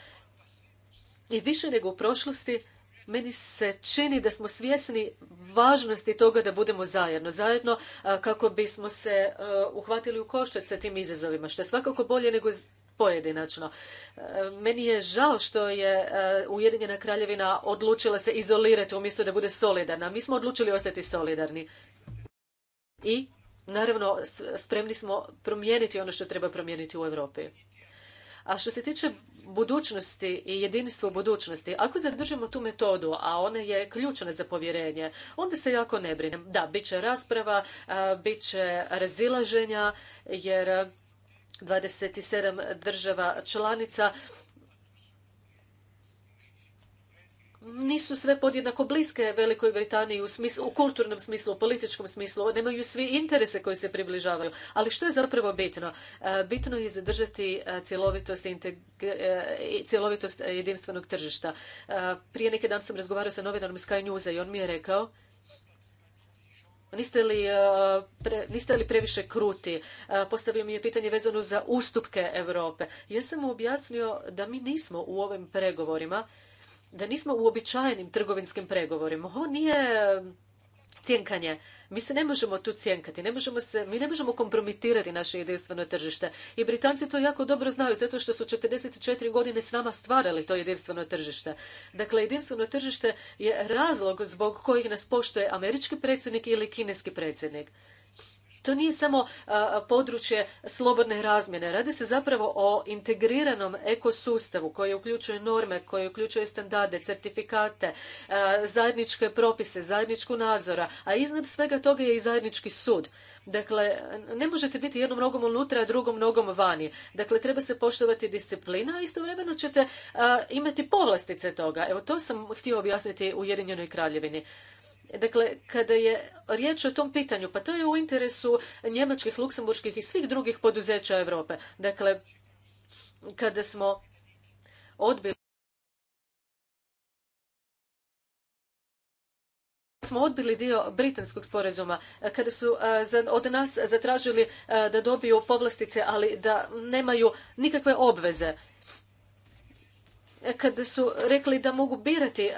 I više nego u prošlosti, meni se čini da smo svjesni važnosti toga da budemo zajedno. Zajedno kako bismo se uhvatili u koštac sa tim izazovima, što je svakako bolje nego pojedinačno. E, meni je žao što je e, Ujedinjena kraljevina odlučila se izolirati umjesto da bude solidarna. Mi smo odlučili ostati solidarni. I naravno spremni smo promijeniti ono što treba promijeniti u Europi. A što se tiče budućnosti i jedinstvo budućnosti, ako zadržimo tu metodu, a ona je ključna za povjerenje, onda se jako ne brinem. Da, bit će rasprava, bit će razilaženja, jer 27 država članica nisu sve podjednako bliske Velikoj Britaniji u, smislu, u kulturnom smislu, u političkom smislu, nemaju svi interese koji se približavaju. Ali što je zapravo bitno? E, bitno je zadržati e, cjelovitost, e, cjelovitost jedinstvenog tržišta. Prije neki dan sam razgovarao sa novinarom Sky Newsa i on mi je rekao Eh, niste li, previše kruti? Eh, postavio mi je pitanje vezano za ustupke Europe. Ja sam mu objasnio da mi nismo u ovim pregovorima, da nismo u običajenim trgovinskim pregovorima. Ovo nije cjenkanje. Mi se ne možemo tu cjenkati, ne možemo se, mi ne možemo kompromitirati naše jedinstveno tržište. I Britanci to jako dobro znaju, zato što su 44 godine s nama stvarali to jedinstveno tržište. Dakle, jedinstveno tržište je razlog zbog kojeg nas poštuje američki predsjednik ili kineski predsjednik to nije samo područje slobodne razmjene. Radi se zapravo o integriranom ekosustavu koji uključuje norme, koji uključuje standarde, certifikate, zajedničke propise, zajedničku nadzora, a iznad svega toga je i zajednički sud. Dakle, ne možete biti jednom nogom unutra, a drugom nogom vani. Dakle, treba se poštovati disciplina, a istovremeno ćete imati povlastice toga. Evo, to sam htio objasniti Ujedinjenoj kraljevini. Dakle, kada je riječ o tom pitanju, pa to je u interesu njemačkih, luksemburških i svih drugih poduzeća Europe. Dakle, kada smo odbili smo odbili dio britanskog sporazuma kada su od nas zatražili da dobiju povlastice, ali da nemaju nikakve obveze kada su rekli da mogu birati,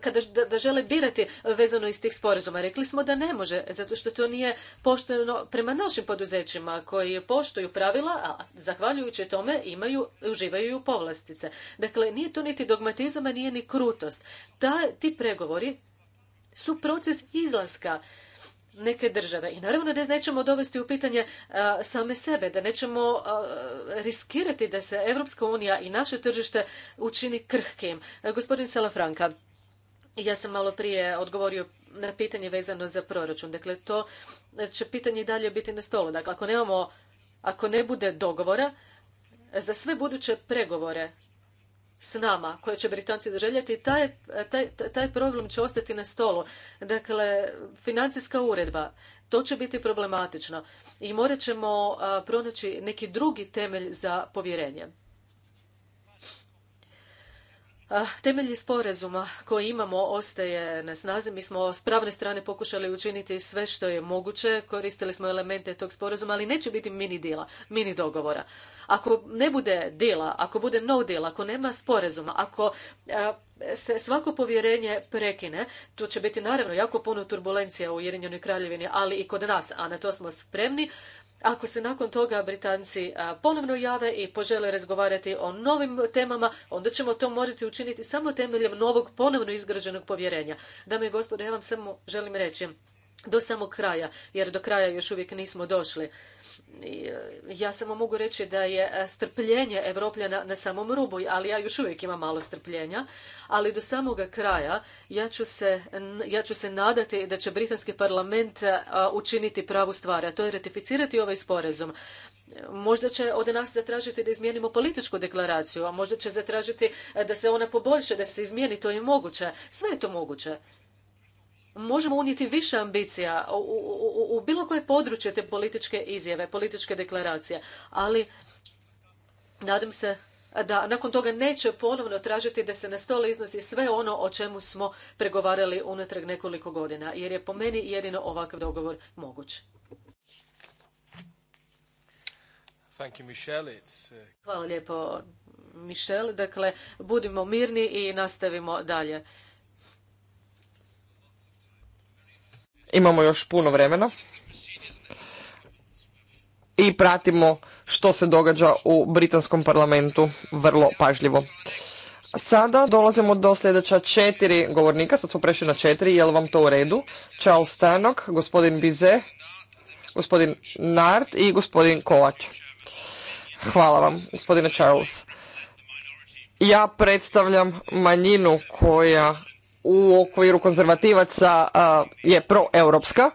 kada da, žele birati vezano iz tih sporazuma. Rekli smo da ne može, zato što to nije pošteno prema našim poduzećima koji poštuju pravila, a zahvaljujući tome imaju, uživaju povlastice. Dakle, nije to niti dogmatizama, nije ni krutost. Ta, ti pregovori su proces izlaska neke države. I naravno da nećemo dovesti u pitanje e, same sebe, da nećemo e, riskirati da se Europska unija i naše tržište učini krhkim. E, gospodin Salafranka, ja sam malo prije odgovorio na pitanje vezano za proračun. Dakle, to će pitanje i dalje biti na stolu. Dakle, ako nemamo, ako ne bude dogovora, za sve buduće pregovore s nama koje će Britanci doželjeti, taj, taj, taj problem će ostati na stolu. Dakle, financijska uredba, to će biti problematično i morat ćemo pronaći neki drugi temelj za povjerenje. Temelji sporazuma koji imamo ostaje na snazi. Mi smo s pravne strane pokušali učiniti sve što je moguće. Koristili smo elemente tog sporazuma, ali neće biti mini dila, mini dogovora. Ako ne bude dila, ako bude no deal, ako nema sporazuma, ako se svako povjerenje prekine, tu će biti naravno jako puno turbulencija u Ujedinjenoj kraljevini, ali i kod nas, a na to smo spremni, ako se nakon toga Britanci ponovno jave i požele razgovarati o novim temama, onda ćemo to morati učiniti samo temeljem novog ponovno izgrađenog povjerenja. Dame i gospodo, ja vam samo želim reći do samog kraja, jer do kraja još uvijek nismo došli. E, ja samo mogu reći da je e, strpljenje Evropljana na samom rubu, ali ja još uvijek imam malo strpljenja, ali do samoga kraja ja ću se, ja ću se nadati da će britanski parlament e, učiniti pravu stvar, a to je ratificirati ovaj sporazum. Možda će od nas zatražiti da izmijenimo političku deklaraciju, a možda će zatražiti da se ona poboljša, da se izmijeni, to je moguće. Sve je to moguće možemo unijeti više ambicija u, bilo koje područje te političke izjave, političke deklaracije. Ali nadam se da nakon toga neće ponovno tražiti da se na stol iznosi sve ono o čemu smo pregovarali unatrag nekoliko godina, jer je po meni jedino ovakav dogovor moguć. Thank you, Michelle. It's... Uh, Hvala lijepo, Michel. Dakle, budimo mirni i nastavimo dalje. Imamo još puno vremena i pratimo što se događa u britanskom parlamentu vrlo pažljivo. Sada dolazimo do sljedeća četiri govornika, sad smo prešli na četiri, je li vam to u redu? Charles Stanok, gospodin Bize, gospodin Nart i gospodin Kovač. Hvala vam, gospodine Charles. Ja predstavljam manjinu koja u okviru konzervativaca je proeuropska.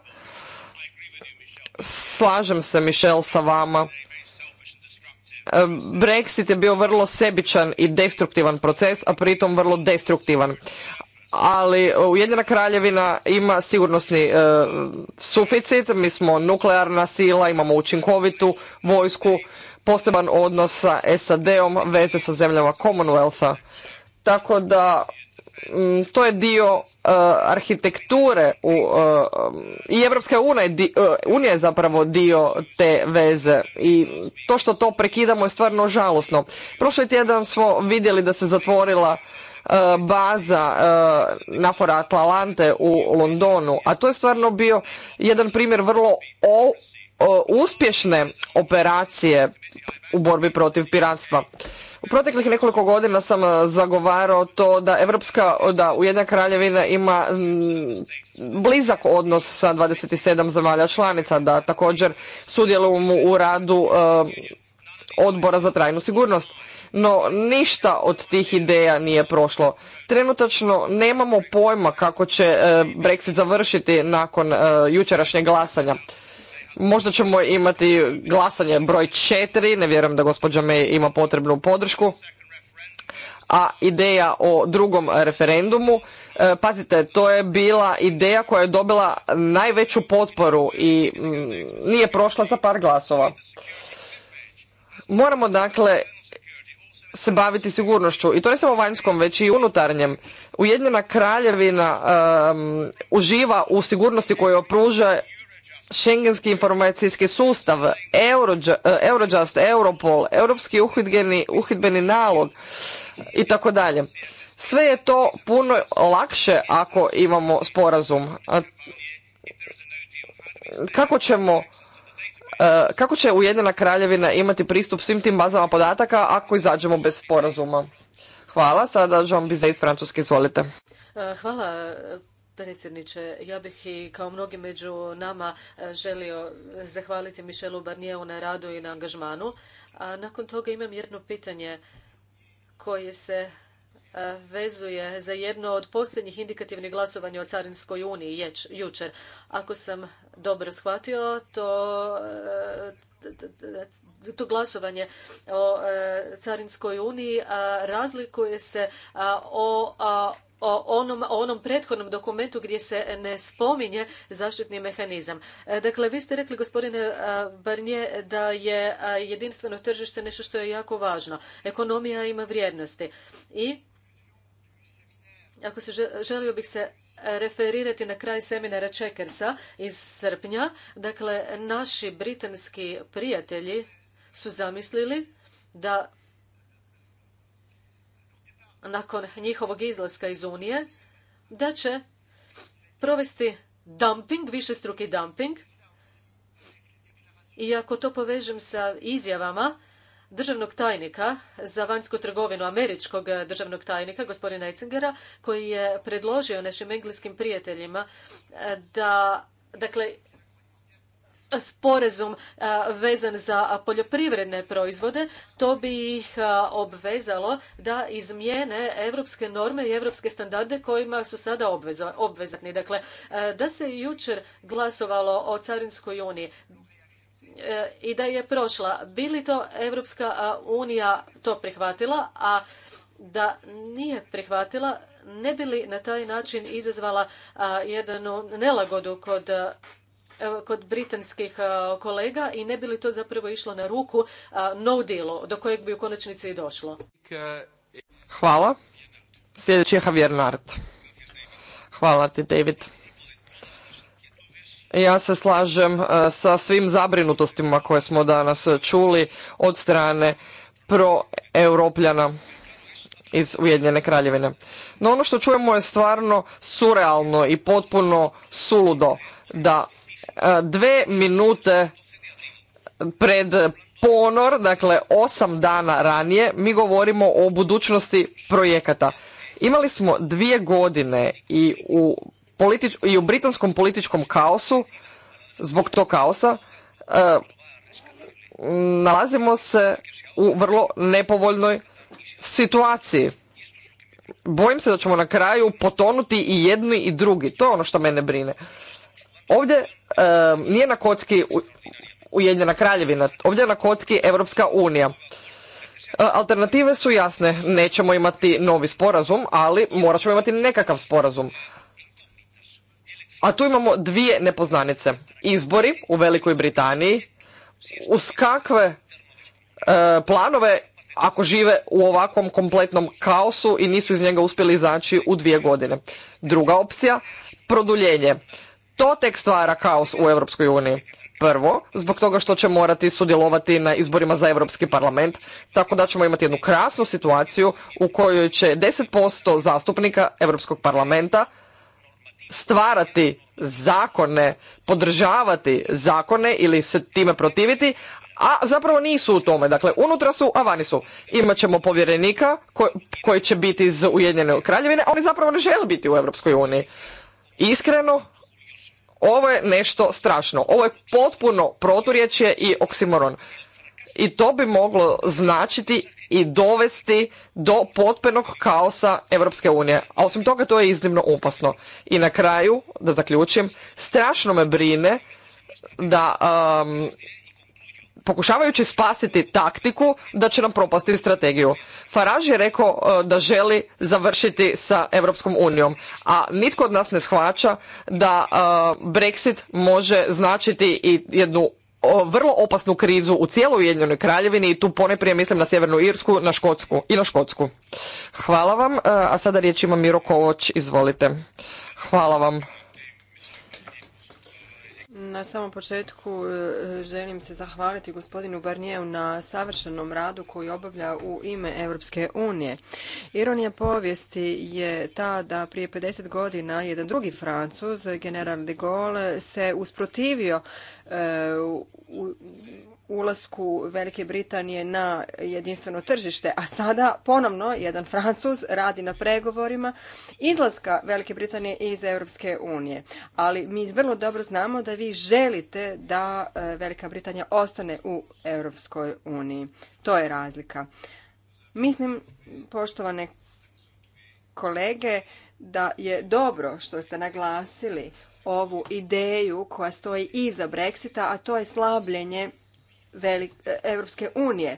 Slažem se, Michel, sa vama. E, Brexit je bio vrlo sebičan i destruktivan proces, a pritom vrlo destruktivan. Ali e, Ujedinjena kraljevina ima sigurnosni e, suficit, mi smo nuklearna sila, imamo učinkovitu vojsku, poseban odnos sa SAD-om, veze sa zemljama Commonwealtha. Tako da Mm, to je dio e, arhitekture u, e, i Evropska unija je, unija e, je zapravo dio te veze i to što to prekidamo je stvarno žalosno. Prošli tjedan smo vidjeli da se zatvorila baza nafora Atlante u Londonu, a to je stvarno bio jedan primjer vrlo o, uspješne operacije u borbi protiv piratstva. U proteklih nekoliko godina sam e, zagovarao to da Evropska, da Ujedna kraljevina ima mm, blizak odnos sa 27 zemalja članica, da također sudjelujemo u radu e, odbora za trajnu sigurnost. No, ništa od tih ideja nije prošlo. Trenutačno nemamo pojma kako će e, Brexit završiti nakon jučerašnjeg glasanja. Možda ćemo imati glasanje broj četiri, ne vjerujem da gospođa May ima potrebnu podršku. A ideja o drugom referendumu, e, pazite, to je bila ideja koja je dobila najveću potporu i mm, nije prošla za par glasova. Moramo dakle se baviti sigurnošću i to ne samo vanjskom već i unutarnjem. Ujedinjena kraljevina uživa u sigurnosti koju pruža Schengenski informacijski sustav, e, Eurojust, Europol, Europski uhidbeni, nalog i tako dalje. Sve je to puno lakše ako imamo sporazum. Kako ćemo e, kako će Ujedinjena kraljevina imati pristup svim tim bazama podataka ako izađemo bez sporazuma? Hvala. Sada Jean Bizet iz Francuske, izvolite. E, hvala predsjedniče. Ja bih i kao mnogi među nama e, želio zahvaliti Mišelu Barnijevu na radu i na angažmanu. A nakon toga imam jedno pitanje koje se e, vezuje za jedno od posljednjih indikativnih glasovanja o Carinskoj uniji jučer. Ako sam dobro shvatio, to e, to glasovanje o Carinskoj uniji razlikuje se o o onom, prethodnom dokumentu gdje se ne spominje zaštitni mehanizam. E, dakle, vi ste rekli, gospodine e, Barnje, da je e, jedinstveno tržište nešto što je jako važno. Ekonomija ima vrijednosti. I ako se želio bih se referirati na kraj seminara Čekersa iz srpnja. Dakle, naši britanski prijatelji su zamislili da nakon njihovog izlaska iz Unije, da će provesti dumping, višestruki dumping. I ako to povežem sa izjavama državnog tajnika za vanjsku trgovinu, američkog državnog tajnika, gospodina Eitzingera, koji je predložio našim engleskim prijateljima eh, da, dakle, sporezum e, vezan za poljoprivredne proizvode, to bi ih e, obvezalo da izmijene europske norme i europske standarde kojima su sada obvezatni. Dakle, e, da se jučer glasovalo o Carinskoj uniji, i da je prošla, bi li to Evropska unija to prihvatila, a da nije prihvatila, ne bi li na taj način izazvala jednu nelagodu kod kod britanskih e, kolega i ne bi li to zapravo išlo na ruku e, no dealu do kojeg bi u konačnici i došlo. Hvala. Sljedeći je Javier Nart. Hvala ti David. Ja se slažem e, sa svim zabrinutostima koje smo danas čuli od strane proeuropljana iz Ujedinjene kraljevine. No ono što čujemo je stvarno surrealno i potpuno suludo da dve minute pred ponor, dakle osam dana ranije, mi govorimo o budućnosti projekata. Imali smo dvije godine i u, politič, i u britanskom političkom kaosu, zbog tog kaosa, e, nalazimo se u vrlo nepovoljnoj situaciji. Bojim se da ćemo na kraju potonuti i jedni i drugi. To je ono što mene brine. Ovdje nije na kocki Ujedinjena kraljevina, ovdje je na kocki Europska unija. E, alternative su jasne, nećemo imati novi sporazum, ali morat ćemo imati nekakav sporazum. A tu imamo dvije nepoznanice. Izbori u Velikoj Britaniji, uz kakve e, planove ako žive u ovakvom kompletnom kaosu i nisu iz njega uspjeli izaći u dvije godine. Druga opcija, produljenje. To tek stvara kaos u Europskoj uniji. Prvo, zbog toga što će morati sudjelovati na izborima za Europski parlament, tako da ćemo imati jednu krasnu situaciju u kojoj će 10% zastupnika Europskog parlamenta stvarati zakone, podržavati zakone ili se time protiviti, a zapravo nisu u tome. Dakle, unutra su, a vani su. Imaćemo povjerenika koji će biti iz Ujedinjene kraljevine, a oni zapravo ne žele biti u Europskoj uniji. Iskreno, ovo je nešto strašno. Ovo je potpuno proturječje i oksimoron. I to bi moglo značiti i dovesti do potpunog kaosa Europske unije. A osim toga to je iznimno opasno. I na kraju, da zaključim, strašno me brine da um, pokušavajući spasiti taktiku da će nam propasti strategiju. Farage je rekao e, da želi završiti sa Europskom unijom, a nitko od nas ne shvaća da e, Brexit može značiti i jednu vrlo opasnu krizu u cijeloj Ujedinjenoj kraljevini i tu poneprije mislim na Sjevernu Irsku na Škotsku i na Škotsku. Hvala vam, e, a sada riječ ima Miro Kovoć, izvolite. Hvala vam. Na samom početku e, želim se zahvaliti gospodinu Barnijevu na savršenom radu koji obavlja u ime Europske unije. Ironija povijesti je ta da prije 50 godina jedan drugi Francuz, general de Gaulle, se usprotivio e, ulasku Velike Britanije na jedinstveno tržište, a sada ponovno jedan Francuz radi na pregovorima izlaska Velike Britanije iz Europske unije. Ali mi vrlo dobro znamo da vi želite da e, Velika Britanija ostane u Europskoj uniji. To je razlika. Mislim, poštovane kolege, da je dobro što ste naglasili ovu ideju koja stoji iza Brexita, a to je slabljenje Europske e, unije.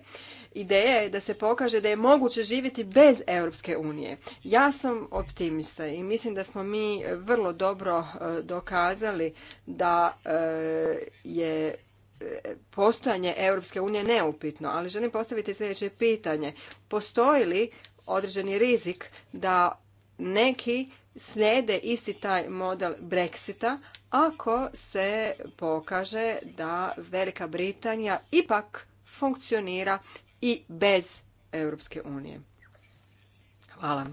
Ideja je da se pokaže da je moguće živjeti bez Europske unije. Ja sam optimista i mislim da smo mi vrlo dobro e, dokazali da e, je postojanje Europske unije neupitno, ali želim postaviti sljedeće pitanje. Postoji li određeni rizik da neki slijede isti taj model Brexita ako se pokaže da Velika Britanija ipak funkcionira i bez Europske unije. Hvala.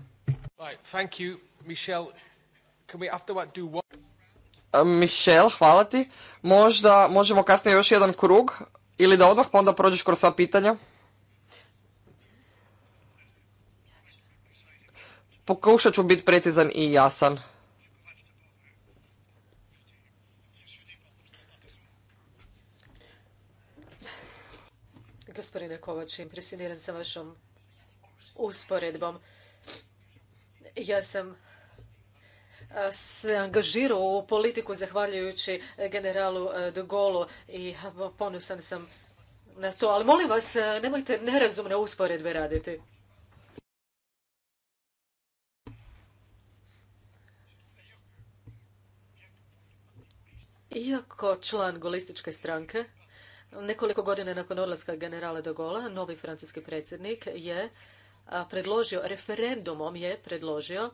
hvala ti. Možda možemo kasnije još jedan krug ili da odmah pa onda prođeš kroz sva pitanja. Pokušat ću biti precizan i jasan. Gospodine Kovač, impresioniran sam vašom usporedbom. Ja sam se angažirao u politiku zahvaljujući generalu de Gaulle i ponusan sam na to. Ali molim vas, nemojte nerazumne usporedbe raditi. Iako član golističke stranke, nekoliko godina nakon odlaska generala de gola, novi francuski predsjednik je predložio, referendumom je predložio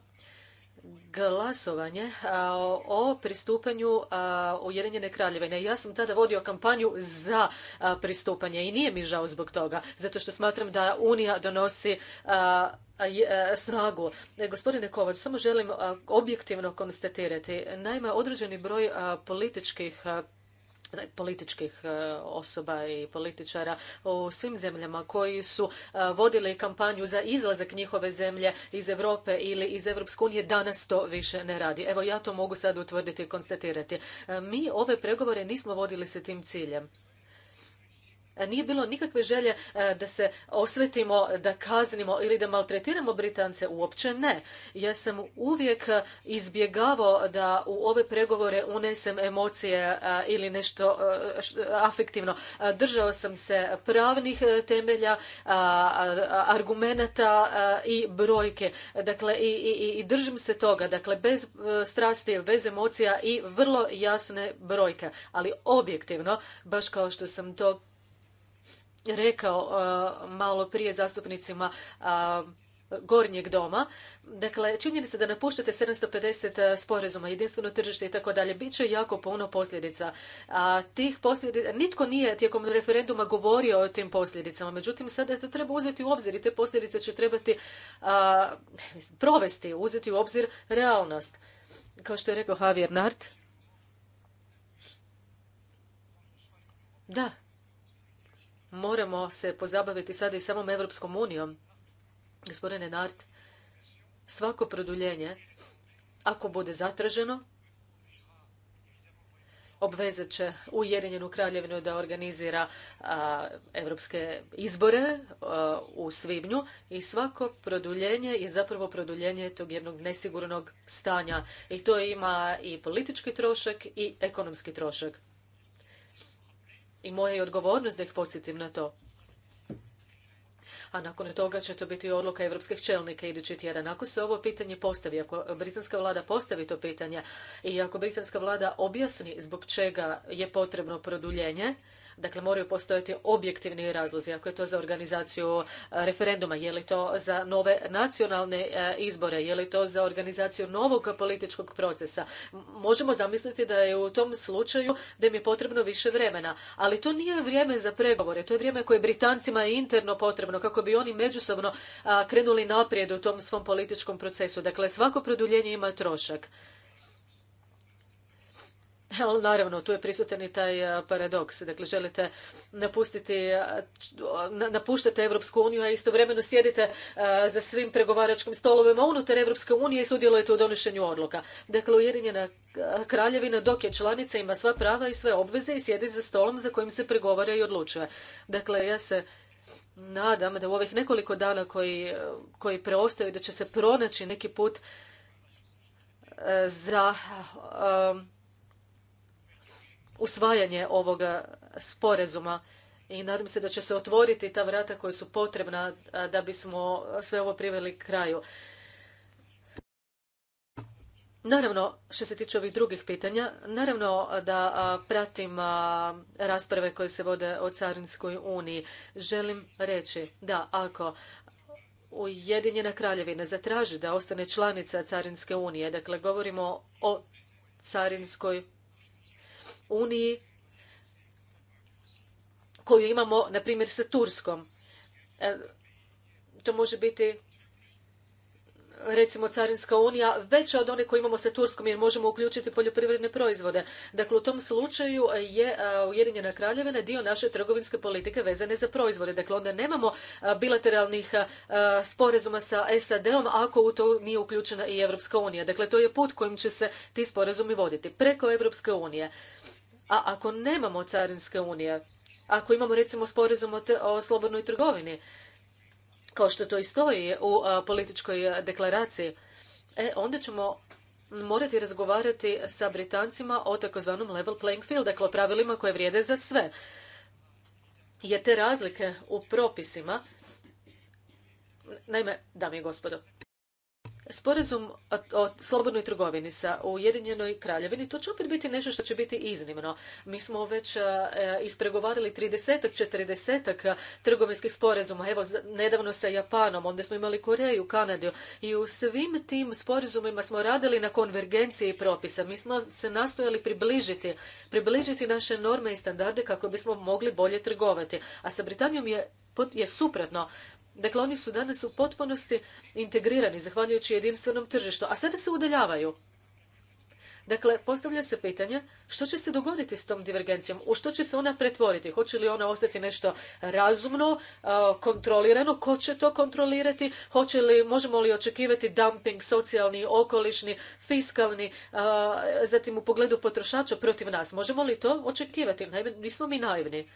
glasovanje o pristupanju Ujedinjene kraljevine. Ja sam tada vodio kampanju za pristupanje i nije mi žao zbog toga, zato što smatram da Unija donosi snagu. E, gospodine Kovač, samo želim objektivno konstatirati. Naime, određeni broj političkih političkih e, osoba i političara u svim zemljama koji su e, vodili kampanju za izlazak njihove zemlje iz Europe ili iz Europske unije danas to više ne radi. Evo ja to mogu sad utvrditi i konstatirati. E, mi ove pregovore nismo vodili sa tim ciljem nije bilo nikakve želje e, da se osvetimo, da kaznimo ili da maltretiramo Britance, uopće ne. Ja sam uvijek izbjegavao da u ove pregovore unesem emocije e, ili nešto e, afektivno. Držao sam se pravnih temelja, argumenata i brojke. Dakle, i, i, i držim se toga. Dakle, bez strasti, bez emocija i vrlo jasne brojke. Ali objektivno, baš kao što sam to rekao e, malo prije zastupnicima e, gornjeg doma. Dakle, činjenica da napuštate 750 e, sporazuma, jedinstveno tržište i tako dalje, bit će jako puno posljedica. A, tih posljedica, nitko nije tijekom referenduma govorio o tim posljedicama, međutim, sada to treba uzeti u obzir i te posljedice će trebati provesti, uzeti u obzir realnost. Kao što je rekao Javier Nart, da, moramo se pozabaviti sada i samom Evropskom unijom. Gospodine Nart, svako produljenje, ako bude zatraženo, obvezat će Ujedinjenu kraljevinu da organizira a, evropske izbore u svibnju i svako produljenje je zapravo produljenje tog jednog nesigurnog stanja i to ima i politički trošak i ekonomski trošak i moja je odgovornost da ih podsjetim na to. A nakon toga će to biti odluka evropskih čelnika idući tjedan. Ako se ovo pitanje postavi, ako britanska vlada postavi to pitanje i ako britanska vlada objasni zbog čega je potrebno produljenje, Dakle, moraju postojati objektivni razlozi. Ako je to za organizaciju e, referenduma, je li to za nove nacionalne e, izbore, je li to za organizaciju novog političkog procesa. Možemo zamisliti da je u tom slučaju da im je potrebno više vremena. Ali to nije vrijeme za pregovore. To je vrijeme koje Britancima je interno potrebno kako bi oni međusobno krenuli naprijed u tom svom političkom procesu. Dakle, svako produljenje ima trošak. Ali naravno, tu je prisutan i taj e, paradoks. Dakle, želite napustiti, e, napuštate Europsku uniju, a istovremeno sjedite e, za svim pregovaračkim stolovima unutar Europske unije i sudjelujete u donošenju odluka. Dakle, Ujedinjena kraljevina dok je članica ima sva prava i sve obveze i sjedi za stolom za kojim se pregovara i odlučuje. Dakle, ja se nadam da u ovih nekoliko dana koji, koji preostaju da će se pronaći neki put za usvajanje ovoga sporazuma i nadam se da će se otvoriti ta vrata koja su potrebna da bismo sve ovo priveli kraju. Naravno, što se tiče ovih drugih pitanja, naravno da pratim rasprave koje se vode o Carinskoj uniji. Želim reći da ako Ujedinjena kraljevina zatraži da ostane članica Carinske unije, dakle govorimo o Carinskoj uniji koju imamo, na primjer, sa Turskom. E, to može biti recimo Carinska unija veća od one koju imamo sa Turskom jer možemo uključiti poljoprivredne proizvode. Dakle, u tom slučaju je e, Ujedinjena kraljevina dio naše trgovinske politike vezane za proizvode. Dakle, onda nemamo e, bilateralnih sporazuma sa SAD-om ako u to nije uključena i Europska unija. Dakle, to je put kojim će se ti sporazumi voditi preko Europske unije. A ako nemamo carinske unije, ako imamo recimo sporazum o, slobodnoj trgovini, kao što to i stoji u političkoj deklaraciji, e, onda ćemo morati razgovarati sa Britancima o takozvanom level playing field, dakle o pravilima koje vrijede za sve. Jer te razlike u propisima, naime, dame i gospodo, sporazum o slobodnoj trgovini sa Ujedinjenoj kraljevini, to će opet biti nešto što će biti iznimno. Mi smo već e, ispregovarali 30 40 e, trgovinskih sporazuma, evo nedavno sa Japanom, onda smo imali Koreju, Kanadu i u svim tim sporazumima smo radili na konvergenciji propisa. Mi smo se nastojali približiti, približiti naše norme i standarde kako bismo mogli bolje trgovati. A sa Britanijom je je suprotno. Dakle, oni su danas u potpunosti integrirani zahvaljujući jedinstvenom tržištu, a sada se udaljavaju. Dakle, postavlja se pitanje što će se dogoditi s tom divergencijom, u što će se ona pretvoriti, hoće li ona ostati nešto razumno, e, kontrolirano, ko će to kontrolirati, možemo li očekivati dumping socijalni, okolišni, fiskalni, e, zatim u pogledu potrošača protiv nas, možemo li to očekivati, naime, nismo mi naivni.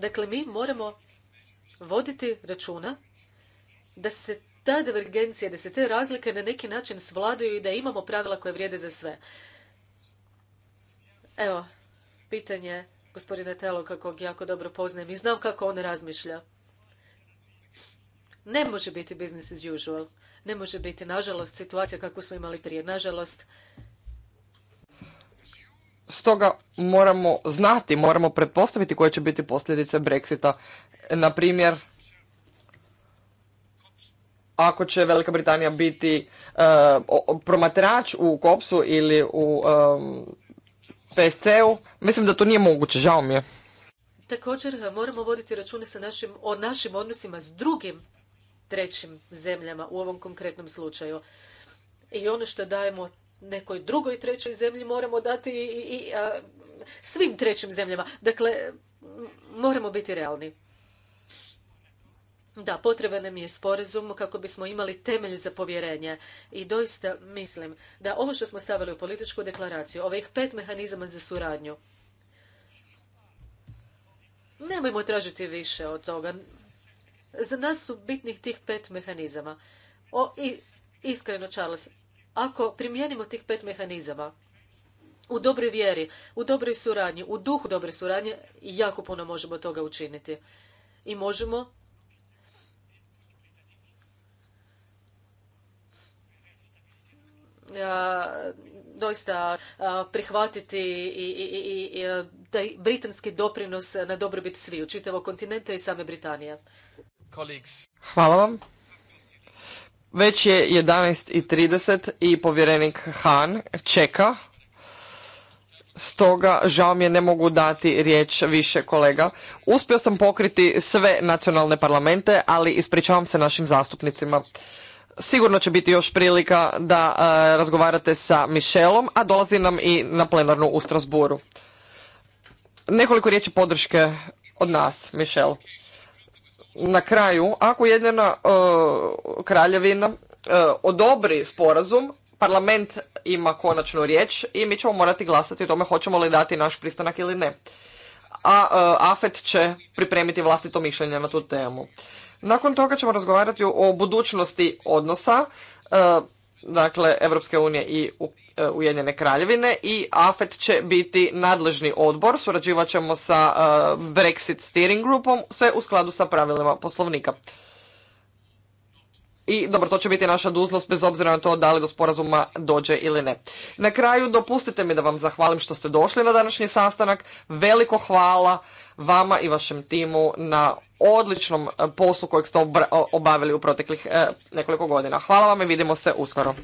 Dakle, mi moramo voditi računa da se ta divergencija, da se te razlike na neki način svladaju i da imamo pravila koje vrijede za sve. Evo, pitanje gospodine Telo, kakvog jako dobro poznajem i znam kako on razmišlja. Ne može biti business as usual. Ne može biti, nažalost, situacija kakvu smo imali prije. Nažalost, Stoga moramo znati, moramo pretpostaviti koje će biti posljedice Brexita. Na primjer, ako će Velika Britanija biti uh, promatrač u Kopsu ili u um, PSC-u, mislim da to nije moguće, žao mi je. Također e, moramo voditi račune sa našim, o našim odnosima s drugim trećim zemljama u ovom konkretnom slučaju. I ono što dajemo nekoj drugoj trećoj zemlji moramo dati i, svim trećim zemljama. Dakle, moramo biti realni. Da, potreban nam je sporazum kako bismo imali temelj za povjerenje. I doista mislim da ovo što smo stavili u političku deklaraciju, ovih pet mehanizama za suradnju, nemojmo tražiti više od toga. Za nas su bitnih tih pet mehanizama. O, i, iskreno, Charles, ako primijenimo tih pet mehanizama u dobroj vjeri, u dobroj suradnji, u duhu dobre suradnje, jako puno možemo toga učiniti. I možemo doista prihvatiti i, i, i, taj britanski doprinos na dobrobit u čitavog kontinenta i same Britanije. Hvala vam. Već je 11.30 i povjerenik Han čeka. Stoga, žao mi je, ne mogu dati riječ više kolega. Uspio sam pokriti sve nacionalne parlamente, ali ispričavam se našim zastupnicima. Sigurno će biti još prilika da e, razgovarate sa Mišelom, a dolazi nam i na plenarnu u Strasburu. Nekoliko riječi podrške od nas, Michel. Na kraju, ako jedna e, kraljevina e, odobri sporazum, parlament ima konačnu riječ i mi ćemo morati glasati o tome hoćemo li dati naš pristanak ili ne. A e, AFET će pripremiti vlastito mišljenje na tu temu. Nakon toga ćemo razgovarati o budućnosti odnosa, dakle Europske unije i E, Ujedinjene kraljevine i AFET će biti nadležni odbor, surađivat ćemo sa e, Brexit steering groupom, sve u skladu sa pravilima poslovnika. I dobro, to će biti naša dužnost bez obzira na to da li do sporazuma dođe ili ne. Na kraju dopustite mi da vam zahvalim što ste došli na današnji sastanak. Veliko hvala vama i vašem timu na odličnom e, poslu kojeg ste obavili u proteklih nekoliko godina. Hvala vam i vidimo se uskoro.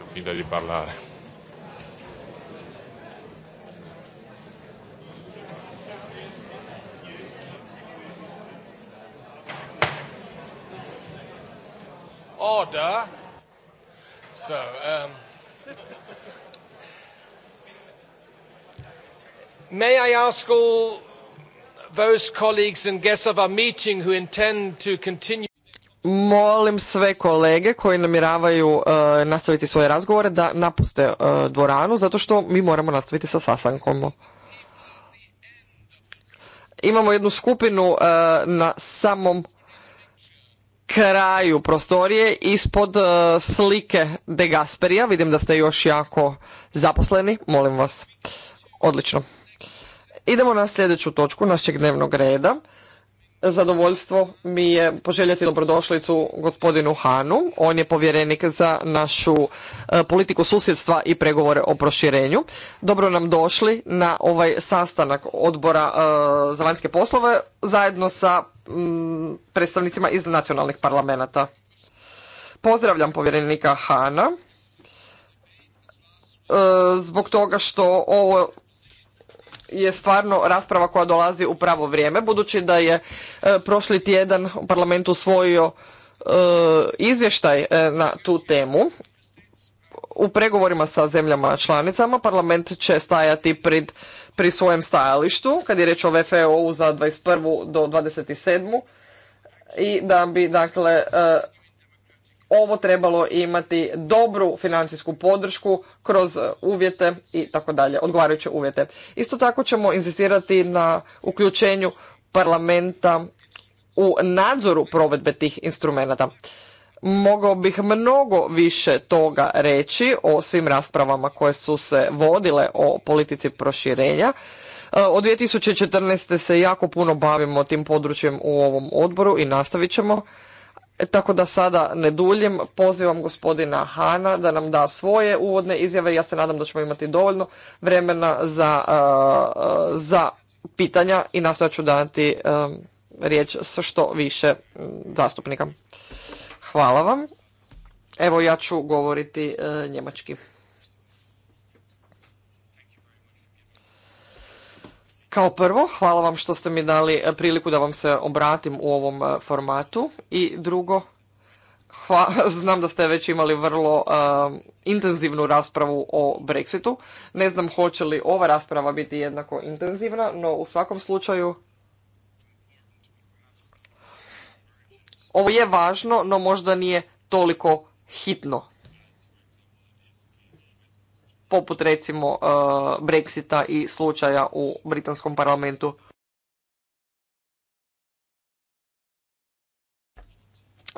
faccio finta di parlare. Order. So, um, may I ask all those colleagues and guests of our meeting who intend to continue molim sve kolege koji namjeravaju uh, nastaviti svoje razgovore da napuste uh, dvoranu zato što mi moramo nastaviti sa sasankom. Imamo jednu skupinu uh, na samom kraju prostorije ispod slike De Gasperija. Vidim da ste još jako zaposleni. Molim vas. Odlično. Idemo na sljedeću točku našeg dnevnog reda zadovoljstvo mi je poželjati dobrodošlicu gospodinu Hanu. On je povjerenik za našu e, politiku susjedstva i pregovore o proširenju. Dobro nam došli na ovaj sastanak odbora e, za vanjske poslove zajedno sa mm, predstavnicima iz nacionalnih parlamenta. Pozdravljam povjerenika Hana e, zbog toga što ovo je stvarno rasprava koja dolazi u pravo vrijeme, budući da je e, prošli tjedan u parlamentu usvojio e, izvještaj e, na tu temu. U pregovorima sa zemljama članicama parlament će stajati pri svojem stajalištu, kad je riječ o VFO-u za 21. do 27. I da bi, dakle, ovo trebalo imati dobru financijsku podršku kroz uvjete i tako dalje, odgovarajuće uvjete. Isto tako ćemo inzistirati na uključenju parlamenta u nadzoru provedbe tih instrumenata. Mogao bih mnogo više toga reći o svim raspravama koje su se vodile o politici proširenja. E, od 2014. se jako puno bavimo tim područjem u ovom odboru i nastavit ćemo. Tako da sada ne duljim, pozivam gospodina Hana da nam da svoje uvodne izjave. Ja se nadam da ćemo imati dovoljno vremena za, za pitanja i nastojat ću dati riječ sa što više zastupnika. Hvala vam. Evo ja ću govoriti e, njemački. Kao prvo, hvala vam što ste mi dali e, priliku da vam se obratim u ovom e, formatu i drugo, <laughs> znam da ste već imali vrlo e, intenzivnu raspravu o Brexitu. Ne znam hoće li ova rasprava biti jednako intenzivna, no u svakom slučaju ovo je važno, no možda nije toliko hitno poput recimo uh, Brexita i slučaja u britanskom parlamentu.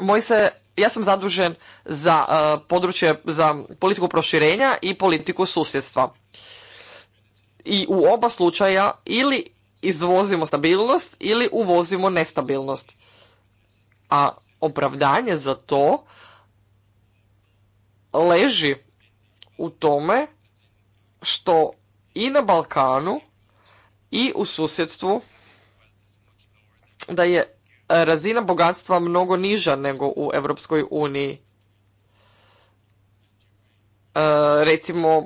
Moj se, ja sam zadužen za uh, područje, za politiku proširenja i politiku susjedstva. I u oba slučaja ili izvozimo stabilnost ili uvozimo nestabilnost. A opravdanje za to leži u tome što i na Balkanu i u susjedstvu da je razina bogatstva mnogo niža nego u Europskoj uniji. E, recimo,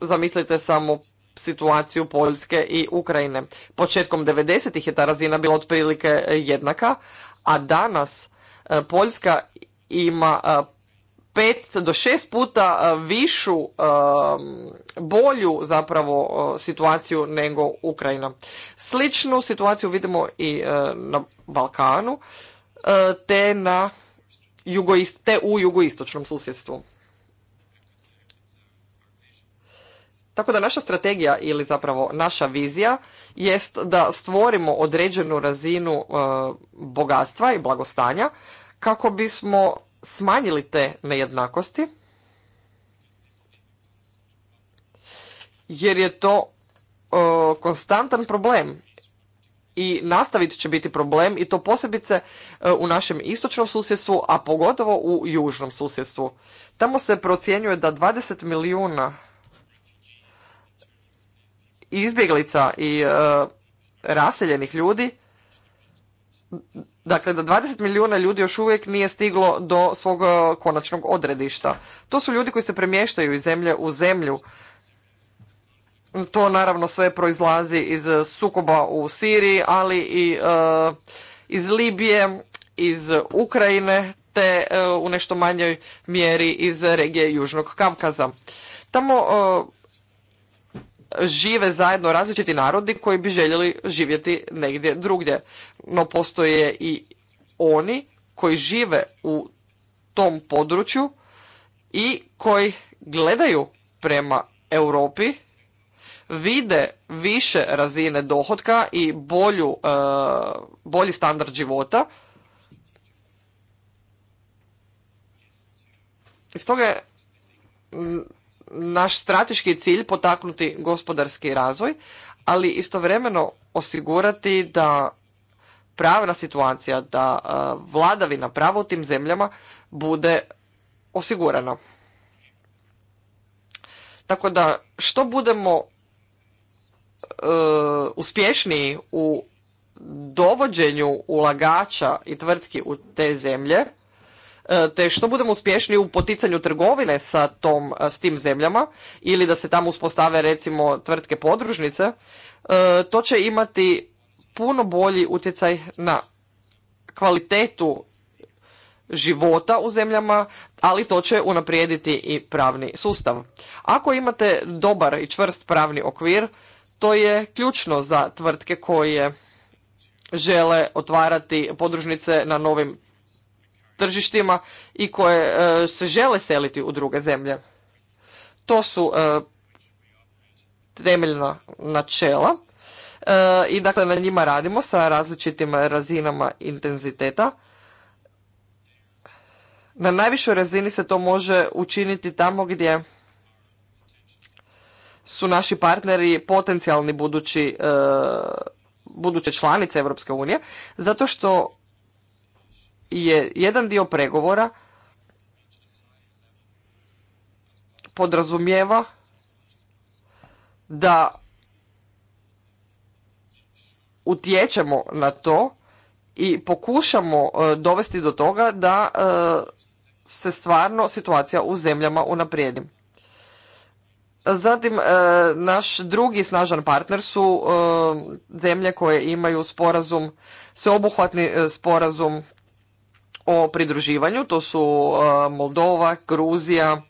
zamislite samo situaciju Poljske i Ukrajine. Početkom 90 je ta razina bila otprilike jednaka, a danas e, Poljska ima e, pet do šest puta e, višu e, bolju zapravo e, situaciju nego Ukrajina. Sličnu situaciju vidimo i na Balkanu te, na te u jugoistočnom susjedstvu. Tako da naša strategija ili zapravo naša vizija jest da stvorimo određenu razinu bogatstva i blagostanja kako bismo smanjili te nejednakosti jer je to konstantan problem i nastavit će biti problem i to posebice e, u našem istočnom susjedstvu, a pogotovo u južnom susjedstvu. Tamo se procjenjuje da 20 milijuna izbjeglica i e, raseljenih ljudi Dakle, da 20 milijuna ljudi još uvijek nije stiglo do svog e, konačnog odredišta. To su ljudi koji se premještaju iz zemlje u zemlju. To naravno sve proizlazi iz sukoba u Siriji, ali i e, iz Libije, iz Ukrajine, te e, u nešto manjoj mjeri iz regije Južnog Kavkaza. Tamo žive zajedno različiti narodi koji bi željeli živjeti negdje drugdje no postoje i oni koji žive u tom području i koji gledaju prema Europi, vide više razine dohotka i bolju, e, bolji standard života. I stoga je naš strateški cilj potaknuti gospodarski razvoj, ali istovremeno osigurati da pravna situacija, da e, vladavina prava u tim zemljama bude osigurana. Tako da što budemo e, uspješniji u dovođenju ulagača i tvrtki u te zemlje, e, te što budemo uspješniji u poticanju trgovine sa tom, s tim zemljama ili da se tamo uspostave recimo tvrtke podružnice, to će imati puno bolji utjecaj na kvalitetu života u zemljama, ali to će unaprijediti i pravni sustav. Ako imate dobar i čvrst pravni okvir, to je ključno za tvrtke koje žele otvarati podružnice na novim tržištima i koje e, se žele seliti u druge zemlje. To su e, temeljna načela E, i dakle na njima radimo sa različitim razinama intenziteta. Na najvišoj razini se to može učiniti tamo gdje su naši partneri potencijalni budući, e, buduće članice Europske unije, zato što je jedan dio pregovora podrazumijeva da utječemo na to i pokušamo e, dovesti do toga da e, se stvarno situacija u zemljama unaprijedi. Zatim, e, naš drugi snažan partner su zemlje koje imaju sporazum, sveobuhvatni sporazum o pridruživanju. To su Moldova, Gruzija,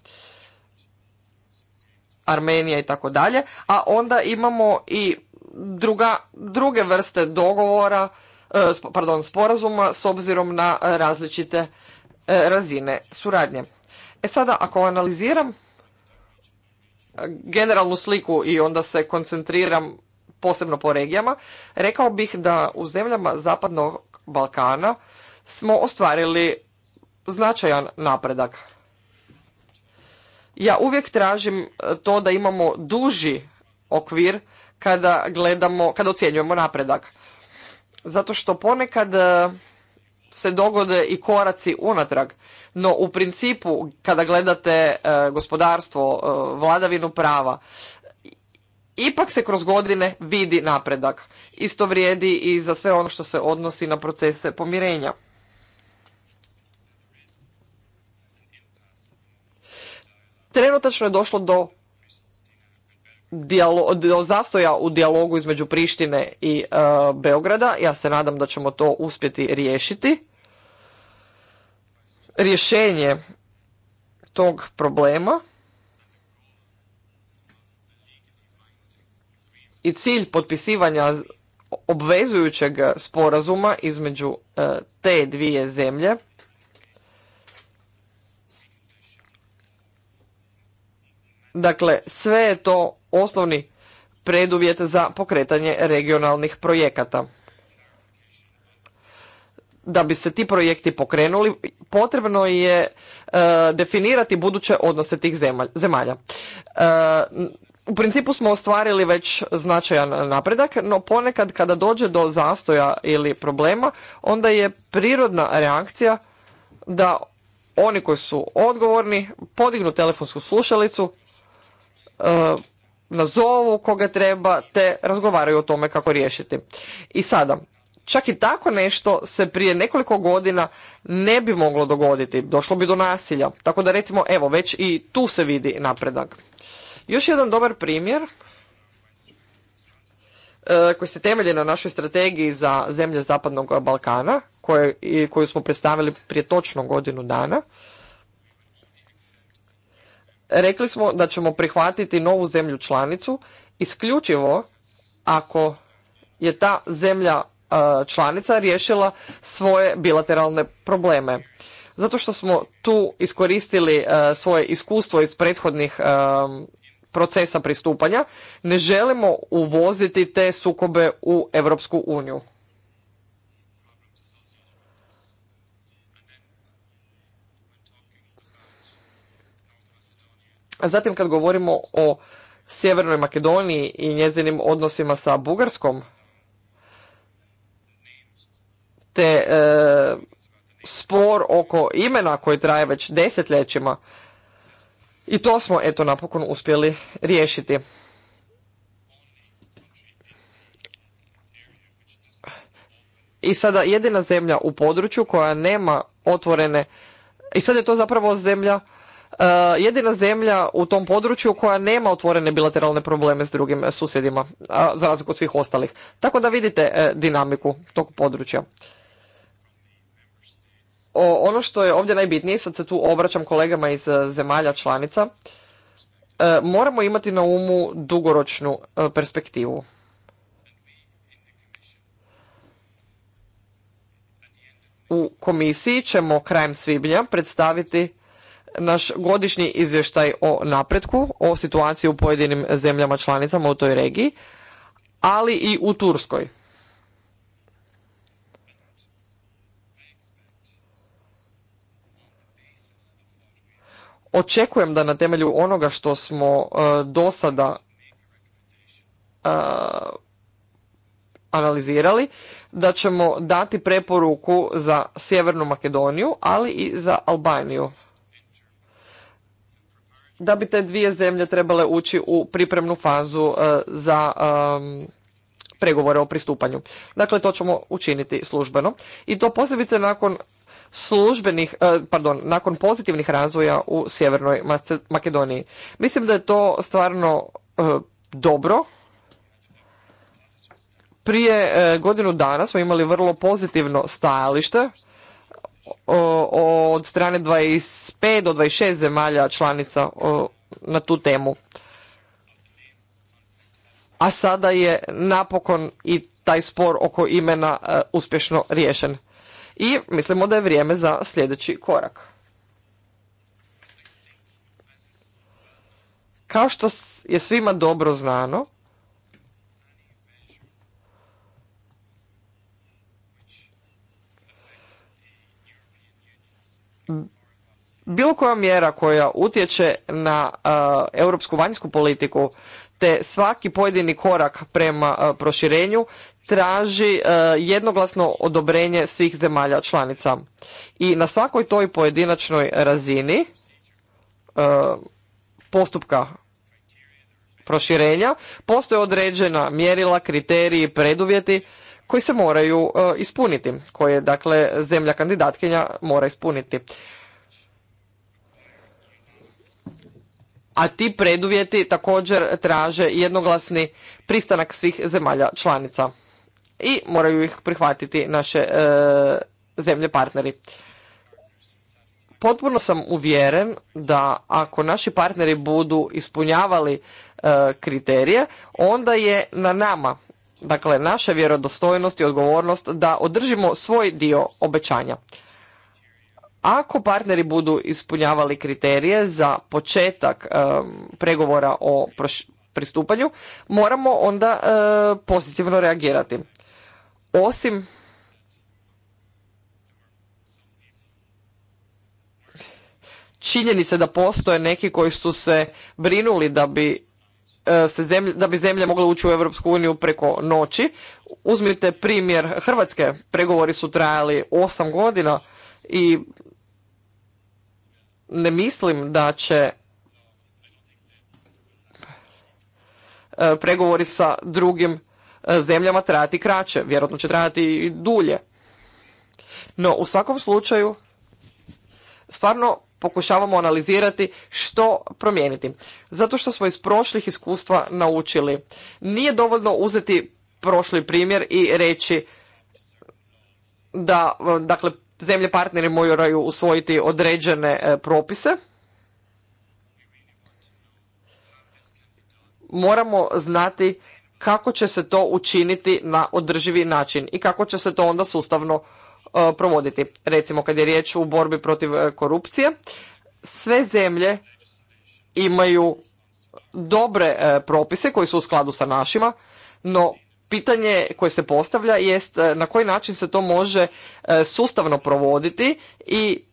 Armenija i tako dalje. A onda imamo i druga, druge vrste dogovora, e, pardon, sporazuma s obzirom na različite e, razine suradnje. E sada, ako analiziram e, generalnu sliku i onda se koncentriram posebno po regijama, rekao bih da u zemljama Zapadnog Balkana smo ostvarili značajan napredak. Ja uvijek tražim to da imamo duži okvir kada gledamo, kada ocjenjujemo napredak. Zato što ponekad e, se dogode i koraci unatrag. No u principu kada gledate e, gospodarstvo, e, vladavinu prava, ipak se kroz godine vidi napredak. Isto vrijedi i za sve ono što se odnosi na procese pomirenja. Trenutačno je došlo do zastoja u dijalogu između Prištine i e, Beograda. Ja se nadam da ćemo to uspjeti riješiti. Rješenje tog problema i cilj potpisivanja obvezujućeg sporazuma između e, te dvije zemlje Dakle, sve je to osnovni preduvjet za pokretanje regionalnih projekata. Da bi se ti projekti pokrenuli, potrebno je e, definirati buduće odnose tih zemalja. E, u principu smo ostvarili već značajan napredak, no ponekad kada dođe do zastoja ili problema, onda je prirodna reakcija da oni koji su odgovorni podignu telefonsku slušalicu, e, nazovu koga treba te razgovaraju o tome kako riješiti. I sada, čak i tako nešto se prije nekoliko godina ne bi moglo dogoditi, došlo bi do nasilja. Tako da recimo, evo, već i tu se vidi napredak. Još jedan dobar primjer e, koji se temelje na našoj strategiji za zemlje Zapadnog Balkana, koju smo predstavili prije točno godinu dana, Rekli smo da ćemo prihvatiti novu zemlju članicu isključivo ako je ta zemlja e, članica riješila svoje bilateralne probleme. Zato što smo tu iskoristili e, svoje iskustvo iz prethodnih e, procesa pristupanja, ne želimo uvoziti te sukobe u Europsku uniju. Zatim kad govorimo o Sjevernoj Makedoniji i njezinim odnosima sa Bugarskom, te e, spor oko imena koji traje već desetljećima, i to smo eto napokon uspjeli riješiti. I sada jedina zemlja u području koja nema otvorene i sad je to zapravo zemlja E, jedina zemlja u tom području koja nema otvorene bilateralne probleme s drugim susjedima, za razliku od svih ostalih. Tako da vidite e, dinamiku tog područja. Ono što je ovdje najbitnije, sad se tu obraćam kolegama iz e, zemalja članica, moramo imati na umu dugoročnu perspektivu. U komisiji ćemo krajem svibnja predstaviti naš godišnji izvještaj o napretku, o situaciji u pojedinim zemljama članicama u toj regiji, ali i u Turskoj. Očekujem da na temelju onoga što smo e, do sada e, analizirali, da ćemo dati preporuku za Sjevernu Makedoniju, ali i za Albaniju da bi te dvije zemlje trebale ući u pripremnu fazu e, za pregovore o pristupanju. Dakle, to ćemo učiniti službeno i to posebice nakon službenih, e, pardon, nakon pozitivnih razvoja u Sjevernoj Makedoniji. Mislim da je to stvarno e, dobro. Prije godinu dana smo imali vrlo pozitivno stajalište od strane 25 do 26 zemalja članica na tu temu. A sada je napokon i taj spor oko imena e, uspješno riješen. I mislimo da je vrijeme za sljedeći korak. Kao što je svima dobro znano, bilo koja mjera koja utječe na europsku vanjsku politiku te svaki pojedini korak prema proširenju traži jednoglasno odobrenje svih zemalja članica. I na svakoj toj pojedinačnoj razini postupka proširenja postoje određena mjerila, kriteriji, preduvjeti koji se moraju e, ispuniti, koje dakle zemlja kandidatkinja mora ispuniti. A ti preduvjeti također traže jednoglasni pristanak svih zemalja članica i moraju ih prihvatiti naše e, zemlje partneri. Potpuno sam uvjeren da ako naši partneri budu ispunjavali e, kriterije, onda je na nama Dakle, naša vjerodostojnost i odgovornost da održimo svoj dio obećanja. Ako partneri budu ispunjavali kriterije za početak pregovora o pristupanju, moramo onda e, pozitivno reagirati. Osim se da postoje neki koji su se brinuli da bi E, se zemlje, da bi zemlje mogle ući u Europsku uniju preko noći. Uzmite primjer Hrvatske, pregovori su trajali osam godina i ne mislim da će e, pregovori sa drugim e, zemljama trajati kraće, vjerojatno će trajati i dulje. No, u svakom slučaju, stvarno pokušavamo analizirati što promijeniti. Zato što smo iz prošlih iskustva naučili. Nije dovoljno uzeti prošli primjer i reći da dakle, zemlje partneri moraju usvojiti određene e, propise. Moramo znati kako će se to učiniti na održivi način i kako će se to onda sustavno E, provoditi. Recimo kad je riječ u borbi protiv e, korupcije, sve zemlje imaju dobre e, propise koji su u skladu sa našima, no pitanje koje se postavlja jest na koji način se to može sustavno provoditi i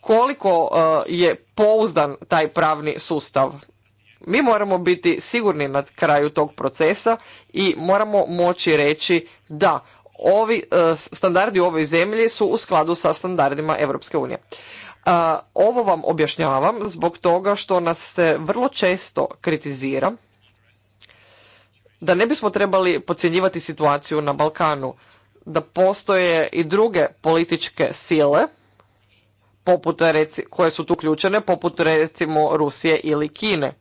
koliko je pouzdan taj pravni sustav. Mi moramo biti sigurni na kraju tog procesa i moramo moći reći da ovi e, standardi u ovoj zemlji su u skladu sa standardima Europske unije. E, ovo vam objašnjavam zbog toga što nas se vrlo često kritizira da ne bismo trebali podcjenjivati situaciju na Balkanu, da postoje i druge političke sile poput reci, koje su tu uključene, poput recimo Rusije ili Kine.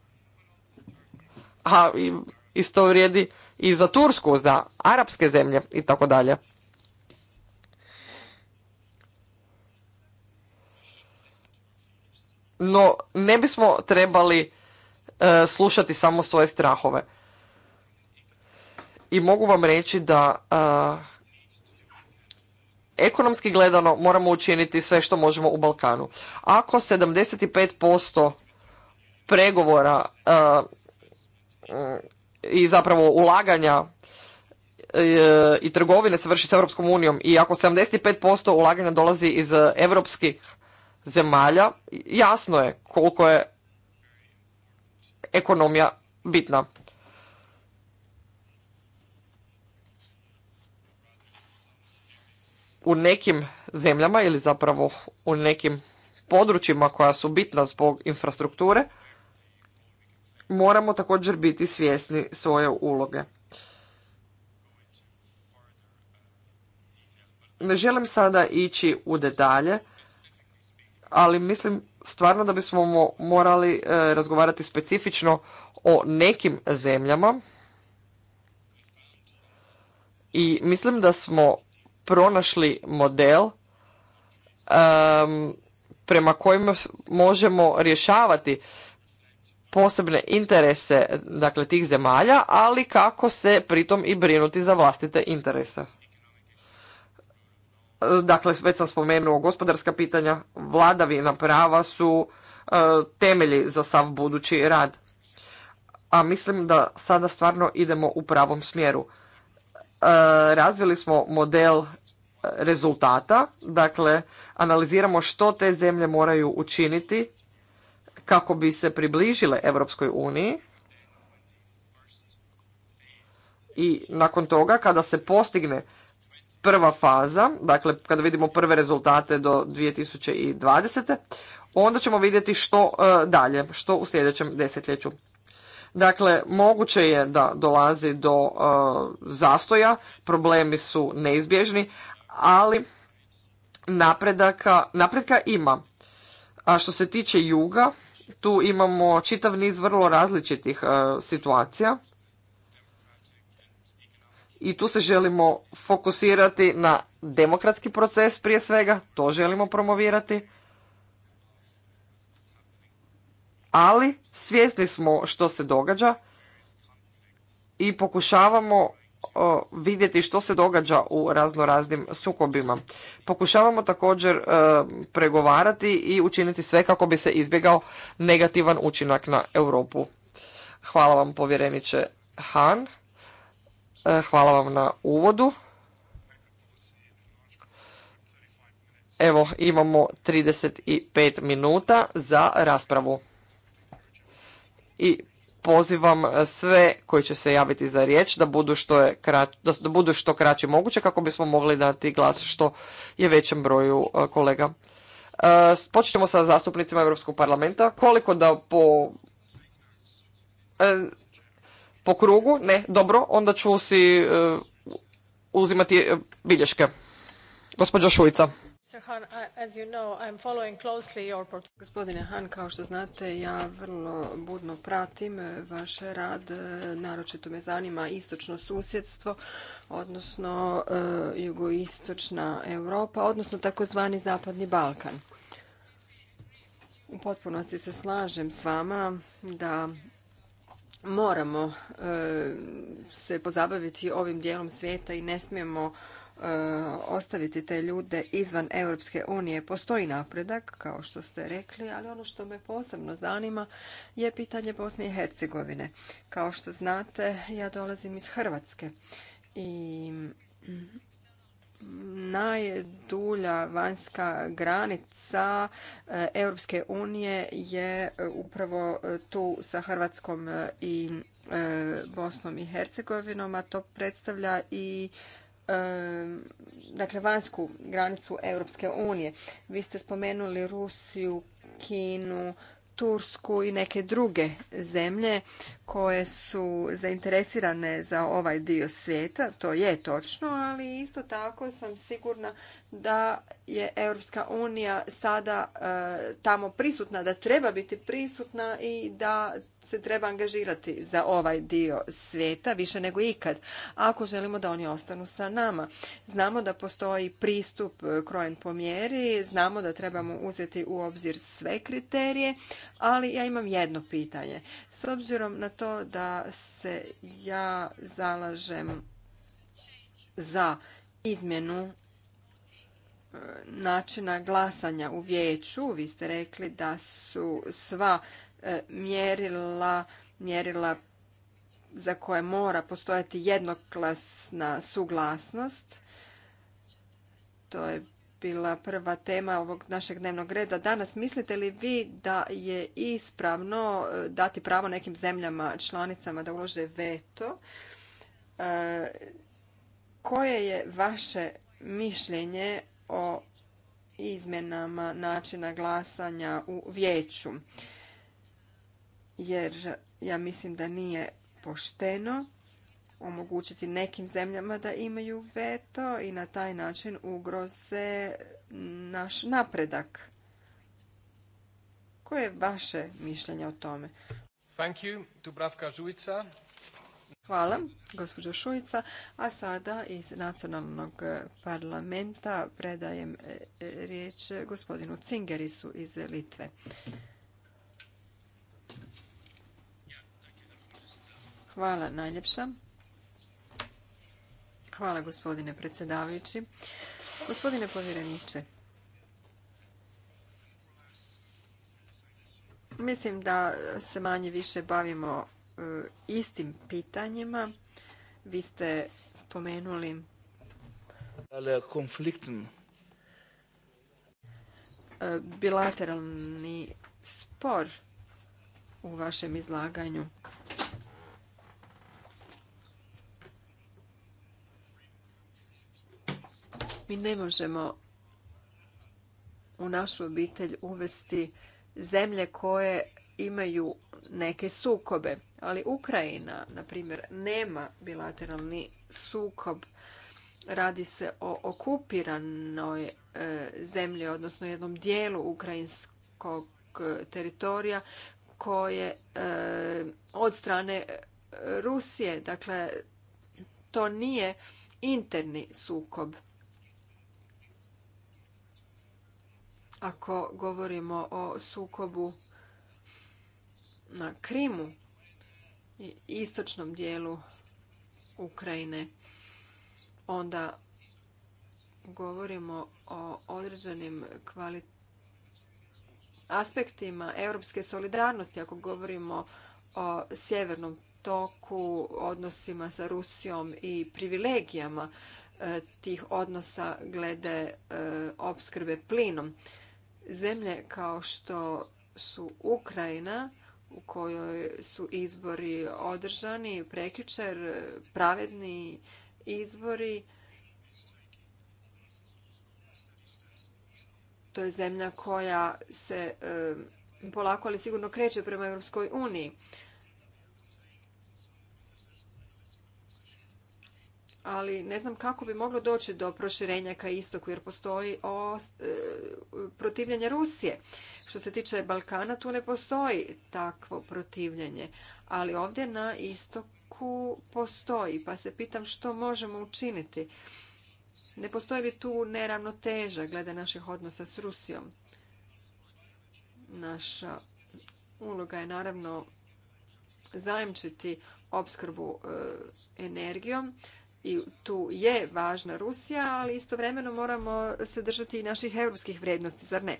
A isto vrijedi i za Tursku, za arapske zemlje i tako dalje. No, ne bismo trebali e, slušati samo svoje strahove. I mogu vam reći da e, ekonomski gledano moramo učiniti sve što možemo u Balkanu. Ako 75% pregovora e, i zapravo ulaganja e, i trgovine se vrši s Europskom unijom i ako 75% ulaganja dolazi iz europskih zemalja, jasno je koliko je ekonomija bitna. U nekim zemljama ili zapravo u nekim područjima koja su bitna zbog infrastrukture, moramo također biti svjesni svoje uloge. Ne želim sada ići u detalje, ali mislim stvarno da bismo morali e, razgovarati specifično o nekim zemljama i mislim da smo pronašli model prema kojima možemo rješavati posebne interese dakle tih zemalja, ali kako se pritom i brinuti za vlastite interese. Dakle, već sam spomenuo gospodarska pitanja, vladavina prava su e, temelji za sav budući rad. A mislim da sada stvarno idemo u pravom smjeru. E, razvili smo model rezultata, dakle analiziramo što te zemlje moraju učiniti kako bi se približile Europskoj uniji i nakon toga kada se postigne prva faza, dakle kada vidimo prve rezultate do 2020. onda ćemo vidjeti što e, dalje, što u sljedećem desetljeću. Dakle, moguće je da dolazi do e, zastoja, problemi su neizbježni, ali napredaka, napredka ima. A što se tiče juga, tu imamo čitav niz vrlo različitih e, situacija i tu se želimo fokusirati na demokratski proces prije svega, to želimo promovirati. Ali svjesni smo što se događa i pokušavamo vidjeti što se događa u raznoraznim sukobima. Pokušavamo također e, pregovarati i učiniti sve kako bi se izbjegao negativan učinak na Europu. Hvala vam povjereniče Han. E, hvala vam na uvodu. Evo, imamo 35 minuta za raspravu. I pozivam e, sve koji će se javiti za riječ da budu što, je da budu što kraće moguće kako bismo mogli dati glas što je većem broju e, kolega. E, počnemo sa zastupnicima Europskog parlamenta. Koliko da po, po krugu? Ne, dobro, onda ću si uzimati bilješke. Gospođa Šujica. Gospodine Hahn, kao što znate, ja vrlo budno pratim eh, vaš rad, eh, naročito me zanima istočno susjedstvo, odnosno eh, jugoistočna Europa, odnosno takozvani Zapadni Balkan. U potpunosti se slažem s vama da moramo se pozabaviti ovim dijelom svijeta i ne smijemo E, ostaviti te ljude izvan Europske unije. Postoji napredak, kao što ste rekli, ali ono što me posebno zanima je pitanje Bosne i Hercegovine. Kao što znate, ja dolazim iz Hrvatske i najdulja vanjska granica e, Europske unije je e, upravo tu sa Hrvatskom i Bosnom i Hercegovinom, a to predstavlja i dakle vanjsku granicu Europske unije. Vi ste spomenuli Rusiju, Kinu, Tursku i neke druge zemlje koje su zainteresirane za ovaj dio svijeta. To je točno, ali isto tako sam sigurna da je Europska unija sada e, tamo prisutna, da treba biti prisutna i da se treba angažirati za ovaj dio svijeta više nego ikad, ako želimo da oni ostanu sa nama. Znamo da postoji pristup e, krojen po mjeri, znamo da trebamo uzeti u obzir sve kriterije, ali ja imam jedno pitanje. S obzirom na to da se ja zalažem za izmjenu načina glasanja u vijeću. Vi ste rekli da su sva e, mjerila, mjerila za koje mora postojati jednoklasna suglasnost. To je bila prva tema ovog našeg dnevnog reda. Danas mislite li vi da je ispravno e, dati pravo nekim zemljama članicama da ulože veto? E, koje je vaše mišljenje o izmjenama načina glasanja u vijeću. Jer ja mislim da nije pošteno omogućiti nekim zemljama da imaju veto i na taj način ugroze naš napredak. Koje je vaše mišljenje o tome? Thank you, Dubravka Hvala, gospođo Šujica. A sada iz nacionalnog parlamenta predajem e, e, riječ gospodinu Cingerisu iz Litve. Hvala najljepša. Hvala gospodine predsjedavajući. Gospodine povjereniče, mislim da se manje više bavimo E, istim pitanjima. Vi ste spomenuli e, bilateralni spor u vašem izlaganju. Mi ne možemo u našu obitelj uvesti zemlje koje imaju neke sukobe, ali Ukrajina, na primjer, nema bilateralni sukob. Radi se o okupiranoj e, zemlji, odnosno jednom dijelu ukrajinskog teritorija koje e, od strane Rusije, dakle, to nije interni sukob. Ako govorimo o sukobu na Krimu i istočnom dijelu Ukrajine, onda govorimo o određenim aspektima europske solidarnosti ako govorimo o sjevernom toku, odnosima sa Rusijom i privilegijama e, tih odnosa glede e, opskrbe plinom. Zemlje kao što su Ukrajina u kojoj su izbori održani prekjučer, pravedni izbori. To je zemlja koja se eh, polako ali sigurno kreće prema Europskoj uniji. ali ne znam kako bi moglo doći do proširenja ka istoku jer postoji o, e, Rusije. Što se tiče Balkana tu ne postoji takvo protivljenje, ali ovdje na istoku postoji pa se pitam što možemo učiniti. Ne postoji li tu neravnoteža glede naših odnosa s Rusijom? Naša uloga je naravno zajemčiti opskrbu e, energijom i tu je važna Rusija, ali istovremeno moramo se držati i naših europskih vrijednosti, zar ne?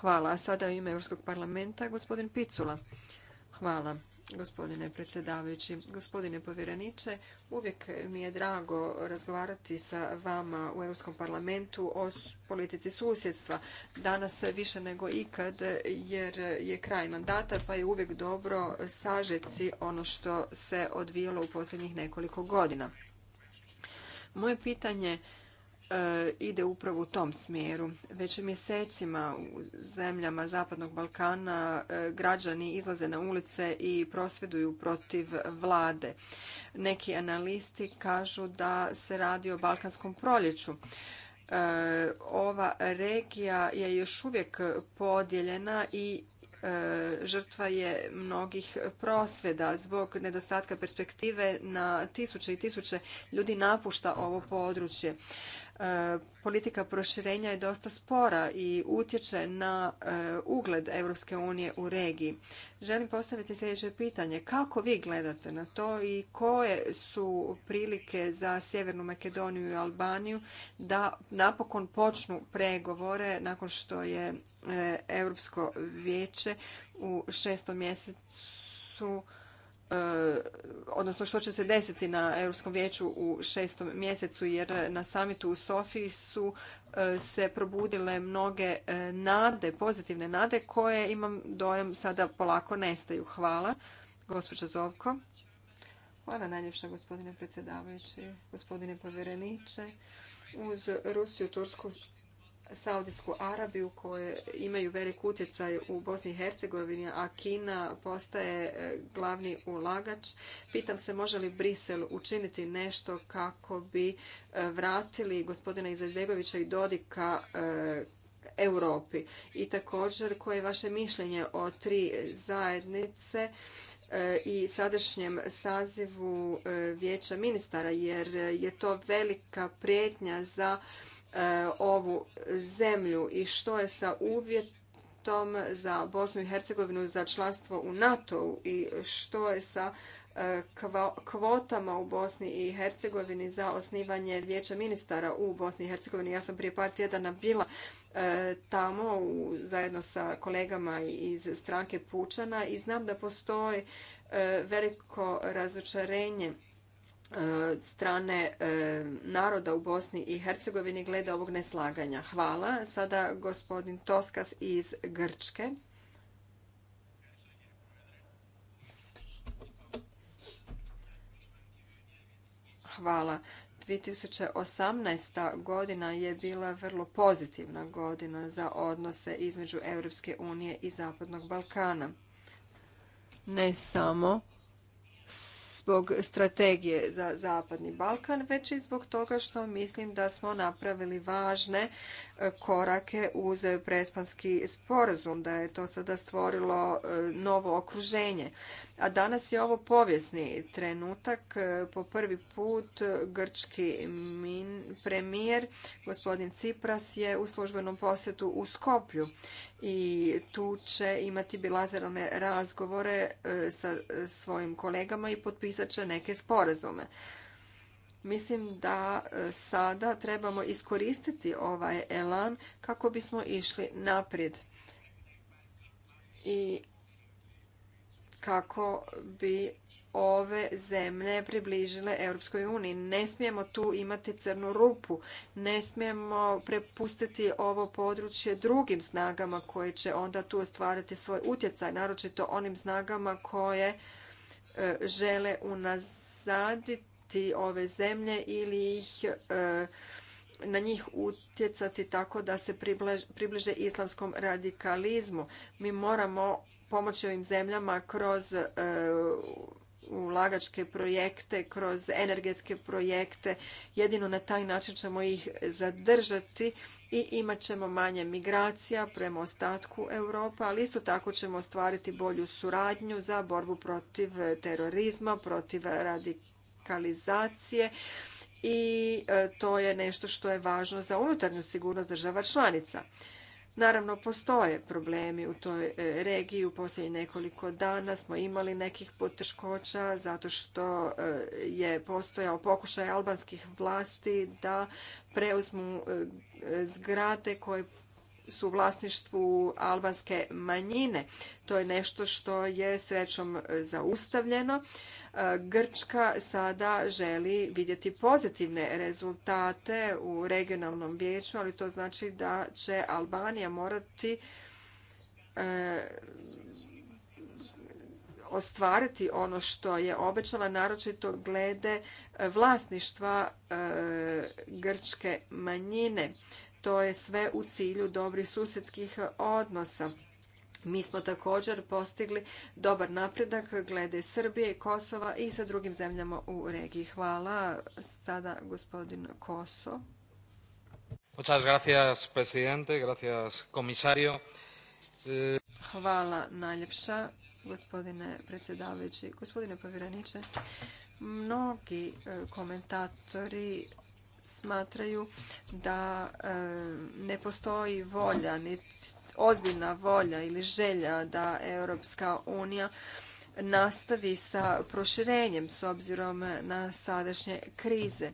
Hvala. A sada u ime Europskog parlamenta gospodin Picula. Hvala gospodine predsjedavajući. Gospodine povjereniče, uvijek mi je drago razgovarati sa vama u Europskom parlamentu o politici susjedstva. Danas više nego ikad jer je kraj mandata pa je uvijek dobro sažeti ono što se odvijalo u posljednjih nekoliko godina. Moje pitanje e, ide upravo u tom smjeru. Već mjesecima u zemljama Zapadnog Balkana e, građani izlaze na ulice i prosvjeduju protiv vlade. Neki analisti kažu da se radi o balkanskom proljeću. E, ova regija je još uvijek podijeljena i E, žrtva je mnogih prosvjeda zbog nedostatka perspektive na tisuće i tisuće ljudi napušta ovo područje. E, politika proširenja je dosta spora i utječe na e, ugled Europske unije u regiji. Želim postaviti sljedeće pitanje. Kako vi gledate na to i koje su prilike za Sjevernu Makedoniju i Albaniju da napokon počnu pregovore nakon što je E, Europsko vijeće u šestom mjesecu e, odnosno što će se desiti na Europskom vijeću u šestom mjesecu jer na samitu u Sofiji su e, se probudile mnoge nade, pozitivne nade koje imam dojam sada polako nestaju. Hvala. Gospođa Zovko. Hvala najljepša gospodine predsjedavajući, gospodine povjereniče. Uz Rusiju, Tursku, Saudijsku Arabiju koje imaju velik utjecaj u Bosni i Hercegovini, a Kina postaje e, glavni ulagač. Pitam se može li Brisel učiniti nešto kako bi e, vratili gospodina Izadbegovića i Dodika e, Europi. I također koje je vaše mišljenje o tri zajednice i sadašnjem sazivu vijeća ministara jer je to velika prijetnja za E, ovu zemlju i što je sa uvjetom za Bosnu i Hercegovinu za članstvo u NATO-u i što je sa e, kvotama u Bosni i Hercegovini za osnivanje vijeća ministara u Bosni i Hercegovini. Ja sam prije par tjedana bila e, tamo zajedno sa kolegama iz stranke Pučana i znam da postoji veliko razočarenje E, strane e, naroda u Bosni i Hercegovini glede ovog neslaganja. Hvala. Sada gospodin Toskas iz Grčke. Hvala. 2018. godina je bila vrlo pozitivna godina za odnose između Europske unije i Zapadnog Balkana. Ne samo s zbog strategije za Zapadni Balkan, već i zbog toga što mislim da smo napravili važne korake uz prespanski sporazum, da je to sada stvorilo e, novo okruženje. A danas je ovo povijesni trenutak. E, po prvi put grčki premijer, gospodin Cipras, je u službenom posjetu u Skoplju i tu će imati bilateralne razgovore e, sa svojim kolegama i potpisat će neke sporazume. Mislim da e, sada trebamo iskoristiti ovaj elan kako bismo išli naprijed i kako bi ove zemlje približile Europskoj uniji. Ne smijemo tu imati crnu rupu, ne smijemo prepustiti ovo područje drugim snagama koje će onda tu ostvariti svoj utjecaj, naročito onim snagama koje e, žele unazaditi ove zemlje ili ih e, na njih utjecati tako da se približe islamskom radikalizmu. Mi moramo pomoći ovim zemljama kroz e, ulagačke projekte, kroz energetske projekte. Jedino na taj način ćemo ih zadržati i imat ćemo manje migracija prema ostatku Europa, ali isto tako ćemo ostvariti bolju suradnju za borbu protiv terorizma, protiv radikalizma lokalizacije i e, to je nešto što je važno za unutarnju sigurnost država članica. Naravno, postoje problemi u toj e, regiji. U posljednjih nekoliko dana smo imali nekih poteškoća zato što e, je postojao pokušaj albanskih vlasti da preuzmu zgrade koje su u vlasništvu albanske manjine. To je nešto što je srećom zaustavljeno. E, Grčka sada želi vidjeti pozitivne rezultate u regionalnom vijeću, ali to znači da će Albanija morati e, ostvariti ono što je obećala, naročito glede vlasništva e, grčke manjine. To je sve u cilju dobrih susjedskih odnosa. Mi smo također postigli dobar napredak glede Srbije i Kosova i sa drugim zemljama u regiji. Hvala. Sada gospodin Koso. Hvala najljepša, gospodine predsjedavajući. Gospodine povjereniče, mnogi eh, komentatori smatraju da e, ne postoji volja, ozbiljna volja ili želja da Europska unija nastavi sa proširenjem s obzirom na sadašnje krize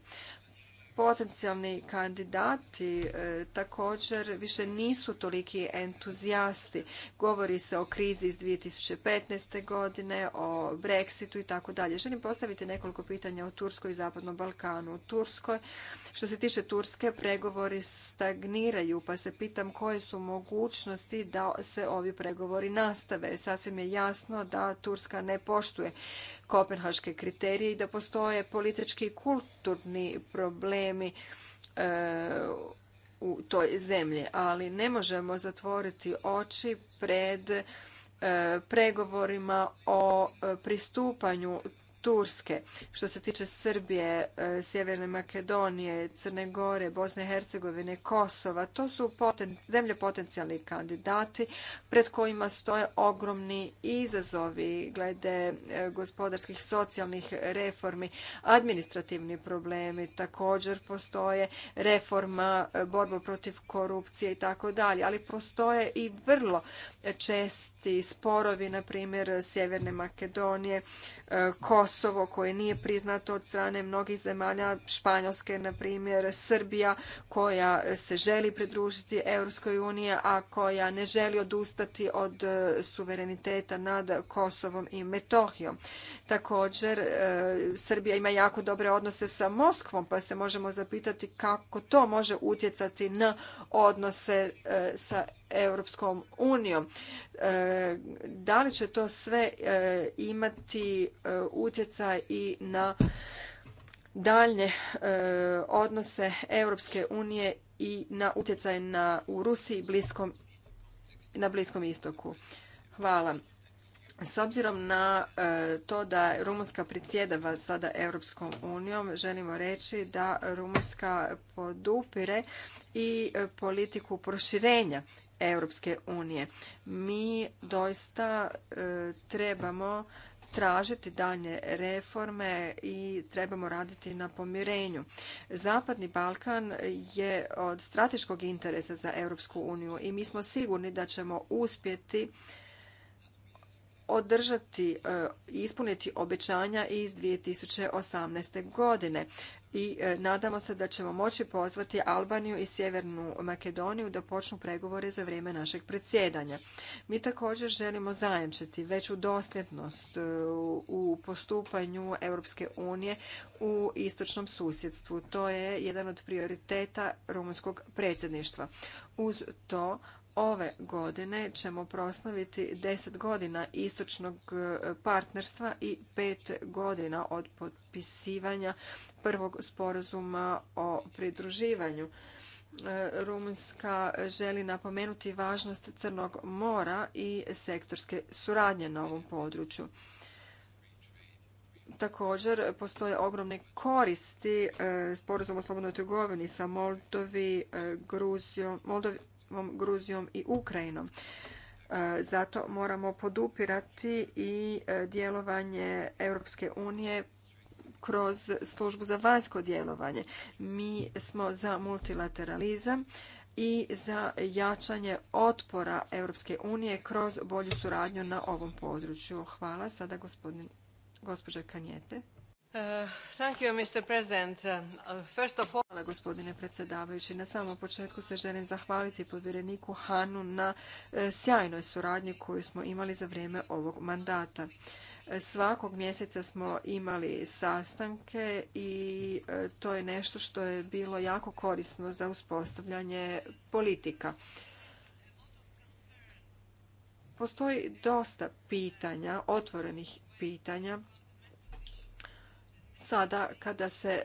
potencijalni kandidati e, također više nisu toliki entuzijasti. Govori se o krizi iz 2015. godine, o Brexitu i tako dalje. Želim postaviti nekoliko pitanja o Turskoj i Zapadnom Balkanu. U Turskoj, što se tiče Turske, pregovori stagniraju, pa se pitam koje su mogućnosti da se ovi pregovori nastave. Sasvim je jasno da Turska ne poštuje kopenhaške kriterije i da postoje politički i kulturni problemi e, u toj zemlji, ali ne možemo zatvoriti oči pred e, pregovorima o e, pristupanju Turske. Što se tiče Srbije, e, Sjeverne Makedonije, Crne Gore, Bosne i Hercegovine, Kosova, to su zemlje potencijalni kandidati pred kojima stoje ogromni izazovi glede e, gospodarskih, socijalnih reformi, administrativni problemi također postoje, reforma, e, borba protiv korupcije i tako dalje, ali postoje i vrlo česti sporovi, na primjer Sjeverne Makedonije, e, Kosovo koje nije priznato od strane mnogih zemalja, Španjolske, na primjer Srbija koja se želi pridružiti Europskoj uniji, a koja ne želi odustati od e, suvereniteta nad Kosovom i Metohijom. Također, e, Srbija ima jako dobre odnose sa Moskvom, pa se možemo zapitati kako to može utjecati na odnose sa Europskom unijom. E, da li će to sve e, imati e, utjecaj i na daljnje odnose Europske unije i na utjecaj u Rusiji na Bliskom istoku? Hvala. S obzirom na to da Rumunska predsjedava sada Europskom unijom, želimo reći da Rumunska podupire i politiku proširenja Europske unije. Mi doista e, trebamo tražiti dalje reforme i trebamo raditi na pomirenju. Zapadni Balkan je od strateškog interesa za Europsku uniju i mi smo sigurni da ćemo uspjeti održati i e, ispuniti obećanja iz 2018. godine i e, nadamo se da ćemo moći pozvati Albaniju i Sjevernu Makedoniju da počnu pregovore za vrijeme našeg predsjedanja. Mi također želimo zajemčiti veću dosljednost e, u postupanju Europske unije u istočnom susjedstvu. To je jedan od prioriteta rumunskog predsjedništva. Uz to ove godine ćemo proslaviti deset godina istočnog e, partnerstva i pet godina od potpisivanja prvog sporazuma o pridruživanju. E, Rumunjska želi napomenuti važnost Crnog mora i sektorske suradnje na ovom području. Također, postoje ogromne koristi e, sporazum o slobodnoj trgovini sa Moldovi, Gruzijom, Moldovi, Moldovom, Gruzijom i Ukrajinom. E, zato moramo podupirati i e, djelovanje Europske unije kroz službu za vanjsko djelovanje. Mi smo za multilateralizam i za jačanje otpora Europske unije kroz bolju suradnju na ovom području. Hvala. Sada gospodin, gospođa Kanjete. Uh, Hvala gospodine predsjedavajući. Na samom početku se želim zahvaliti povjereniku Hanu na e, sjajnoj suradnji koju smo imali za vrijeme ovog mandata. E, svakog mjeseca smo imali sastanke i e, to je nešto što je bilo jako korisno za uspostavljanje politika. Postoji dosta pitanja, otvorenih pitanja sada kada se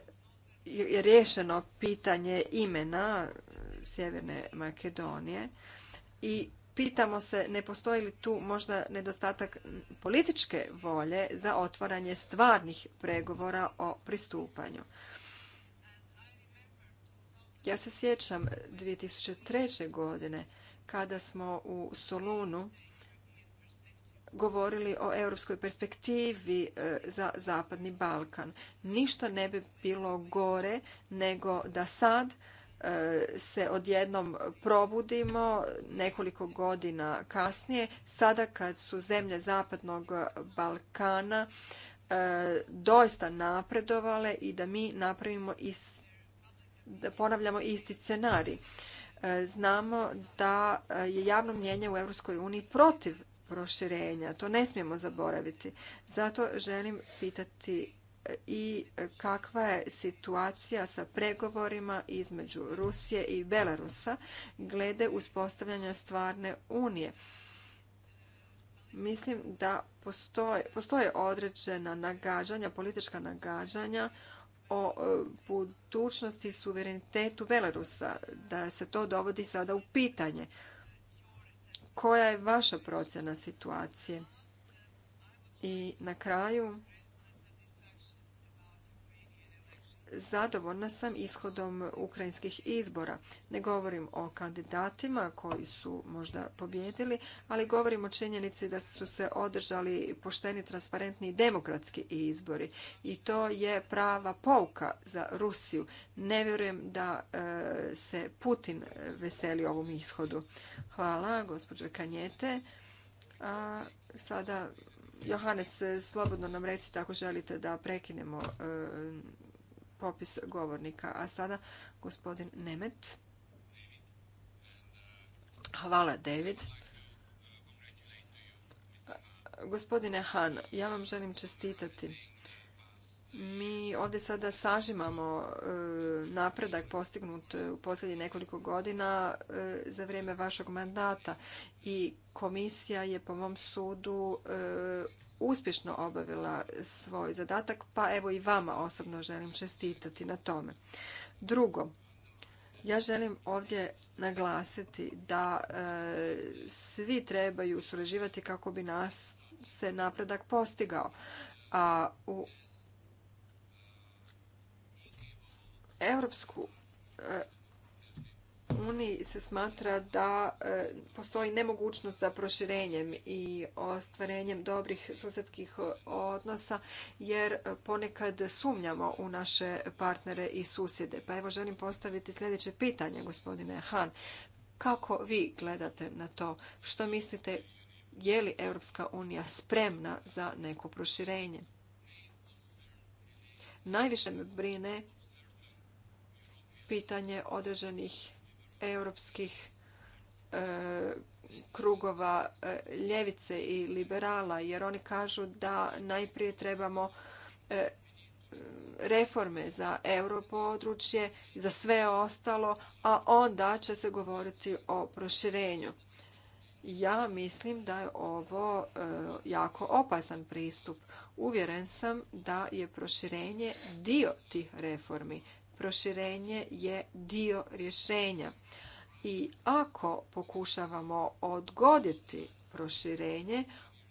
je riješeno pitanje imena Sjeverne Makedonije i pitamo se ne postoji li tu možda nedostatak političke volje za otvaranje stvarnih pregovora o pristupanju. Ja se sjećam 2003. godine kada smo u Solunu govorili o europskoj perspektivi e, za Zapadni Balkan. Ništa ne bi bilo gore nego da sad e, se odjednom probudimo nekoliko godina kasnije, sada kad su zemlje Zapadnog Balkana e, doista napredovale i da mi napravimo is, da ponavljamo isti scenarij. Znamo da je javno mnjenje u Europskoj uniji protiv proširenja. To ne smijemo zaboraviti. Zato želim pitati e, i kakva je situacija sa pregovorima između Rusije i Belarusa glede uspostavljanja stvarne unije. Mislim da postoje, postoje određena nagađanja, politička nagađanja o e, budućnosti i suverenitetu Belarusa, da se to dovodi sada u pitanje koja je vaša procjena situacije? I na kraju zadovoljna sam ishodom ukrajinskih izbora. Ne govorim o kandidatima koji su možda pobjedili, ali govorim o činjenici da su se održali pošteni, transparentni i demokratski izbori. I to je prava pouka za Rusiju. Ne vjerujem da e, se Putin veseli ovom ishodu. Hvala, gospođo Kanjete. A sada Johannes, slobodno nam recite ako želite da prekinemo e, popis govornika. A sada gospodin Nemet. Hvala, David. Gospodine Han, ja vam želim čestitati. Mi ovdje sada sažimamo e, napredak postignut u posljednjih nekoliko godina e, za vrijeme vašeg mandata i komisija je po mom sudu e, uspješno obavila svoj zadatak, pa evo i vama osobno želim čestitati na tome. Drugo, ja želim ovdje naglasiti da e, svi trebaju surađivati kako bi nas se napredak postigao. A u Europsku e, Uniji se smatra da e, postoji nemogućnost za proširenjem i ostvarenjem dobrih susjedskih odnosa jer ponekad sumnjamo u naše partnere i susjede. Pa evo želim postaviti sljedeće pitanje gospodine Han. Kako vi gledate na to? Što mislite je li Europska unija spremna za neko proširenje? Najviše me brine pitanje određenih europskih e, krugova e, ljevice i liberala jer oni kažu da najprije trebamo e, reforme za europodručje, za sve ostalo, a onda će se govoriti o proširenju. Ja mislim da je ovo jako opasan pristup. Uvjeren sam da je proširenje dio tih reformi proširenje je dio rješenja. I ako pokušavamo odgoditi proširenje,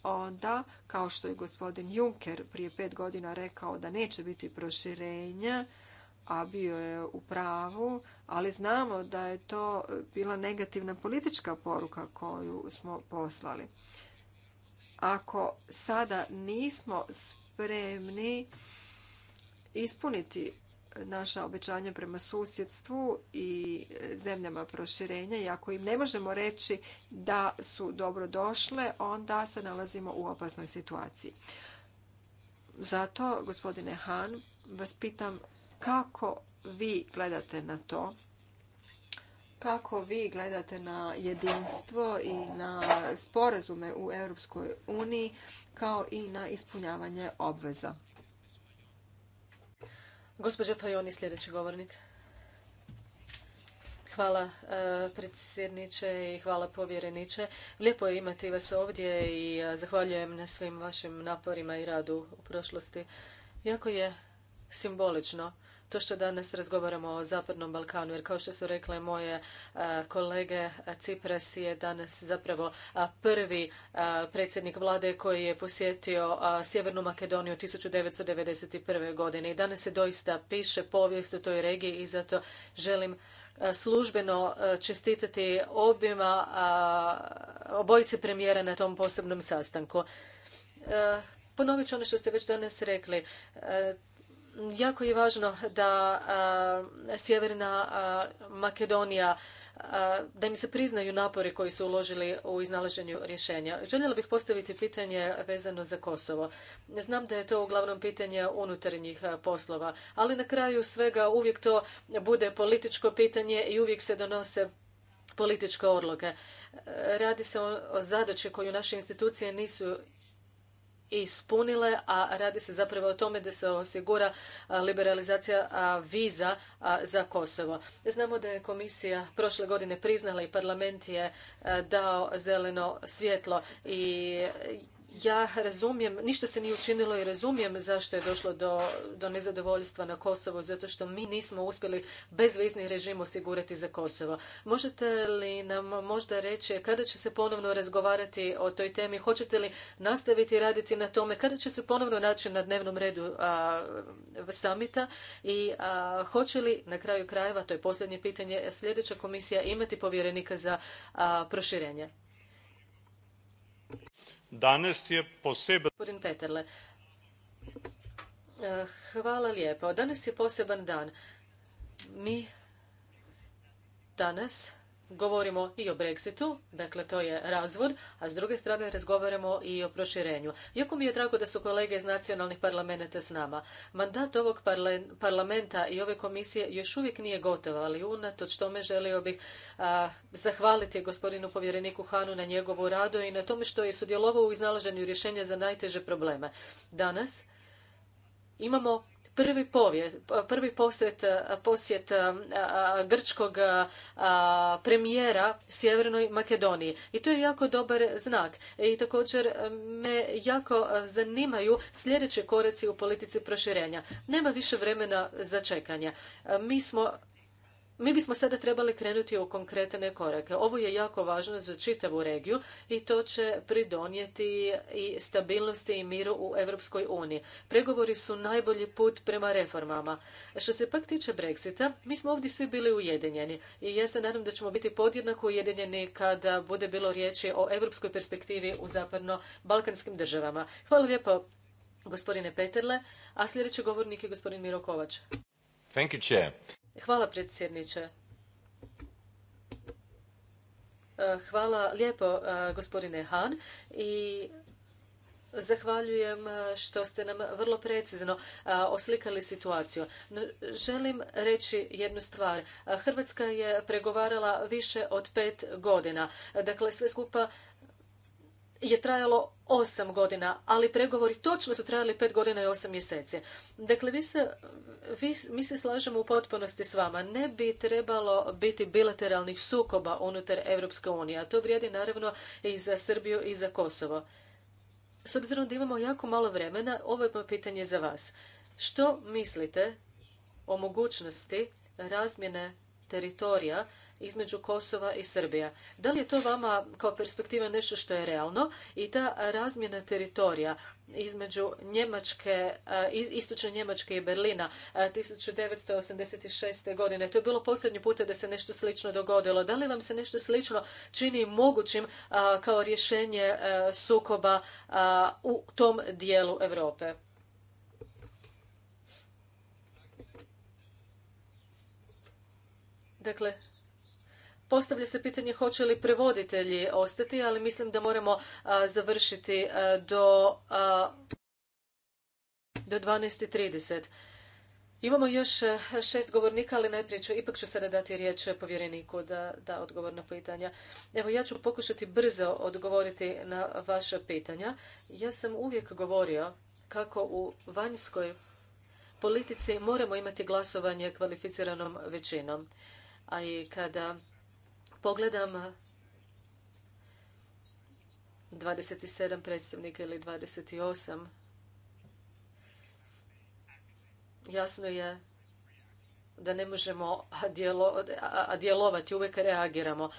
onda, kao što je gospodin Juncker prije pet godina rekao da neće biti proširenja, a bio je u pravu, ali znamo da je to bila negativna politička poruka koju smo poslali. Ako sada nismo spremni ispuniti naša obećanja prema susjedstvu i e, zemljama proširenja i ako im ne možemo reći da su dobro došle, onda se nalazimo u opasnoj situaciji. Zato, gospodine Han, vas pitam kako vi gledate na to, kako vi gledate na jedinstvo i na sporazume u Europskoj uniji kao i na ispunjavanje obveza. Gospođa Pajoni, sljedeći govornik. Hvala e, predsjedniče i hvala povjereniče. Lijepo je imati vas ovdje i e, zahvaljujem na svim vašim naporima i radu u prošlosti. Jako je simbolično to što danas razgovaramo o Zapadnom Balkanu, jer kao što su rekle moje e, kolege, Cipras je danas zapravo prvi predsjednik vlade koji je posjetio Sjevernu Makedoniju 1991. godine. I danas se doista piše povijest u toj regiji i zato želim službeno čestitati objema obojice premijera na tom posebnom sastanku. E, ponovit ću ono što ste već danas rekli. E, jako je važno da Sjeverna Makedonija da im se priznaju napori koji su uložili u iznalaženju rješenja. Željela bih postaviti pitanje vezano za Kosovo. Znam da je to uglavnom pitanje unutarnjih poslova, ali na kraju svega uvijek to bude političko pitanje i uvijek se donose političke odluke. Radi se o zadaći koju naše institucije nisu ispunile, a radi se zapravo o tome da se osigura liberalizacija viza za Kosovo. Znamo da je komisija prošle godine priznala i parlament je dao zeleno svjetlo i ja razumijem, ništa se nije učinilo i razumijem zašto je došlo do, nezadovoljstva na Kosovo, zato što mi nismo uspjeli bezvizni režim osigurati za Kosovo. Možete li nam možda reći kada će se ponovno razgovarati o toj temi? Hoćete li nastaviti raditi na tome? Kada će se ponovno naći na dnevnom redu a, samita? I hoće li na kraju krajeva, to je posljednje pitanje, sljedeća komisija imati povjerenika za proširenje? Danas je poseban... Gospodin Peterle, eh, hvala lijepo. Danas je poseban dan. Mi danas govorimo i o Brexitu, dakle to je razvod, a s druge strane razgovaramo i o proširenju. Jako mi je drago da su kolege iz nacionalnih parlamenta s nama. Mandat ovog parlamenta i ove komisije još uvijek nije gotov, ali unatoč tome želio bih zahvaliti gospodinu povjereniku Hanu na njegovu radu i na tome što je sudjelovao u iznalaženju rješenja za najteže probleme. Danas imamo prvi, povjet, prvi posjet, posjet grčkog premijera Sjevernoj Makedoniji. I to je jako dobar znak. I također me jako zanimaju sljedeći koraci u politici proširenja. Nema više vremena za čekanje. Mi smo mi bismo sada trebali krenuti u konkretne korake. Ovo je jako važno za čitavu regiju i to će pridonijeti i stabilnosti i miru u Europskoj uniji. Pregovori su najbolji put prema reformama. Što se pak tiče Brexita, mi smo ovdje svi bili ujedinjeni i ja se nadam da ćemo biti podjednako ujedinjeni kada bude bilo riječi o europskoj perspektivi u zapadno-balkanskim državama. Hvala lijepo gospodine Peterle, a sljedeći govornik je gospodin Miro Kovač. Hvala predsjedniče. E, hvala lijepo e, gospodine Han i Zahvaljujem e, što ste nam vrlo precizno oslikali situaciju. Želim reći jednu stvar. Hrvatska je pregovarala više od pet godina. Dakle, sve skupa je trajalo osam godina, ali pregovori točno su trajali pet godina i osam mjeseci. Dakle, vi se, vi, mi se slažemo u potpunosti s vama. Ne bi trebalo biti bilateralnih sukoba unutar Europske unije, a to vrijedi naravno i za Srbiju i za Kosovo. S obzirom da imamo jako malo vremena, ovo je pitanje za vas. Što mislite o mogućnosti razmjene teritorija između Kosova i Srbija. Da li je to vama kao perspektiva nešto što je realno i ta razmjena teritorija između Njemačke, e, istočne Njemačke i Berlina 1986. E, godine. To je bilo posljednji puta da se nešto slično dogodilo. Da li vam se nešto slično čini mogućim e, kao rješenje sukoba u tom dijelu Europe? Dakle, Postavlja se pitanje hoće li prevoditelji ostati, ali mislim da moramo završiti do, do 12.30. Imamo još šest govornika, ali najprije ću, ipak ću sada dati riječ povjereniku da da odgovor na pitanja. Evo, ja ću pokušati brzo odgovoriti na vaša pitanja. Ja sam uvijek govorio kako u vanjskoj politici moramo imati glasovanje kvalificiranom većinom. A i kada pogledam 27 predstavnika ili 28, jasno je da ne možemo djelovati, uvijek reagiramo.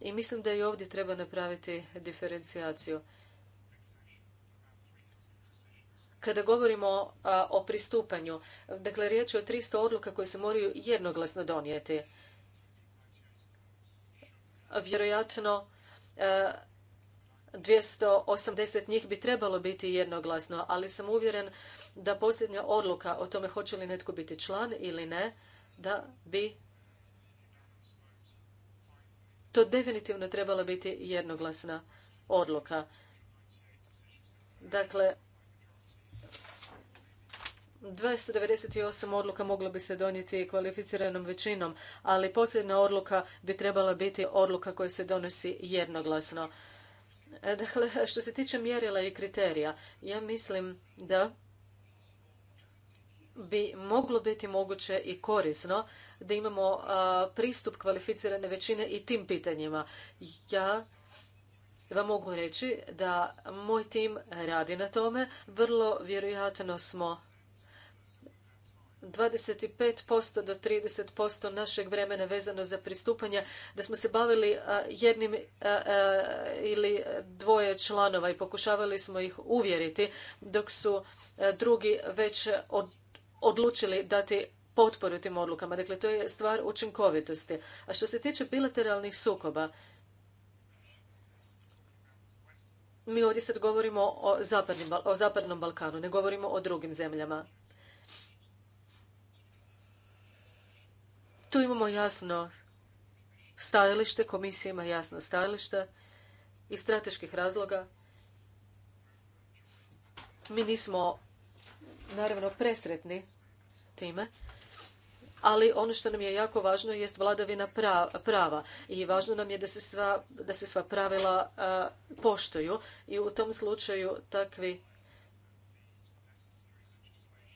I mislim da i ovdje treba napraviti diferencijaciju. Kada govorimo o pristupanju, dakle riječ je o 300 odluka koje se moraju jednoglasno donijeti vjerojatno 280 eh, njih bi trebalo biti jednoglasno, ali sam uvjeren da posljednja odluka o tome hoće li netko biti član ili ne, da bi to definitivno trebala biti jednoglasna odluka. Dakle, 298 odluka moglo bi se donijeti kvalificiranom većinom, ali posljedna odluka bi trebala biti odluka koja se donosi jednoglasno. E, dakle, što se tiče mjerila i kriterija, ja mislim da bi moglo biti moguće i korisno da imamo pristup kvalificirane većine i tim pitanjima. Ja vam mogu reći da moj tim radi na tome. Vrlo vjerojatno smo 25% do 30% našeg vremena vezano za pristupanja, da smo se bavili jednim ili dvoje članova i pokušavali smo ih uvjeriti, dok su drugi već odlučili dati potporu tim odlukama. Dakle, to je stvar učinkovitosti. A što se tiče bilateralnih sukoba, mi ovdje sad govorimo o Zapadnom Balkanu, ne govorimo o drugim zemljama. Tu imamo jasno stajalište, komisija ima jasno stajalište iz strateških razloga. Mi nismo naravno presretni time, ali ono što nam je jako važno jest vladavina prava i važno nam je da se sva, pravila poštuju i u tom slučaju takvi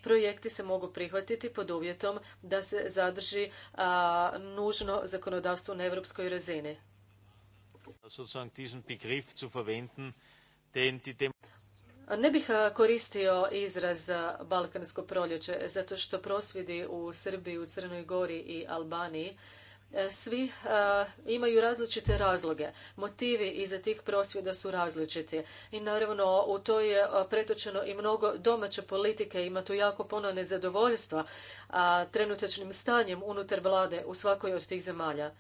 projekti se mogu prihvatiti pod uvjetom da se zadrži nužno zakonodavstvo na europskoj razini. Ne bih koristio izraz Balkansko proljeće, zato što prosvjedi u Srbiji, u Crnoj Gori i Albaniji E, svi e, imaju različite razloge. Motivi iza tih prosvjeda su različiti. I naravno u to je e, pretočeno i mnogo domaće politike. Ima tu jako puno nezadovoljstva trenutačnim stanjem unutar vlade u svakoj od tih zemalja.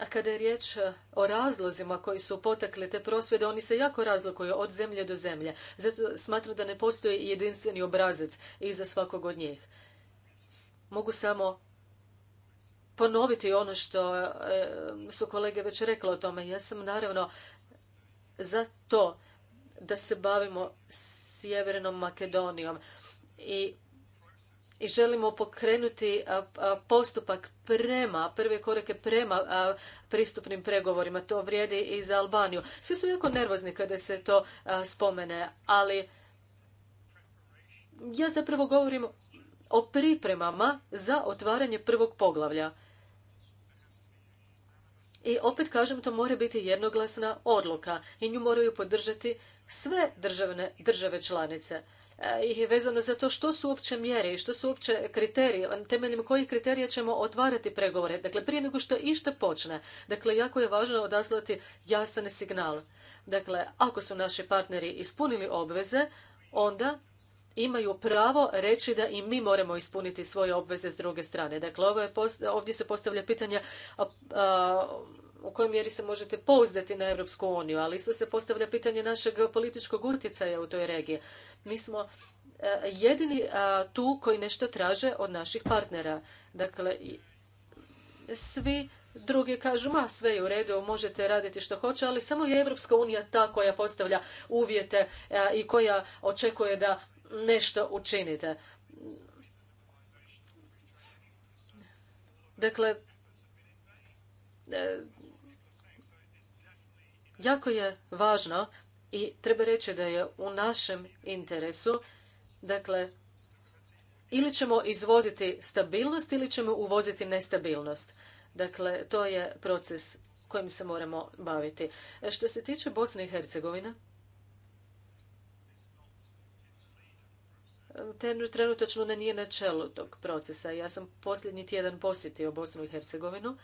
A kada je riječ o razlozima koji su potakli te prosvjede, oni se jako razlikuju od zemlje do zemlje. Zato smatram da ne postoji jedinstveni obrazac iza svakog od njih. Mogu samo ponoviti ono što e, su kolege već rekli o tome. Ja sam naravno za to da se bavimo Sjevernom Makedonijom i i želimo pokrenuti postupak prema, prve korake prema pristupnim pregovorima. To vrijedi i za Albaniju. Svi su jako nervozni kada se to spomene, ali ja zapravo govorim o pripremama za otvaranje prvog poglavlja. I opet kažem, to mora biti jednoglasna odluka i nju moraju podržati sve državne, države članice. E, I vezano za to što su uopće mjere i što su uopće kriteriji, temeljem kojih kriterija ćemo otvarati pregovore. Dakle, prije nego što ište počne. Dakle, jako je važno odaslati jasan signal. Dakle, ako su naši partneri ispunili obveze, onda imaju pravo reći da i mi moramo ispuniti svoje obveze s druge strane. Dakle, ovo je ovdje se postavlja pitanje u kojoj mjeri se možete pouzdati na Europsku uniju, ali isto se postavlja pitanje našeg političkog utjecaja u toj regiji. Mi smo e, jedini tu koji nešto traže od naših partnera. Dakle, svi drugi kažu, ma sve je u redu, možete raditi što hoće, ali samo je Europska unija ta koja postavlja uvjete e, i koja očekuje da nešto učinite. Dakle, e, jako je važno i treba reći da je u našem interesu, dakle, ili ćemo izvoziti stabilnost ili ćemo uvoziti nestabilnost. Dakle, to je proces kojim se moramo baviti. E, što se tiče Bosne i Hercegovine, trenutačno ona nije na čelu tog procesa. Ja sam posljednji tjedan posjetio Bosnu i Hercegovinu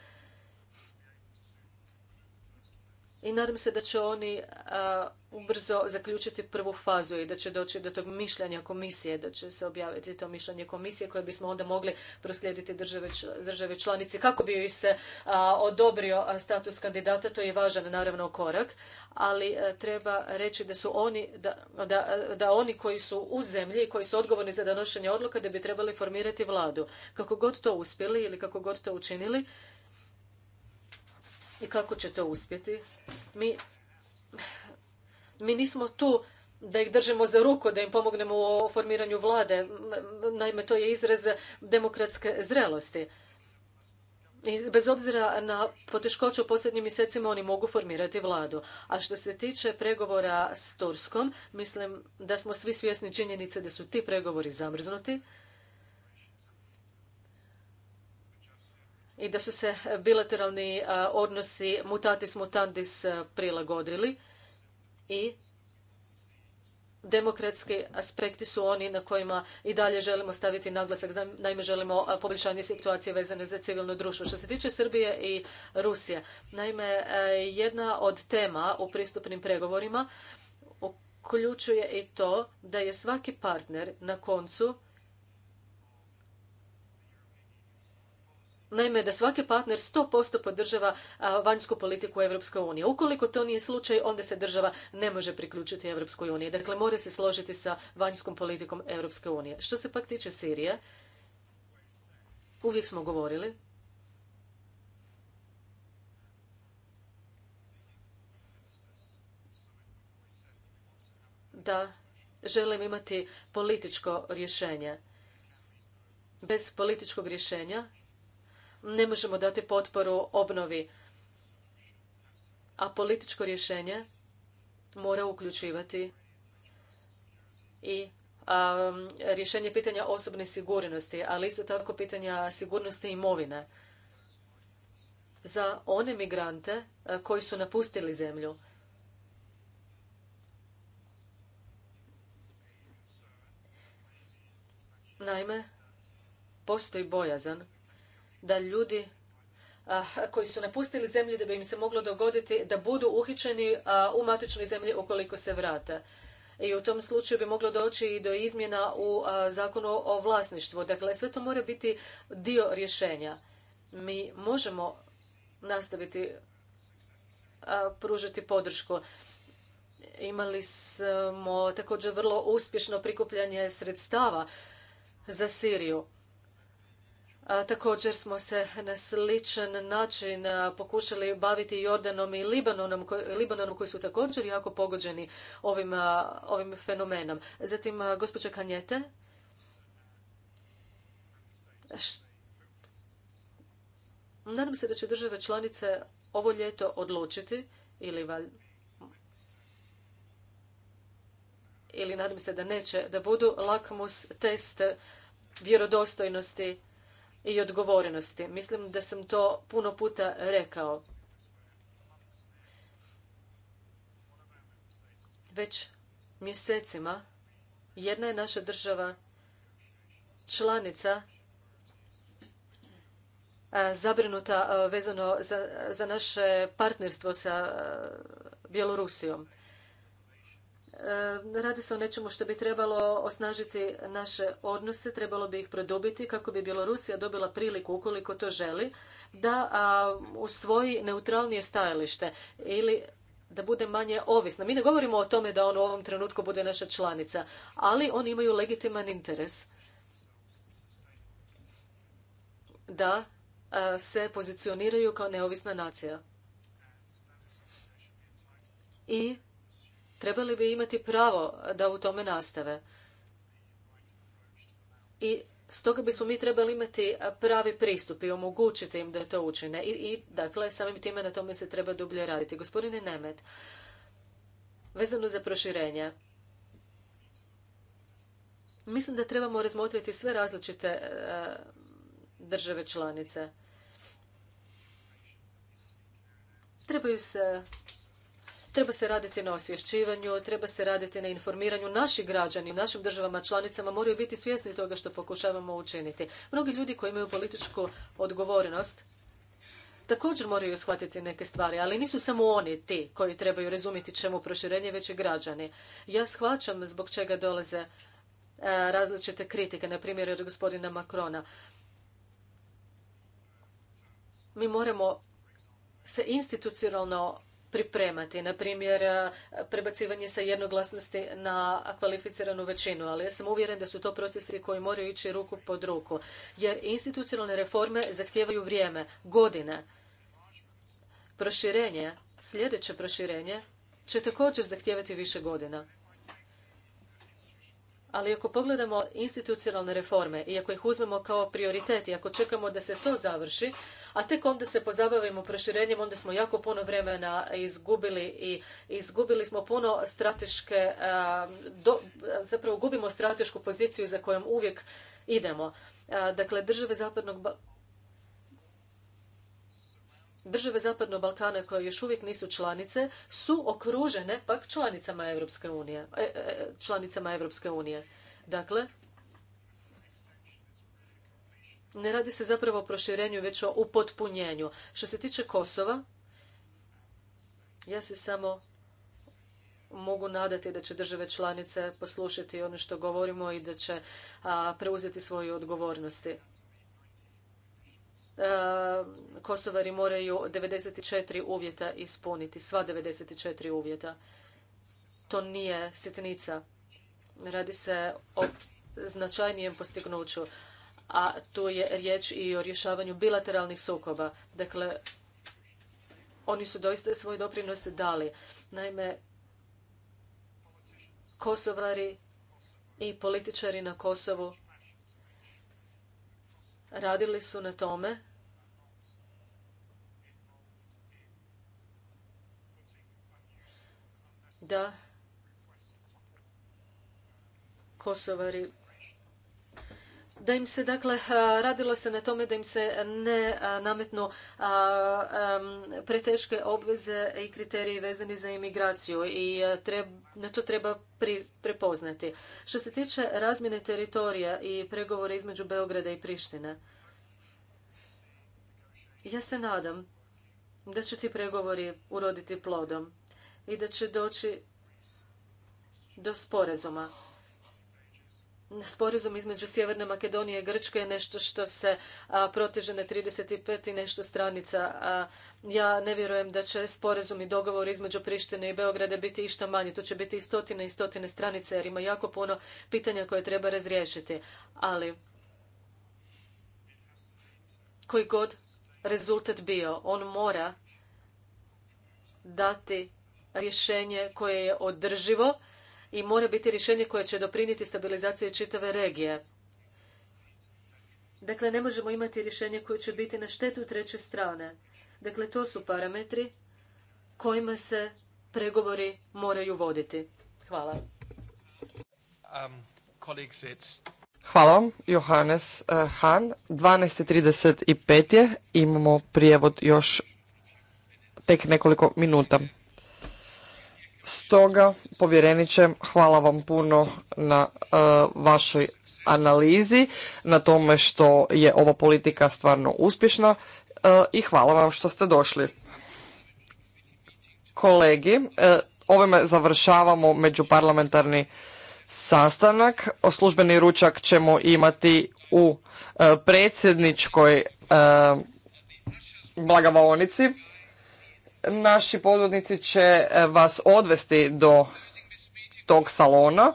i nadam se da će oni e, ubrzo zaključiti prvu fazu i da će doći do tog mišljenja komisije, da će se objaviti to mišljenje komisije koje bismo onda mogli proslijediti države, države članici kako bi se e, odobrio e, status kandidata. To je važan naravno korak, ali treba reći da su oni, da, da oni koji su u zemlji i koji su odgovorni za donošenje odluka da bi trebali formirati vladu. Kako god to uspjeli ili kako god to učinili, i kako će to uspjeti. Mi, mi nismo tu da ih držimo za ruku, da im pomognemo u formiranju vlade. Naime, to je izraz demokratske zrelosti. bez obzira na poteškoće u posljednjim mjesecima oni mogu formirati vladu. A što se tiče pregovora s Turskom, mislim da smo svi svjesni činjenice da su ti pregovori zamrznuti i da su se bilateralni e, odnosi mutatis mutandis e, prilagodili i demokratski aspekti su oni na kojima i dalje želimo staviti naglasak. Naime, želimo e, poboljšanje situacije vezane za civilno društvo. Što se tiče Srbije i Rusije, naime, jedna od tema u pristupnim pregovorima uključuje i to da je svaki partner na koncu Naime, da svaki partner 100% podržava vanjsku politiku Europske unije. Ukoliko to nije slučaj, onda se država ne može priključiti Europskoj uniji. Dakle, mora se složiti sa vanjskom politikom Europske unije. Što se pak tiče Sirije, uvijek smo govorili da želim imati političko rješenje. Bez političkog rješenja ne možemo dati potporu obnovi. A političko rješenje mora uključivati i um, rješenje pitanja osobne sigurnosti, ali isto tako pitanja sigurnosti imovine za one migrante uh, koji su napustili zemlju. Naime, postoji bojazan da ljudi ah, koji su napustili zemlju da bi im se moglo dogoditi da budu uhićeni ah, u matičnoj zemlji ukoliko se vrate. I u tom slučaju bi moglo doći i do izmjena u ah, zakonu o vlasništvu. Dakle, sve to mora biti dio rješenja. Mi možemo nastaviti pružati podršku. Imali smo također vrlo uspješno prikupljanje sredstava za Siriju također smo se na sličan način pokušali baviti Jordanom i Libanonom, koji su također jako pogođeni ovim, ovim fenomenom. Zatim, gospođa Kanjete. Nadam se da će države članice ovo ljeto odlučiti ili ili nadam se da neće, da budu lakmus test vjerodostojnosti i odgovornosti. Mislim da sam to puno puta rekao. Već mjesecima jedna je naša država članica zabrinuta vezano za, za naše partnerstvo sa Bjelorusijom. E, radi se o nečemu što bi trebalo osnažiti naše odnose, trebalo bi ih produbiti kako bi Bjelorusija dobila priliku, ukoliko to želi, da usvoji neutralnije stajalište ili da bude manje ovisna. Mi ne govorimo o tome da on u ovom trenutku bude naša članica, ali oni imaju legitiman interes da se pozicioniraju kao neovisna nacija. I trebali bi imati pravo da u tome nastave. I stoga bismo mi trebali imati pravi pristup i omogućiti im da to učine. I, i dakle, samim time na tome se treba dublje raditi. Gospodine Nemet, vezano za proširenje, mislim da trebamo razmotriti sve različite e, države članice. Trebaju se Treba se raditi na osvješćivanju, treba se raditi na informiranju. Naši građani u našim državama članicama moraju biti svjesni toga što pokušavamo učiniti. Mnogi ljudi koji imaju političku odgovornost također moraju shvatiti neke stvari, ali nisu samo oni ti koji trebaju razumjeti čemu proširenje, već i građani. Ja shvaćam zbog čega dolaze e, različite kritike, na primjer od gospodina Macrona. Mi moramo se institucionalno pripremati. Na primjer, e, prebacivanje sa jednoglasnosti na kvalificiranu većinu. Ali ja sam uvjeren da su to procesi koji moraju ići ruku pod ruku. Jer institucionalne reforme zahtijevaju vrijeme, godine. Proširenje, sljedeće proširenje će također zahtijevati više godina ali ako pogledamo institucionalne reforme i ako ih uzmemo kao prioritet i ako čekamo da se to završi, a tek onda se pozabavimo proširenjem, onda smo jako puno vremena izgubili i izgubili smo puno strateške, zapravo gubimo stratešku poziciju za kojom uvijek idemo. Dakle, države Zapadnog države Zapadnog Balkana koje još uvijek nisu članice su okružene pak članicama Europske unije. E, e, članicama Europske unije. Dakle, ne radi se zapravo o proširenju, već o upotpunjenju. Što se tiče Kosova, ja se samo mogu nadati da će države članice poslušati ono što govorimo i da će preuzeti svoju odgovornosti. E, Kosovari moraju 94 uvjeta ispuniti, sva 94 uvjeta. To nije sitnica. Radi se o značajnijem postignuću, a tu je riječ i o rješavanju bilateralnih sukoba. Dakle, oni su doista svoj doprinos dali. Naime, Kosovari i političari na Kosovu radili su na tome da Kosovari da im se, dakle, radilo se na tome da im se ne nametnu preteške obveze i kriteriji vezani za imigraciju i e, na to treba prepoznati. Što se tiče razmjene teritorija i pregovora između Beograda i Prištine, ja se nadam da će ti pregovori uroditi plodom i da će doći do sporazuma sporazum između Sjeverne Makedonije i Grčke je nešto što se proteže na 35 i nešto stranica. A, ja ne vjerujem da će sporazum i dogovor između Prištine i Beograda biti išta manji. To će biti i stotine i stotine stranica jer ima jako puno pitanja koje treba razriješiti. Ali koji god rezultat bio, on mora dati rješenje koje je održivo i mora biti rješenje koje će doprinijeti stabilizaciji čitave regije. Dakle, ne možemo imati rješenje koje će biti na štetu treće strane. Dakle, to su parametri kojima se pregovori moraju voditi. Hvala. Um, Hvala vam, Johannes eh, Hahn. 12.35 je, imamo prijevod još tek nekoliko minuta. Stoga, povjereniče, hvala vam puno na e, vašoj analizi, na tome što je ova politika stvarno uspješna e, i hvala vam što ste došli. Kolegi, e, ovime završavamo međuparlamentarni sastanak. Službeni ručak ćemo imati u predsjedničkoj blagavaonici naši podvodnici će e, vas odvesti do tog salona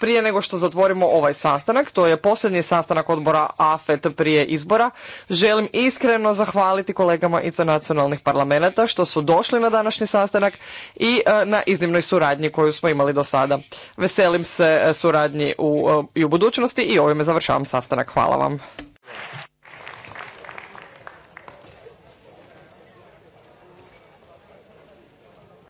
prije nego što zatvorimo ovaj sastanak, to je posljednji sastanak odbora AFET prije izbora, želim iskreno zahvaliti kolegama iz nacionalnih parlamenta što su došli na današnji sastanak i e, na iznimnoj suradnji koju smo imali do sada. Veselim se e, suradnji u, i u budućnosti i ovime završavam sastanak. Hvala vam.